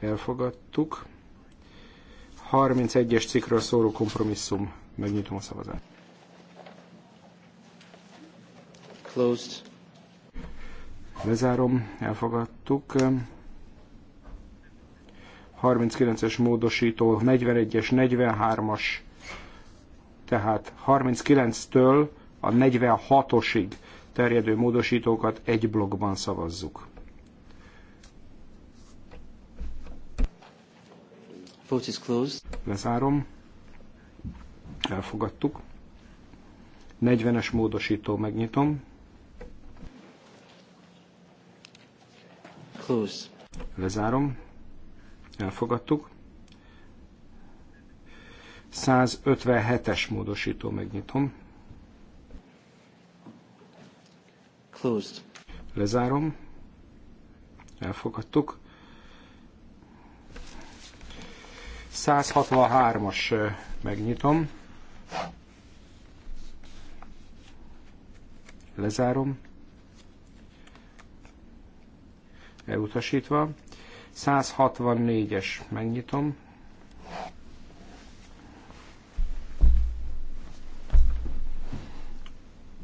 Speaker 3: Elfogadtuk. 31-es cikkről szóló kompromisszum. Megnyitom a szavazást. Closed. Lezárom, elfogadtuk. 39-es módosító, 41-es, 43-as, tehát 39-től a 46-osig terjedő módosítókat egy blogban szavazzuk. Vote is closed. Lezárom. Elfogadtuk. 40-es módosító megnyitom. Close. Lezárom elfogadtuk. 157-es módosító, megnyitom. Closed. Lezárom. Elfogadtuk. 163-as megnyitom. Lezárom. Elutasítva. 164-es, megnyitom.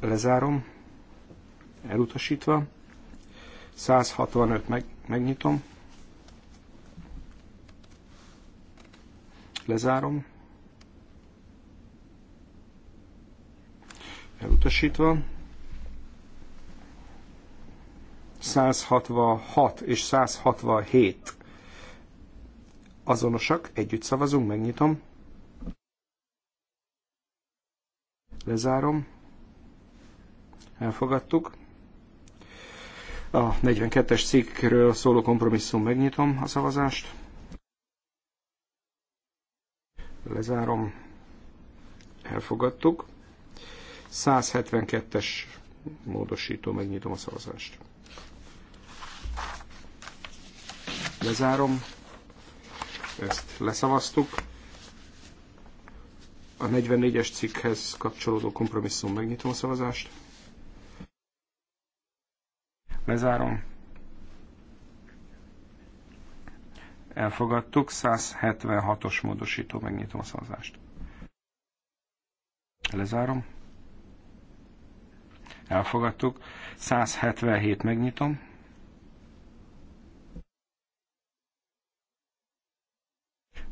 Speaker 3: Lezárom, elutasítva. 165 meg, megnyitom. Lezárom. Elutasítva. 166 és 167 azonosak, együtt szavazunk, megnyitom. Lezárom. Elfogadtuk. A 42-es cikkről szóló kompromisszum megnyitom a szavazást. Lezárom. Elfogadtuk. 172-es módosító, megnyitom a szavazást. Lezárom. Ezt leszavaztuk. A 44-es cikkhez kapcsolódó kompromisszum megnyitom a szavazást. Lezárom. Elfogadtuk. 176-os módosító. Megnyitom a szavazást. Lezárom. Elfogadtuk. 177 megnyitom.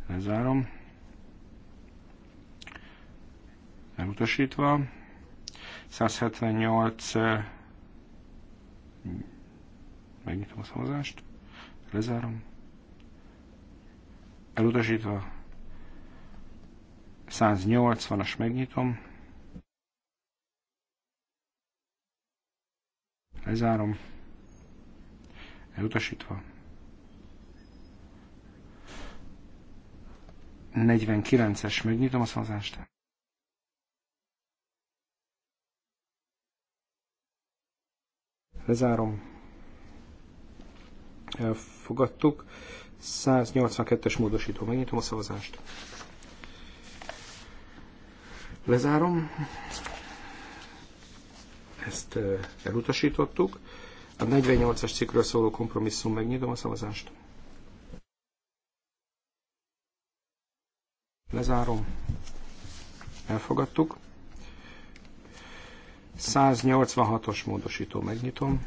Speaker 3: Lezárom. Elutasítva. 178. Megnyitom a szavazást. Lezárom. Elutasítva. 180-as megnyitom. Lezárom. Elutasítva. 49-es, megnyitom a szavazást. Lezárom. Elfogadtuk. 182-es módosító, megnyitom a szavazást. Lezárom. Ezt eh, elutasítottuk. A 48-as cikkről szóló kompromisszum, megnyitom a szavazást. Lezárom. Elfogadtuk. 186-os módosító megnyitom.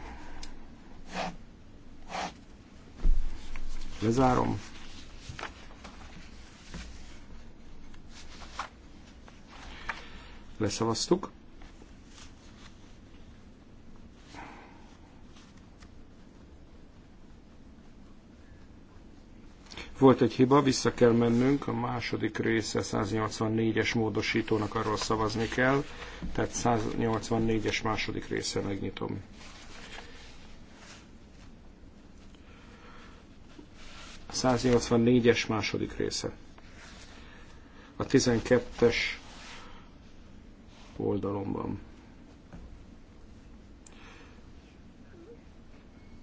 Speaker 3: Lezárom. Leszavaztuk. Volt egy hiba, vissza kell mennünk, a második része 184-es módosítónak arról szavazni kell, tehát 184-es második része megnyitom. A 184-es második része. A 12-es oldalomban.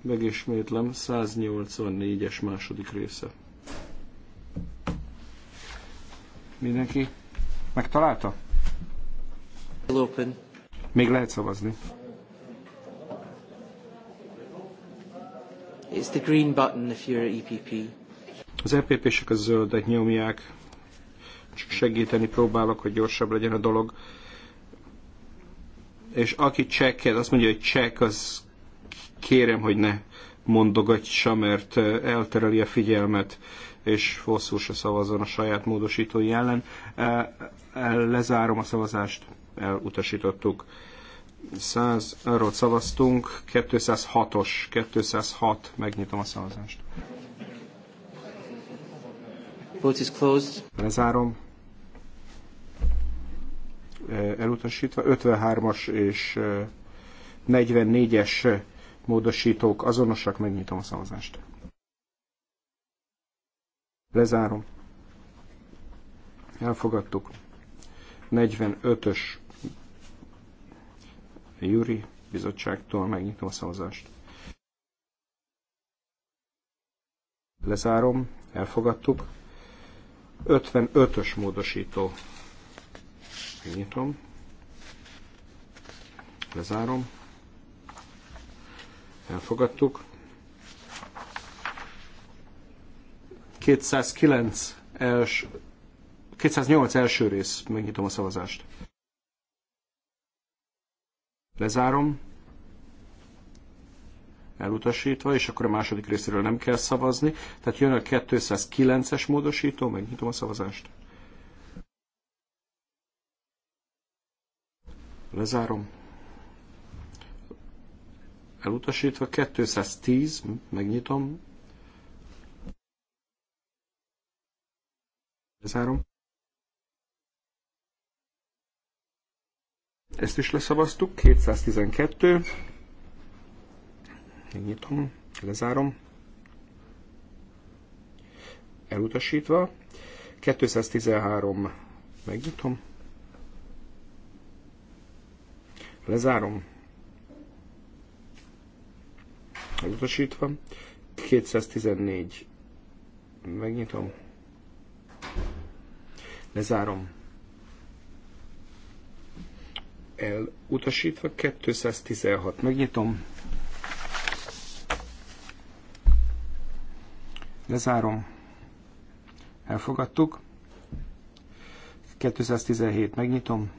Speaker 3: Megismétlem, 184-es második része. Mindenki megtalálta? Még lehet szavazni. It's the green button if you're EPP. Az EPP-sek a zöldet nyomják. Csak segíteni próbálok, hogy gyorsabb legyen a dolog. És aki csekkel, azt mondja, hogy csekk, az kérem, hogy ne mondogatja, mert eh, eltereli a figyelmet és hosszú szavazzon a saját módosítói ellen. E, e, lezárom a szavazást, elutasítottuk. 100 arról szavaztunk, 206-os, 206, megnyitom a szavazást. Vote is closed. Lezárom. E, elutasítva. 53-as és 44-es módosítók azonosak, megnyitom a szavazást. Lezárom. Elfogadtuk. 45-ös Júri bizottságtól megnyitom a szavazást. Lezárom, elfogadtuk. 55-ös módosító. Megnyitom. Lezárom. Elfogadtuk. 209 els, 208 első rész. Megnyitom a szavazást. Lezárom. Elutasítva, és akkor a második részéről nem kell szavazni. Tehát jön a 209-es módosító, megnyitom a szavazást. Lezárom. Elutasítva, 210, megnyitom, Lezárom. Ezt is leszavaztuk. 212. Megnyitom, lezárom. Elutasítva. 213. Megnyitom. Lezárom. Elutasítva. 214. Megnyitom. Lezárom. Elutasítva 216. Megnyitom. Lezárom. Elfogadtuk. 217. Megnyitom.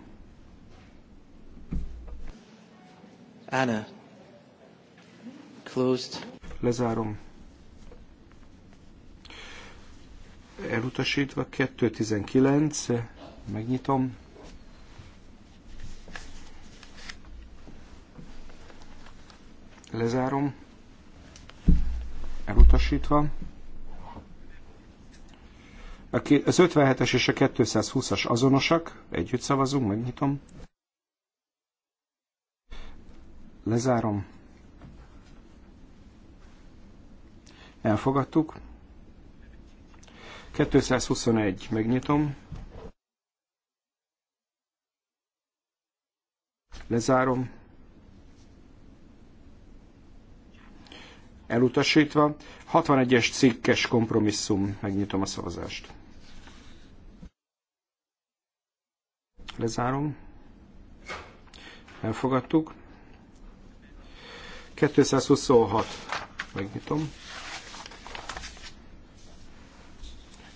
Speaker 3: Anna. Closed. Lezárom. elutasítva, 219, megnyitom. Lezárom, elutasítva. Az 57-es és a 220-as azonosak, együtt szavazunk, megnyitom. Lezárom. Elfogadtuk. 221, megnyitom. Lezárom. Elutasítva. 61-es cikkes kompromisszum, megnyitom a szavazást. Lezárom. Elfogadtuk. 226, megnyitom.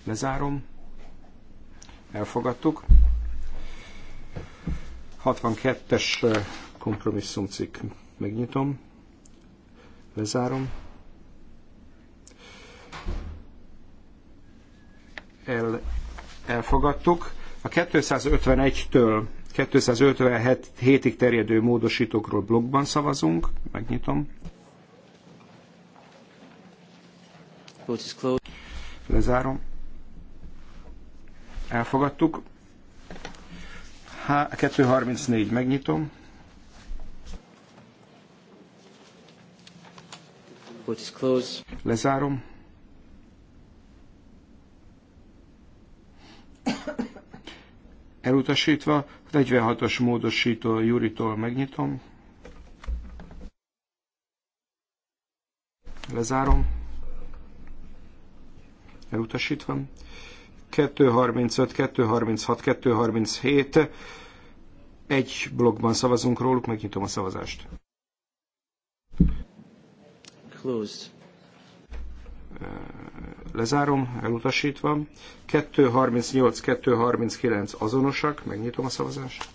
Speaker 3: Lezárom. Elfogadtuk. 62-es eh, kompromisszumcikk. Megnyitom. Lezárom. El, elfogadtuk. A 251-től 257-ig terjedő módosítókról blogban szavazunk. Megnyitom. Lezárom. Elfogadtuk. 234 megnyitom. Lezárom. Elutasítva, 46-os módosító Juritól megnyitom. Lezárom. Elutasítva. 235, 236, 237. Egy blogban szavazunk róluk, megnyitom a szavazást. Closed. Lezárom, elutasítva. 238, 239 azonosak, megnyitom a szavazást.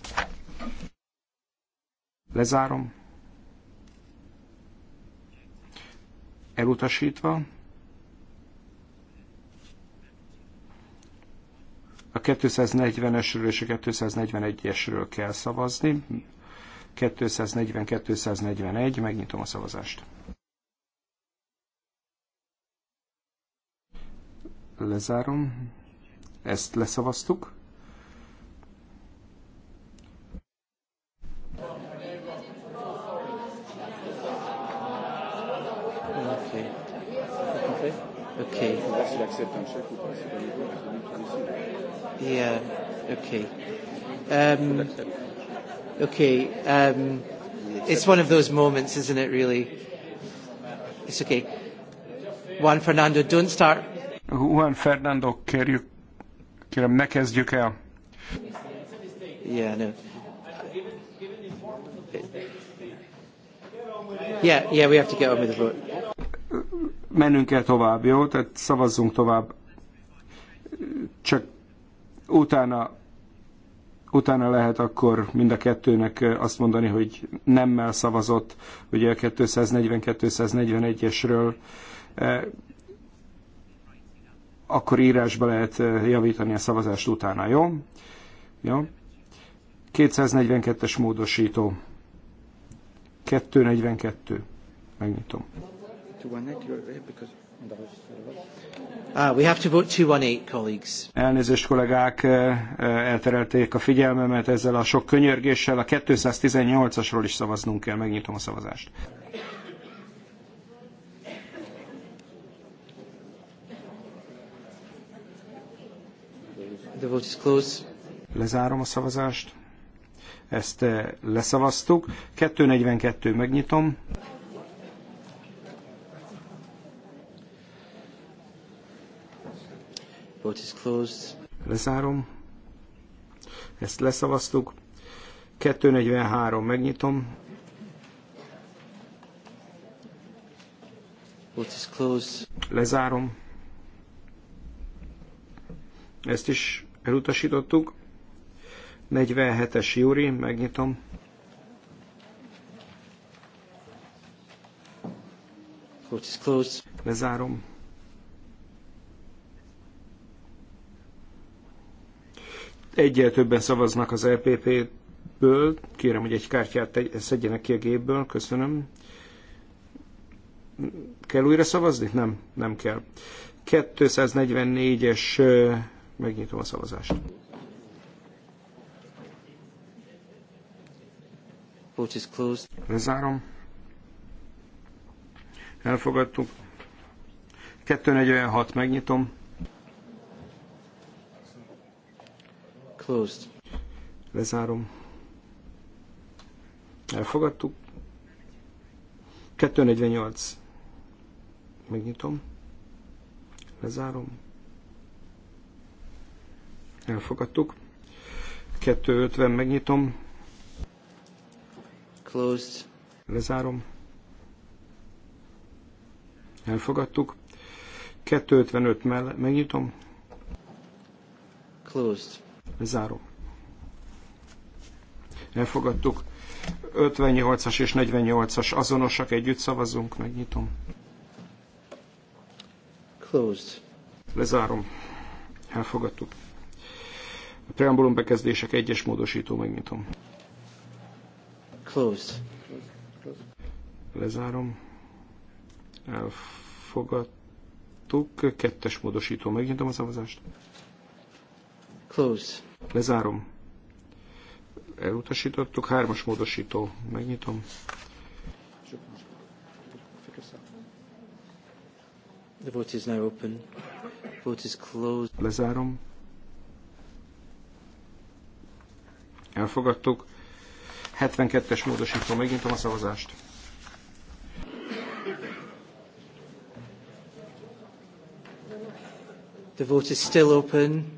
Speaker 3: Lezárom. Elutasítva. A 240-esről és a 241-esről kell szavazni. 240-241, megnyitom a szavazást. Lezárom. Ezt leszavaztuk.
Speaker 4: Okay. Okay. Yeah. Okay. Um,
Speaker 1: okay. Um, it's one of those moments, isn't it? Really. It's okay. Juan Fernando,
Speaker 3: don't start. Juan Fernando, kérjük, kérem, ne kezdjük el.
Speaker 4: Yeah, no. Yeah, yeah, we have
Speaker 3: to get on with the vote. Menünk kell tovább, jó? Tehát szavazzunk tovább. Csak Utána, utána lehet akkor mind a kettőnek eh, azt mondani, hogy nemmel szavazott, ugye a 240-241-esről eh, akkor írásba lehet eh, javítani a szavazást utána, jó? Jó? 242-es módosító. 242. Megnyitom. Ah, we have to vote 218, colleagues. Elnézést, kollégák, eh, eh, elterelték a figyelmemet ezzel a sok könyörgéssel. A 218-asról is szavaznunk kell, megnyitom a szavazást. The vote is closed. Lezárom a szavazást. Ezt eh, leszavaztuk. 242, megnyitom.
Speaker 1: Vote is closed.
Speaker 3: Lezárom. Ezt leszavaztuk. 243, megnyitom. Vote is closed. Lezárom. Ezt is elutasítottuk. 47-es Júri, megnyitom. Vote is closed. Lezárom. egyel többen szavaznak az EPP-ből. Kérem, hogy egy kártyát szedjenek ki a gépből. Köszönöm. Kell újra szavazni? Nem, nem kell. 244-es, megnyitom a szavazást. closed. Lezárom. Elfogadtuk. 246, megnyitom. Closed. Lezárom. Elfogadtuk. 248. Megnyitom. Lezárom. Elfogadtuk. 250. Megnyitom. Closed. Lezárom. Elfogadtuk. 255 mellett megnyitom. Closed. Lezárom. Elfogadtuk. 58-as és 48-as azonosak, együtt szavazunk, megnyitom. Closed. Lezárom. Elfogadtuk. A preambulum bekezdések egyes módosító, megnyitom. Closed. Lezárom. Elfogadtuk. Kettes módosító, megnyitom a szavazást. Close. Lezárom. Elutasítottuk. Hármas módosító. Megnyitom.
Speaker 1: The vote is now open.
Speaker 3: Vote is closed. Lezárom. Elfogadtuk. 72-es módosító. Megnyitom a szavazást.
Speaker 1: The vote is still open.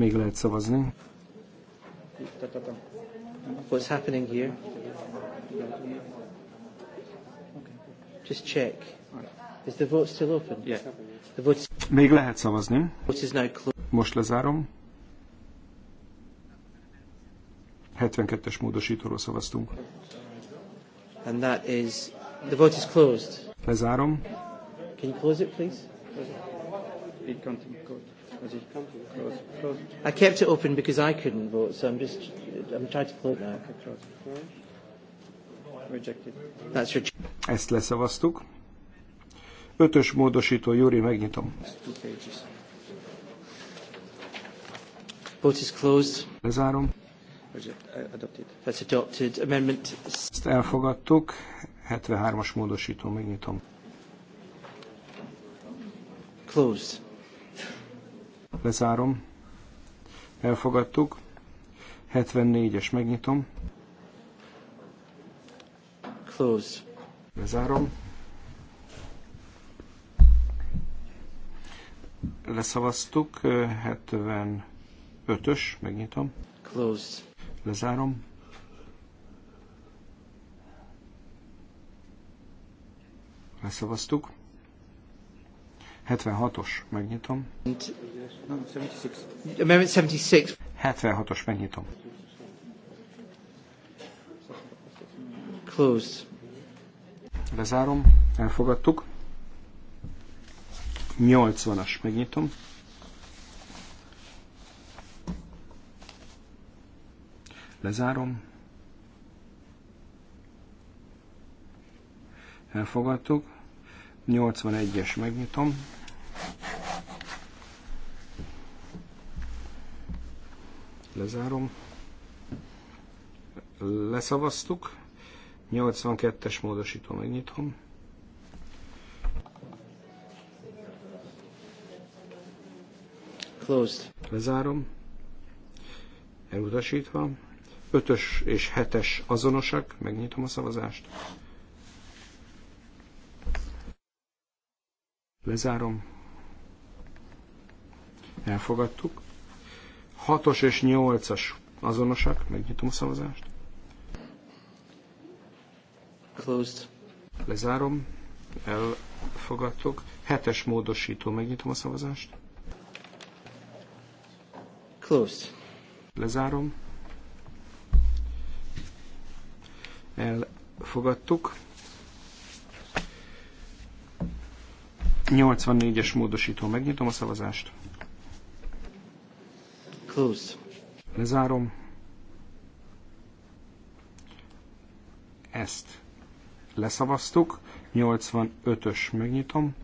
Speaker 3: Még lehet szavazni.
Speaker 1: What's happening here? Just check. Is the vote still open? Yeah.
Speaker 3: The vote Még lehet szavazni. is now closed? Most lezárom. 72-es módosítóról szavaztunk.
Speaker 1: And that is the vote is closed. Lezárom. Can you close it please?
Speaker 4: It can't be closed.
Speaker 1: I kept it open because I couldn't vote, so I'm just I'm trying to close now. Rejected. That's
Speaker 3: rejected. Ezt leszavaztuk. Ötös módosító, Júri, megnyitom. Vote is closed. Lezárom.
Speaker 1: Uh, adopted. That's adopted.
Speaker 3: Amendment. Ezt elfogadtuk. 73-as módosító, megnyitom. Closed lezárom, elfogadtuk, 74-es megnyitom, close. Lezárom. Leszavaztuk, 75-ös, megnyitom. Close. Lezárom. Leszavaztuk. 76-os, megnyitom. 76-os megnyitom. Closed. Lezárom, elfogadtuk. 80-as, megnyitom. Lezárom. Elfogadtuk. 81-es, megnyitom. Lezárom. Leszavaztuk. 82-es módosító megnyitom. Closed. Lezárom. Elutasítva. 5-ös és 7-es azonosak. Megnyitom a szavazást. Lezárom. Elfogadtuk. 6-os és 8-as azonosak. Megnyitom a szavazást. Closed. Lezárom. Elfogadtok. 7-es módosító. Megnyitom a szavazást. Closed. Lezárom. Elfogadtuk. 84-es módosító. Megnyitom a szavazást. Lezárom. Ezt leszavaztuk. 85-ös megnyitom.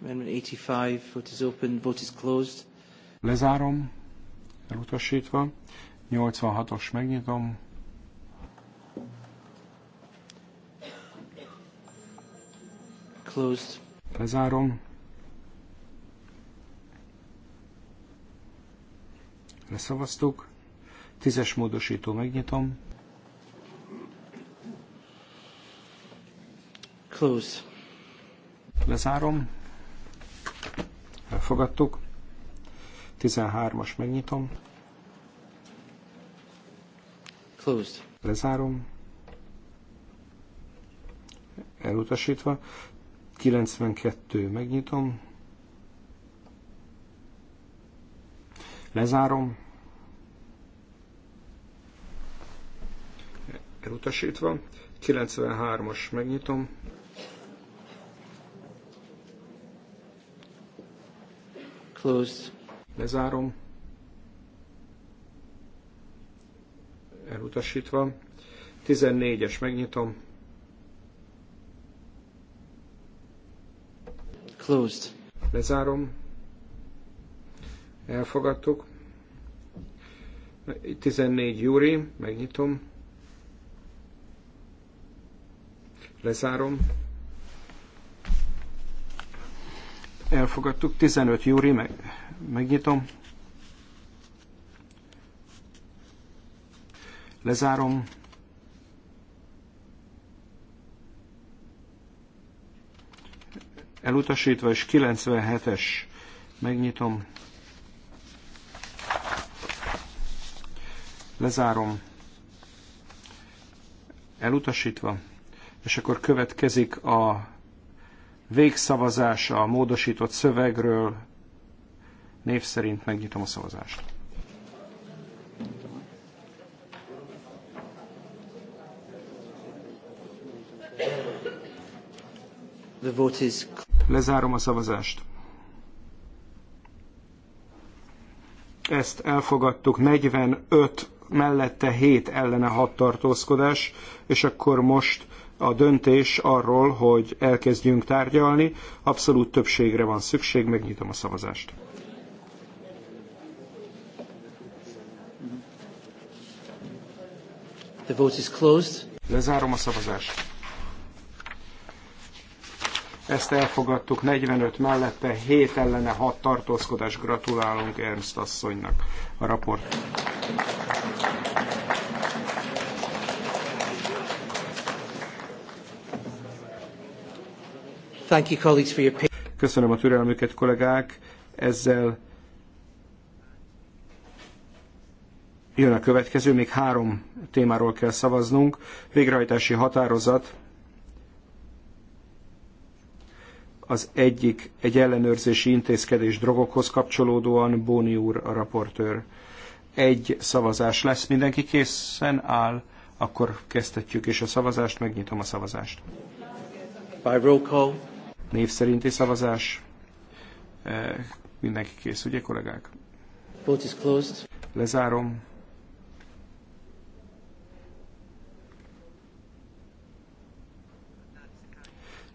Speaker 1: Amendment 85, vote is open, vote is closed.
Speaker 3: Lezárom, elutasítva. 86-os megnyitom. Closed. Lezárom. Leszavaztuk. Tízes módosító megnyitom. Close. Lezárom. Elfogadtuk. 13-as megnyitom. Closed. Lezárom. Elutasítva. 92 megnyitom. Lezárom. Elutasítva. 93-as megnyitom. Closed. Lezárom. Elutasítva. 14-es megnyitom. Closed. Lezárom elfogadtuk. 14 júri, megnyitom. Lezárom. Elfogadtuk. 15 júri, meg, megnyitom. Lezárom. Elutasítva, és 97-es megnyitom. Lezárom. Elutasítva. És akkor következik a végszavazás a módosított szövegről. Név szerint megnyitom a szavazást. Lezárom a szavazást. ezt elfogadtuk 45 mellette 7 ellene 6 tartózkodás, és akkor most a döntés arról, hogy elkezdjünk tárgyalni, abszolút többségre van szükség, megnyitom a szavazást. The vote is closed. Lezárom a szavazást. Ezt elfogadtuk 45 mellette, 7 ellene 6 tartózkodás. Gratulálunk Ernst asszonynak a raport. Thank you, colleagues, for your Köszönöm a türelmüket, kollégák. Ezzel jön a következő, még három témáról kell szavaznunk. Végrehajtási határozat, Az egyik egy ellenőrzési intézkedés drogokhoz kapcsolódóan, Bóni úr a raportőr. Egy szavazás lesz, mindenki készen áll, akkor kezdhetjük, és a szavazást, megnyitom a szavazást. By roll call. Név szerinti szavazás. Eh, mindenki kész, ugye kollégák? Vote is closed. Lezárom.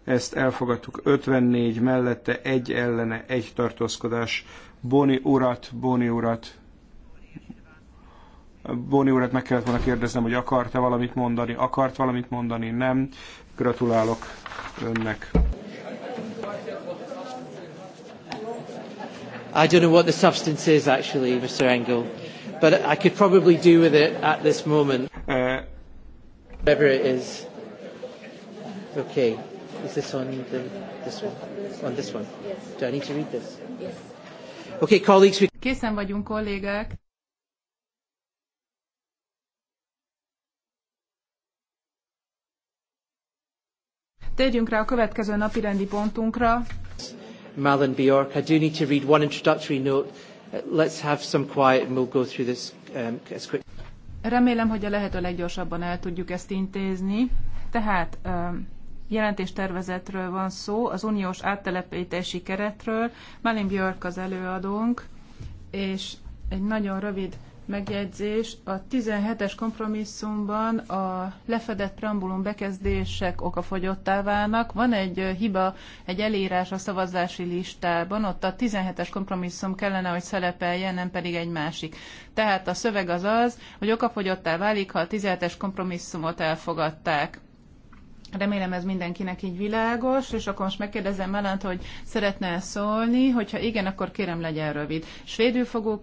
Speaker 3: ezt elfogadtuk 54 mellette, egy ellene, egy tartózkodás. Boni urat, Boni urat, Boni urat meg kellett volna kérdeznem, hogy akart-e valamit mondani, akart valamit mondani, nem. Gratulálok önnek.
Speaker 1: I don't know what the substance is actually, Mr. Engel, but I could probably do with it at this moment. Uh, Whatever it is. Okay. Is this on the, this one? On this one? Yes. Do I need to read
Speaker 4: this? Yes.
Speaker 2: Okay, colleagues, we... Készen vagyunk, kollégák. Térjünk rá a következő napi rendi pontunkra.
Speaker 1: Malin Bjork, I do need to read one introductory note. Uh, let's have some quiet and we'll go through this um, as quick.
Speaker 2: Remélem, hogy a lehető leggyorsabban el tudjuk ezt intézni. Tehát um, jelentéstervezetről van szó, az uniós áttelepítési keretről. Malin Björk az előadónk, és egy nagyon rövid megjegyzés. A 17-es kompromisszumban a lefedett preambulum bekezdések okafogyottá válnak. Van egy hiba, egy elírás a szavazási listában, ott a 17-es kompromisszum kellene, hogy szerepeljen, nem pedig egy másik. Tehát a szöveg az az, hogy okafogyottá válik, ha a 17-es kompromisszumot elfogadták. Remélem ez mindenkinek így világos, és akkor most megkérdezem Melánt, hogy szeretne -e szólni, hogyha igen, akkor kérem legyen rövid. Svédül fogok,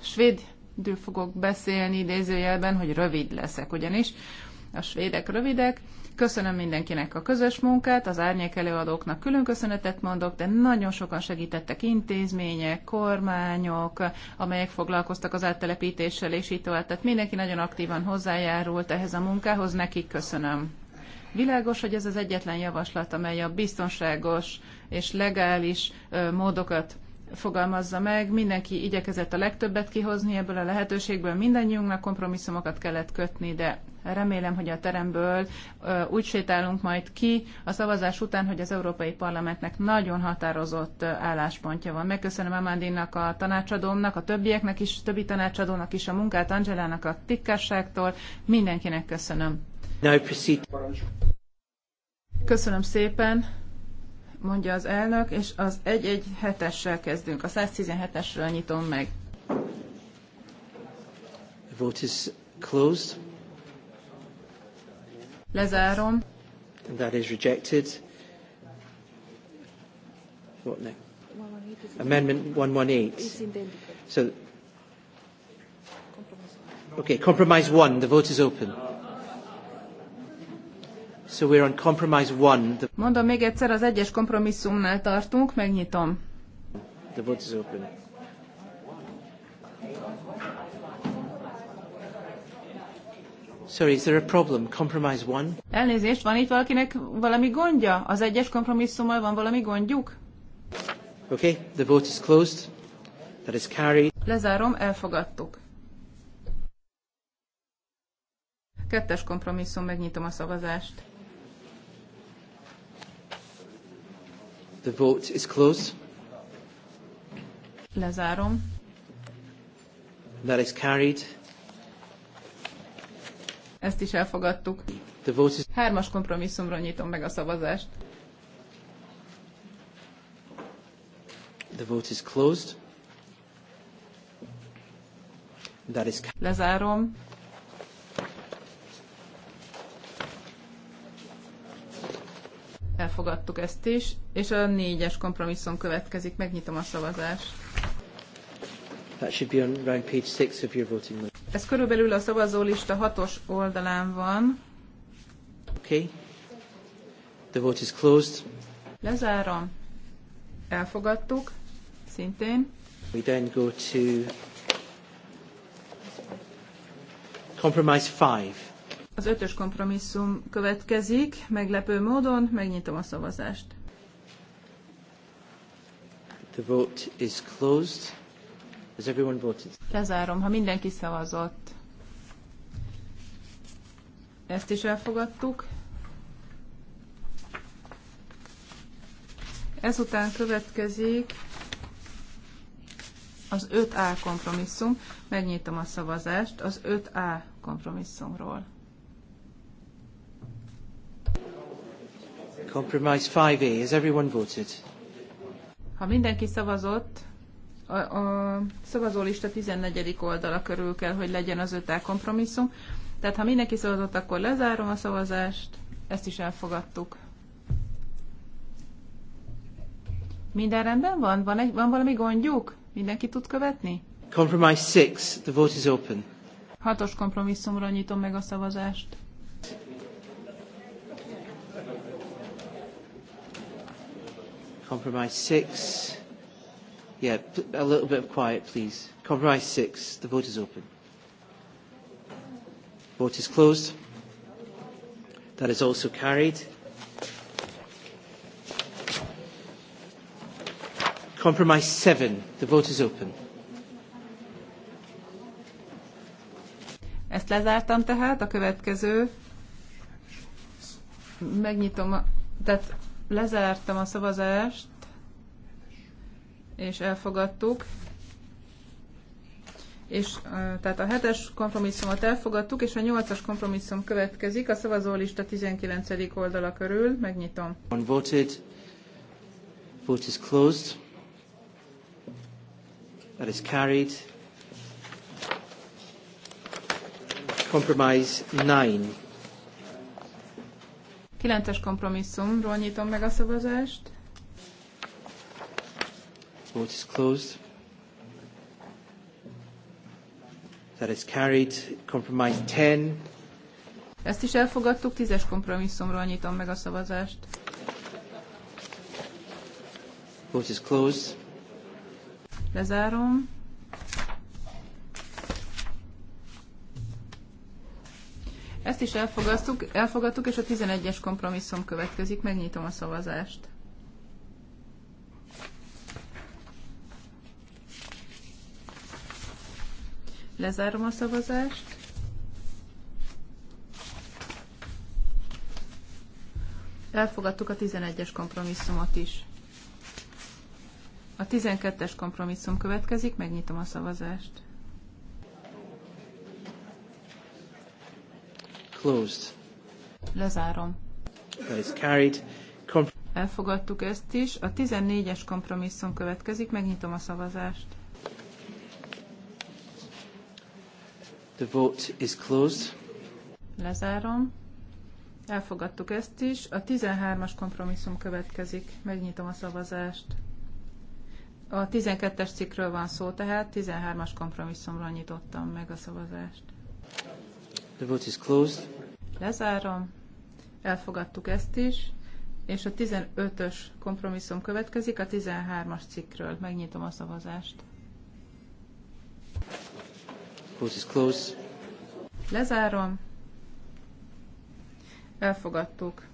Speaker 2: svédül fogok beszélni idézőjelben, hogy rövid leszek, ugyanis a svédek rövidek. Köszönöm mindenkinek a közös munkát, az árnyék előadóknak külön köszönetet mondok, de nagyon sokan segítettek intézmények, kormányok, amelyek foglalkoztak az áttelepítéssel és így tovább. Tehát mindenki nagyon aktívan hozzájárult ehhez a munkához, nekik köszönöm. Világos, hogy ez az egyetlen javaslat, amely a biztonságos és legális módokat fogalmazza meg, mindenki igyekezett a legtöbbet kihozni ebből a lehetőségből, mindannyiunknak kompromisszumokat kellett kötni, de remélem, hogy a teremből úgy sétálunk majd ki a szavazás után, hogy az Európai Parlamentnek nagyon határozott álláspontja van. Megköszönöm Amandinnak, a tanácsadómnak, a többieknek is, többi tanácsadónak is a munkát, Angelának a tikkásságtól, mindenkinek köszönöm. Köszönöm szépen, mondja az elnök, és az 117-essel kezdünk. A 117-esről nyitom meg. The
Speaker 1: vote is closed.
Speaker 2: Lezárom.
Speaker 1: And that is rejected. What now?
Speaker 2: Amendment 118.
Speaker 1: So, okay, compromise one. The vote is open. So we're on compromise one. The...
Speaker 2: Mondom még egyszer, az egyes kompromisszumnál tartunk, megnyitom.
Speaker 1: The vote is open. Sorry, is there a problem? Compromise one?
Speaker 2: Elnézést, van itt valakinek valami gondja? Az egyes kompromisszummal van valami gondjuk?
Speaker 1: Okay, the vote is closed. That is carried. Lezárom, elfogadtuk.
Speaker 2: Kettes kompromisszum, megnyitom a szavazást.
Speaker 1: The vote is closed.
Speaker 2: Lezárom.
Speaker 1: That is carried.
Speaker 2: Ezt is elfogadtuk. The vote is... Hármas kompromisszumra nyitom meg a szavazást.
Speaker 1: The vote is closed. That is...
Speaker 2: Lezárom. Elfogadtuk ezt is, és a négyes kompromisszum következik. Megnyitom a szavazást.
Speaker 1: That should be on page six of your voting list.
Speaker 2: Ez körülbelül a lista hatos oldalán van.
Speaker 1: Okay. The vote is closed.
Speaker 2: Lezárom. Elfogadtuk. Szintén.
Speaker 1: We then go to compromise five.
Speaker 2: Az ötös kompromisszum következik, meglepő módon, megnyitom a szavazást.
Speaker 1: The vote is closed. Has everyone voted?
Speaker 2: Lezárom, ha mindenki szavazott. Ezt is elfogadtuk. Ezután következik az 5A kompromisszum. Megnyitom a szavazást az 5A kompromisszumról.
Speaker 1: Compromise 5A. Has everyone voted?
Speaker 2: Ha mindenki szavazott, a, a szavazólista 14. oldala körül kell, hogy legyen az ötel kompromisszum. Tehát ha mindenki szavazott, akkor lezárom a szavazást. Ezt is elfogadtuk. Minden rendben van? Van, egy, van valami gondjuk? Mindenki tud követni?
Speaker 1: Compromise 6. The vote is open.
Speaker 2: Hatos kompromisszumra nyitom meg a szavazást.
Speaker 1: Compromise 6. Yeah, a little bit of quiet, please. Compromise 6. The vote is open. Vote is closed. That is also carried. Compromise 7. The vote is open.
Speaker 2: Ezt lezártam tehát, a következő. Megnyitom, a, tehát Lezártam a szavazást, és elfogadtuk. És, tehát a hetes kompromisszumot elfogadtuk, és a nyolcas kompromisszum következik. A szavazólista 19. oldala körül. Megnyitom.
Speaker 1: One voted. Vote is closed. That is carried. Compromise 9.
Speaker 2: Kilences kompromisszumról nyitom meg a szavazást.
Speaker 1: Vote is closed. That is carried. Compromise 10.
Speaker 2: Ezt is elfogadtuk, tízes kompromisszumról nyitom meg a szavazást.
Speaker 1: Vote is closed.
Speaker 2: Lezárom. Ezt is elfogadtuk, elfogadtuk és a 11-es kompromisszum következik. Megnyitom a szavazást. Lezárom a szavazást. Elfogadtuk a 11-es kompromisszumot is. A 12-es kompromisszum következik, megnyitom a szavazást. Closed. Lezárom. That is carried. Elfogadtuk ezt is. A 14-es kompromisszum következik. Megnyitom a szavazást.
Speaker 1: The vote is closed.
Speaker 2: Lezárom. Elfogadtuk ezt is. A 13-as kompromisszum következik. Megnyitom a szavazást. A 12-es cikkről van szó, tehát 13-as kompromisszumra nyitottam meg a szavazást.
Speaker 1: The vote is closed.
Speaker 2: Lezárom. Elfogadtuk ezt is. És a 15-ös kompromisszum következik a 13-as cikkről. Megnyitom a szavazást.
Speaker 1: Vote is closed.
Speaker 2: Lezárom. Elfogadtuk.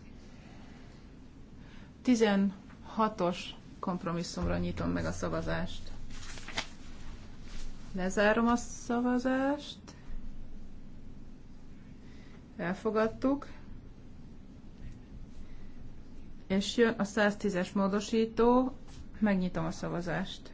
Speaker 2: 16-os kompromisszumra nyitom meg a szavazást. Lezárom a szavazást elfogadtuk. És jön a 110-es módosító, megnyitom a szavazást.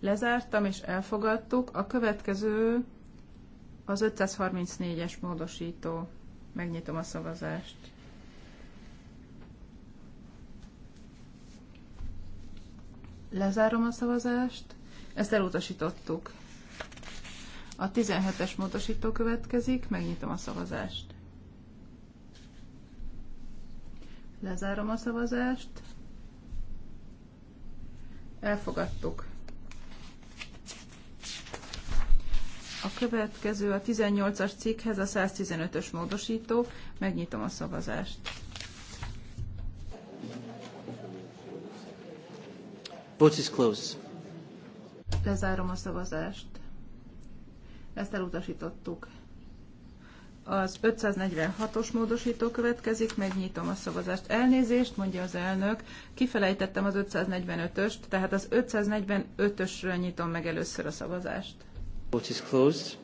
Speaker 2: Lezártam és elfogadtuk. A következő az 534-es módosító. Megnyitom a szavazást. Lezárom a szavazást. Ezt elutasítottuk. A 17-es módosító következik, megnyitom a szavazást. Lezárom a szavazást. Elfogadtuk. A következő a 18-as cikkhez a 115-ös módosító. Megnyitom a szavazást.
Speaker 1: Vote is closed.
Speaker 2: Lezárom a szavazást. Ezt elutasítottuk. Az 546-os módosító következik, megnyitom a szavazást. Elnézést, mondja az elnök, kifelejtettem az 545-öst, tehát az 545-ösről nyitom meg először a szavazást.
Speaker 1: Vote is closed.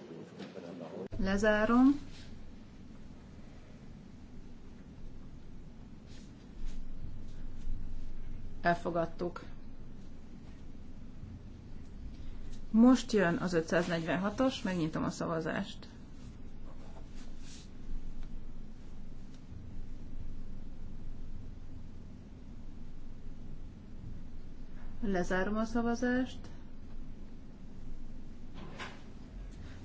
Speaker 2: Lezárom. Elfogadtuk. Most jön az 546-os, megnyitom a szavazást. Lezárom a szavazást.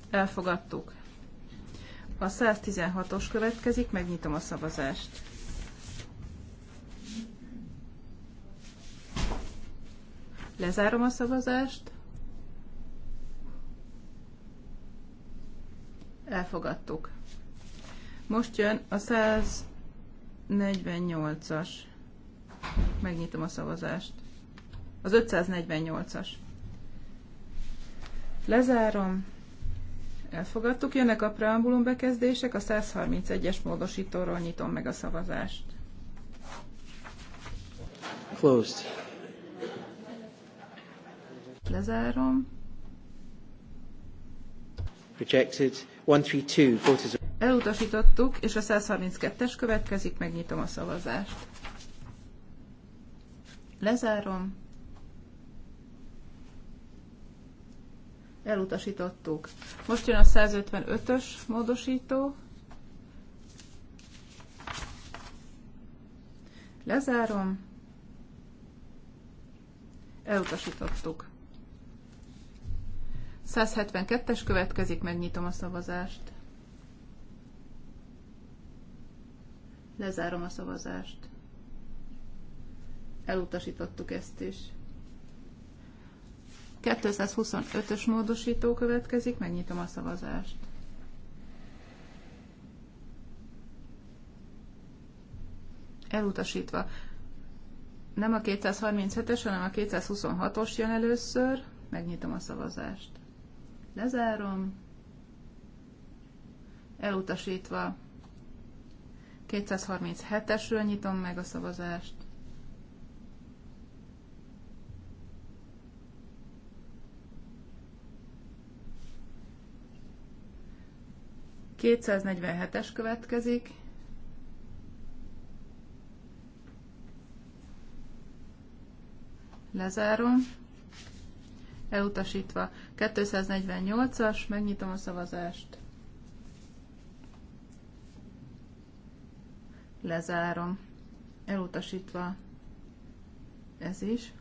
Speaker 2: Elfogadtuk. A 116-os következik, megnyitom a szavazást. Lezárom a szavazást. Elfogadtuk. Most jön a 148-as. Megnyitom a szavazást. Az 548-as. Lezárom. Elfogadtuk. Jönnek a preambulum bekezdések. A 131-es módosítóról nyitom meg a szavazást.
Speaker 1: Closed.
Speaker 2: Lezárom. Rejected. Elutasítottuk, és a 132-es következik, megnyitom a szavazást. Lezárom. Elutasítottuk. Most jön a 155-ös módosító. Lezárom. Elutasítottuk. 172-es következik, megnyitom a szavazást. Lezárom a szavazást. Elutasítottuk ezt is. 225-ös módosító következik, megnyitom a szavazást. Elutasítva. Nem a 237-es, hanem a 226-os jön először. Megnyitom a szavazást. Lezárom. Elutasítva. 237-esről nyitom meg a szavazást. Kétszáznegyvenhetes következik. Lezárom elutasítva. 248-as, megnyitom a szavazást. Lezárom. Elutasítva ez is.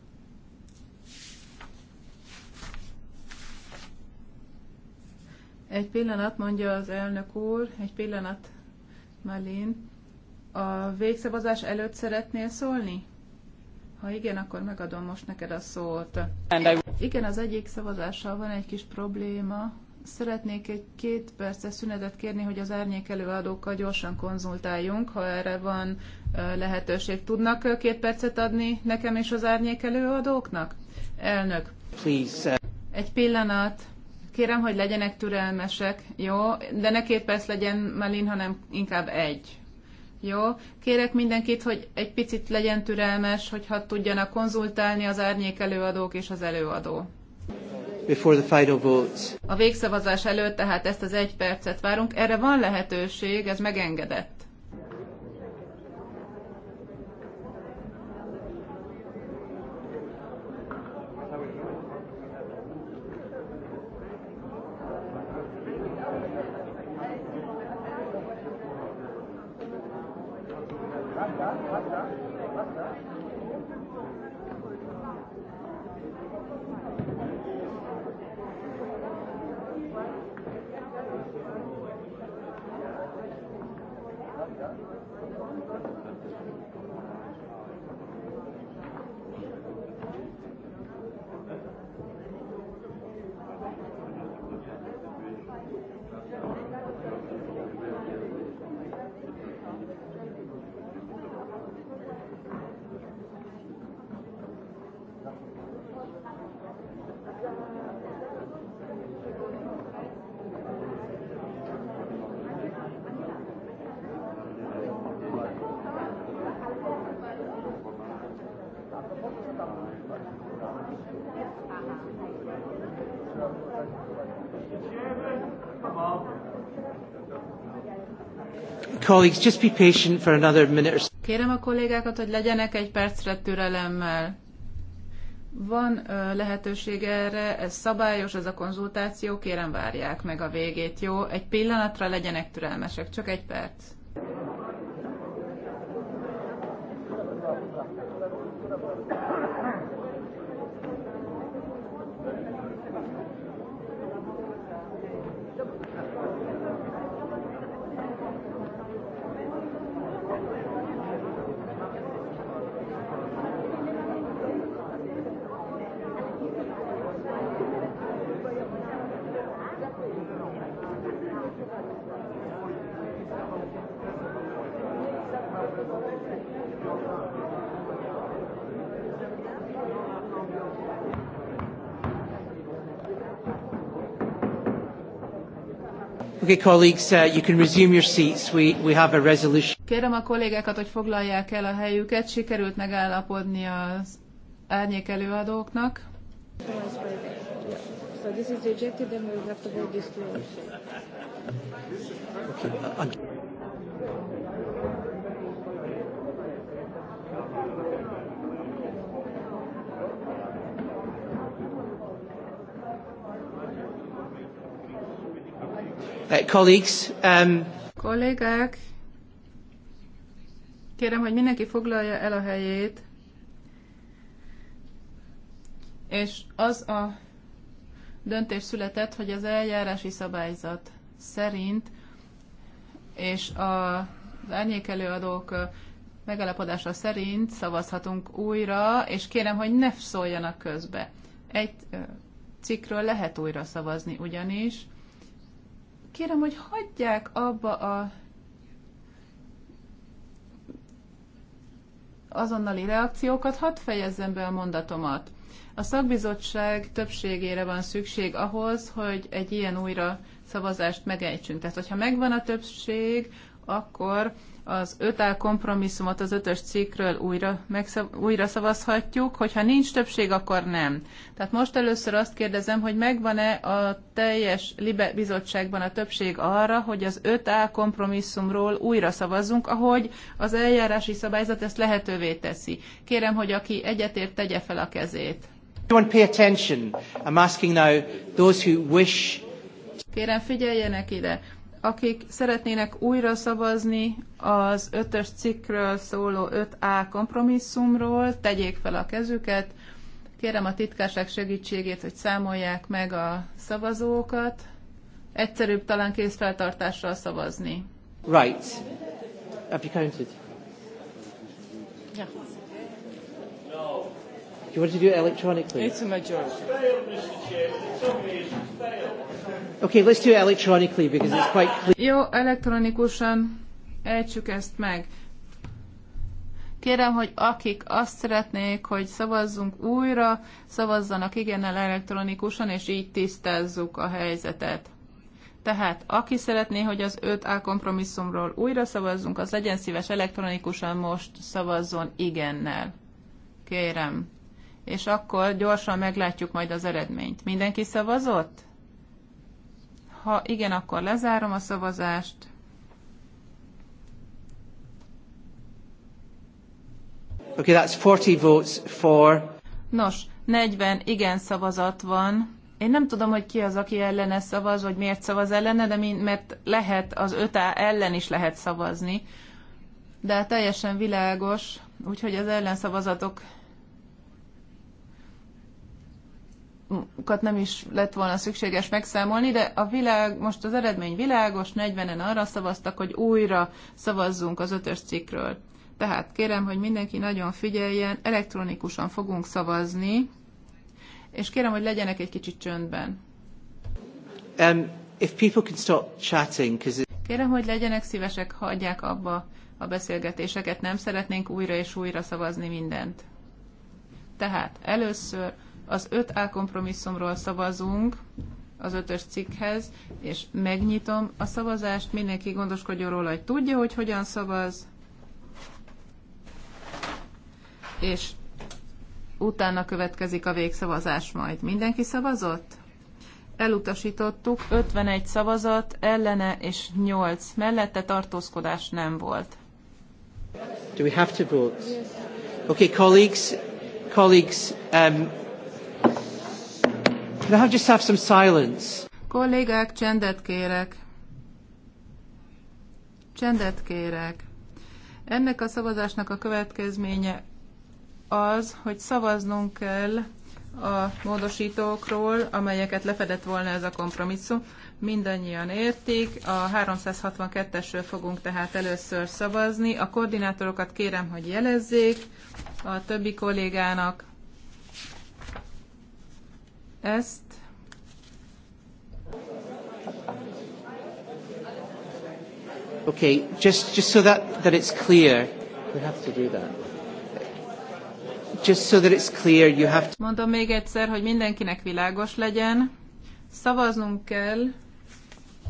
Speaker 2: Egy pillanat, mondja az elnök úr, egy pillanat, Malin. A végszavazás előtt szeretnél szólni? Ha igen, akkor megadom most neked a szót. Igen, az egyik szavazással van egy kis probléma. Szeretnék egy két perces szünetet kérni, hogy az árnyék előadókkal gyorsan konzultáljunk, ha erre van lehetőség. Tudnak két percet adni nekem és az árnyék előadóknak? Elnök. Please. Uh, egy pillanat. Kérem, hogy legyenek türelmesek, jó? De ne két perc legyen Melin, hanem inkább egy. Jó, kérek mindenkit, hogy egy picit legyen türelmes, hogyha tudjanak konzultálni az árnyék előadók és az előadó.
Speaker 1: Before the final votes.
Speaker 2: A végszavazás előtt tehát ezt az egy percet várunk. Erre van lehetőség, ez megengedett.
Speaker 1: Colleagues, just be patient for another minute or so.
Speaker 2: Kérem a kollégákat, hogy legyenek egy percre türelemmel. Van ö, lehetőség erre, ez szabályos, ez a konzultáció, kérem várják meg a végét, jó? Egy pillanatra legyenek türelmesek, csak egy perc.
Speaker 1: Okay, colleagues, uh, you can resume your seats. We, we have a resolution.
Speaker 2: Kérem a kollégákat, hogy foglalják el a helyüket. Sikerült megállapodni az árnyék előadóknak. So this is rejected, then have to vote this
Speaker 4: Okay.
Speaker 1: Uh, colleagues, um...
Speaker 2: Kollégák, kérem, hogy mindenki foglalja el a helyét, és az a döntés született, hogy az eljárási szabályzat szerint és a, árnyékelő adók uh, megalapodása szerint szavazhatunk újra, és kérem, hogy ne szóljanak közbe. Egy uh, cikkről lehet újra szavazni ugyanis, Kérem, hogy hagyják abba a azonnali reakciókat, hadd fejezzem be a mondatomat. A szakbizottság többségére van szükség ahhoz, hogy egy ilyen újra szavazást megejtsünk. Tehát, hogyha megvan a többség, akkor az 5A kompromisszumot az ötös cikkről újra, megszav- újra szavazhatjuk, hogyha nincs többség, akkor nem. Tehát most először azt kérdezem, hogy megvan-e a teljes Libe bizottságban a többség arra, hogy az 5A kompromisszumról újra szavazzunk, ahogy az eljárási szabályzat ezt lehetővé teszi. Kérem, hogy aki egyetért, tegye fel a kezét. Kérem, figyeljenek ide akik szeretnének újra szavazni az ötös cikkről szóló 5A kompromisszumról, tegyék fel a kezüket. Kérem a titkárság segítségét, hogy számolják meg a szavazókat. Egyszerűbb talán készfeltartással szavazni.
Speaker 1: Right. Have you counted? Yeah you want to do it electronically? It's a majority. Okay, let's do it electronically because it's quite clear.
Speaker 2: Jó, elektronikusan ejtsük ezt meg. Kérem, hogy akik azt szeretnék, hogy szavazzunk újra, szavazzanak igennel elektronikusan, és így tisztázzuk a helyzetet. Tehát aki szeretné, hogy az 5A kompromisszumról újra szavazzunk, az legyen szíves elektronikusan most szavazzon igennel. Kérem és akkor gyorsan meglátjuk majd az eredményt. Mindenki szavazott? Ha igen, akkor lezárom a szavazást.
Speaker 1: Okay, that's 40 votes for.
Speaker 2: Nos, 40 igen szavazat van. Én nem tudom, hogy ki az, aki ellene szavaz, vagy miért szavaz ellene, de mind, mert lehet, az 5 ellen is lehet szavazni. De teljesen világos, úgyhogy az ellenszavazatok nem is lett volna szükséges megszámolni, de a világ, most az eredmény világos, 40-en arra szavaztak, hogy újra szavazzunk az ötös cikkről. Tehát kérem, hogy mindenki nagyon figyeljen, elektronikusan fogunk szavazni, és kérem, hogy legyenek egy kicsit csöndben.
Speaker 1: Um, if people can stop chatting, it...
Speaker 2: Kérem, hogy legyenek szívesek, hagyják abba a beszélgetéseket, nem szeretnénk újra és újra szavazni mindent. Tehát először az 5A kompromisszumról szavazunk az ötös cikkhez, és megnyitom a szavazást, mindenki gondoskodjon róla, hogy tudja, hogy hogyan szavaz, és utána következik a végszavazás majd. Mindenki szavazott? Elutasítottuk, 51 szavazat, ellene és 8 mellette tartózkodás nem volt.
Speaker 1: Do we have to vote? Okay, colleagues, colleagues, um, I just have some silence?
Speaker 2: Kollégák, csendet kérek. Csendet kérek. Ennek a szavazásnak a következménye az, hogy szavaznunk kell a módosítókról, amelyeket lefedett volna ez a kompromisszum. Mindannyian értik. A 362-esről fogunk tehát először szavazni. A koordinátorokat kérem, hogy jelezzék a többi kollégának, ezt.
Speaker 1: Okay, just, just so that, that it's clear, we have to do that. Just so that it's clear, you have to...
Speaker 2: Mondom még egyszer, hogy mindenkinek világos legyen. Szavaznunk kell.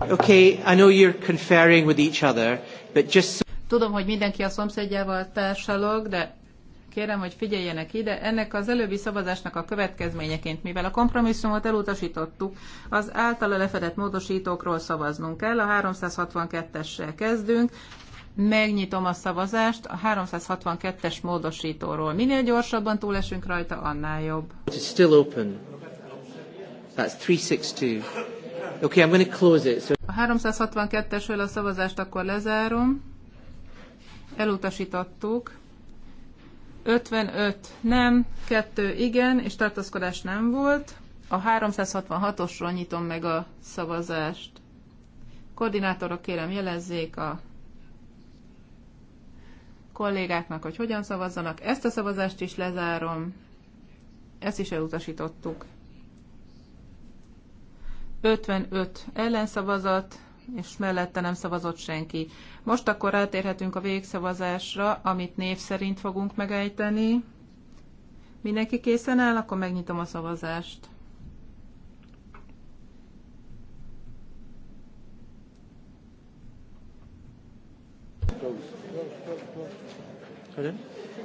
Speaker 1: Okay, I know you're conferring with each other, but just...
Speaker 2: Tudom, hogy mindenki a szomszédjával társalog, de kérem, hogy figyeljenek ide. Ennek az előbbi szavazásnak a következményeként, mivel a kompromisszumot elutasítottuk, az általa lefedett módosítókról szavaznunk kell. A 362-essel kezdünk. Megnyitom a szavazást a 362-es módosítóról. Minél gyorsabban túlesünk rajta, annál jobb.
Speaker 1: It's still open. That's 362. Okay, I'm going to close it. So...
Speaker 2: A 362-esről a szavazást akkor lezárom. Elutasítottuk. 55 nem, 2 igen, és tartózkodás nem volt. A 366-osról nyitom meg a szavazást. Koordinátorok kérem jelezzék a kollégáknak, hogy hogyan szavazzanak. Ezt a szavazást is lezárom. Ezt is elutasítottuk. 55 ellenszavazat, és mellette nem szavazott senki. Most akkor rátérhetünk a végszavazásra, amit név szerint fogunk megejteni. Mindenki készen áll, akkor megnyitom a szavazást.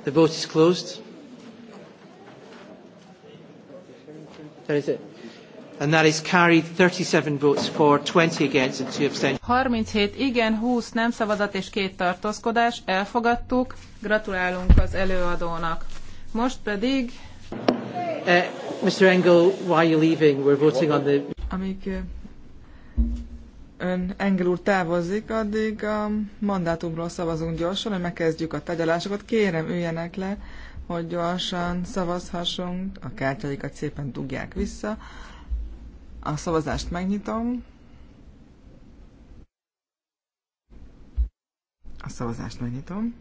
Speaker 1: The vote is closed. That is it and that is carried 37 votes for, 20 against and 2 abstentions.
Speaker 2: 37 igen, 20 nem szavazat és két tartózkodás. Elfogadtuk. Gratulálunk az előadónak.
Speaker 5: Most pedig...
Speaker 1: Uh, Mr. Engel, why are you leaving? We're voting on the...
Speaker 5: Amíg uh, ön Engel úr távozik, addig a mandátumról szavazunk gyorsan, hogy megkezdjük a tárgyalásokat. Kérem, üljenek le, hogy gyorsan szavazhassunk. A kártyaikat szépen dugják vissza. A szavazást megnyitom. A szavazást megnyitom.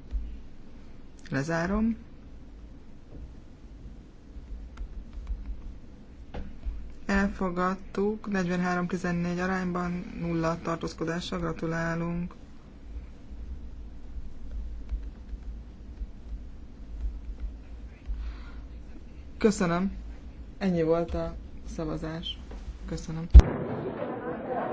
Speaker 5: Lezárom. Elfogadtuk 43-14 arányban, nulla tartózkodásra gratulálunk. Köszönöm. Ennyi volt a szavazás. Köszönöm.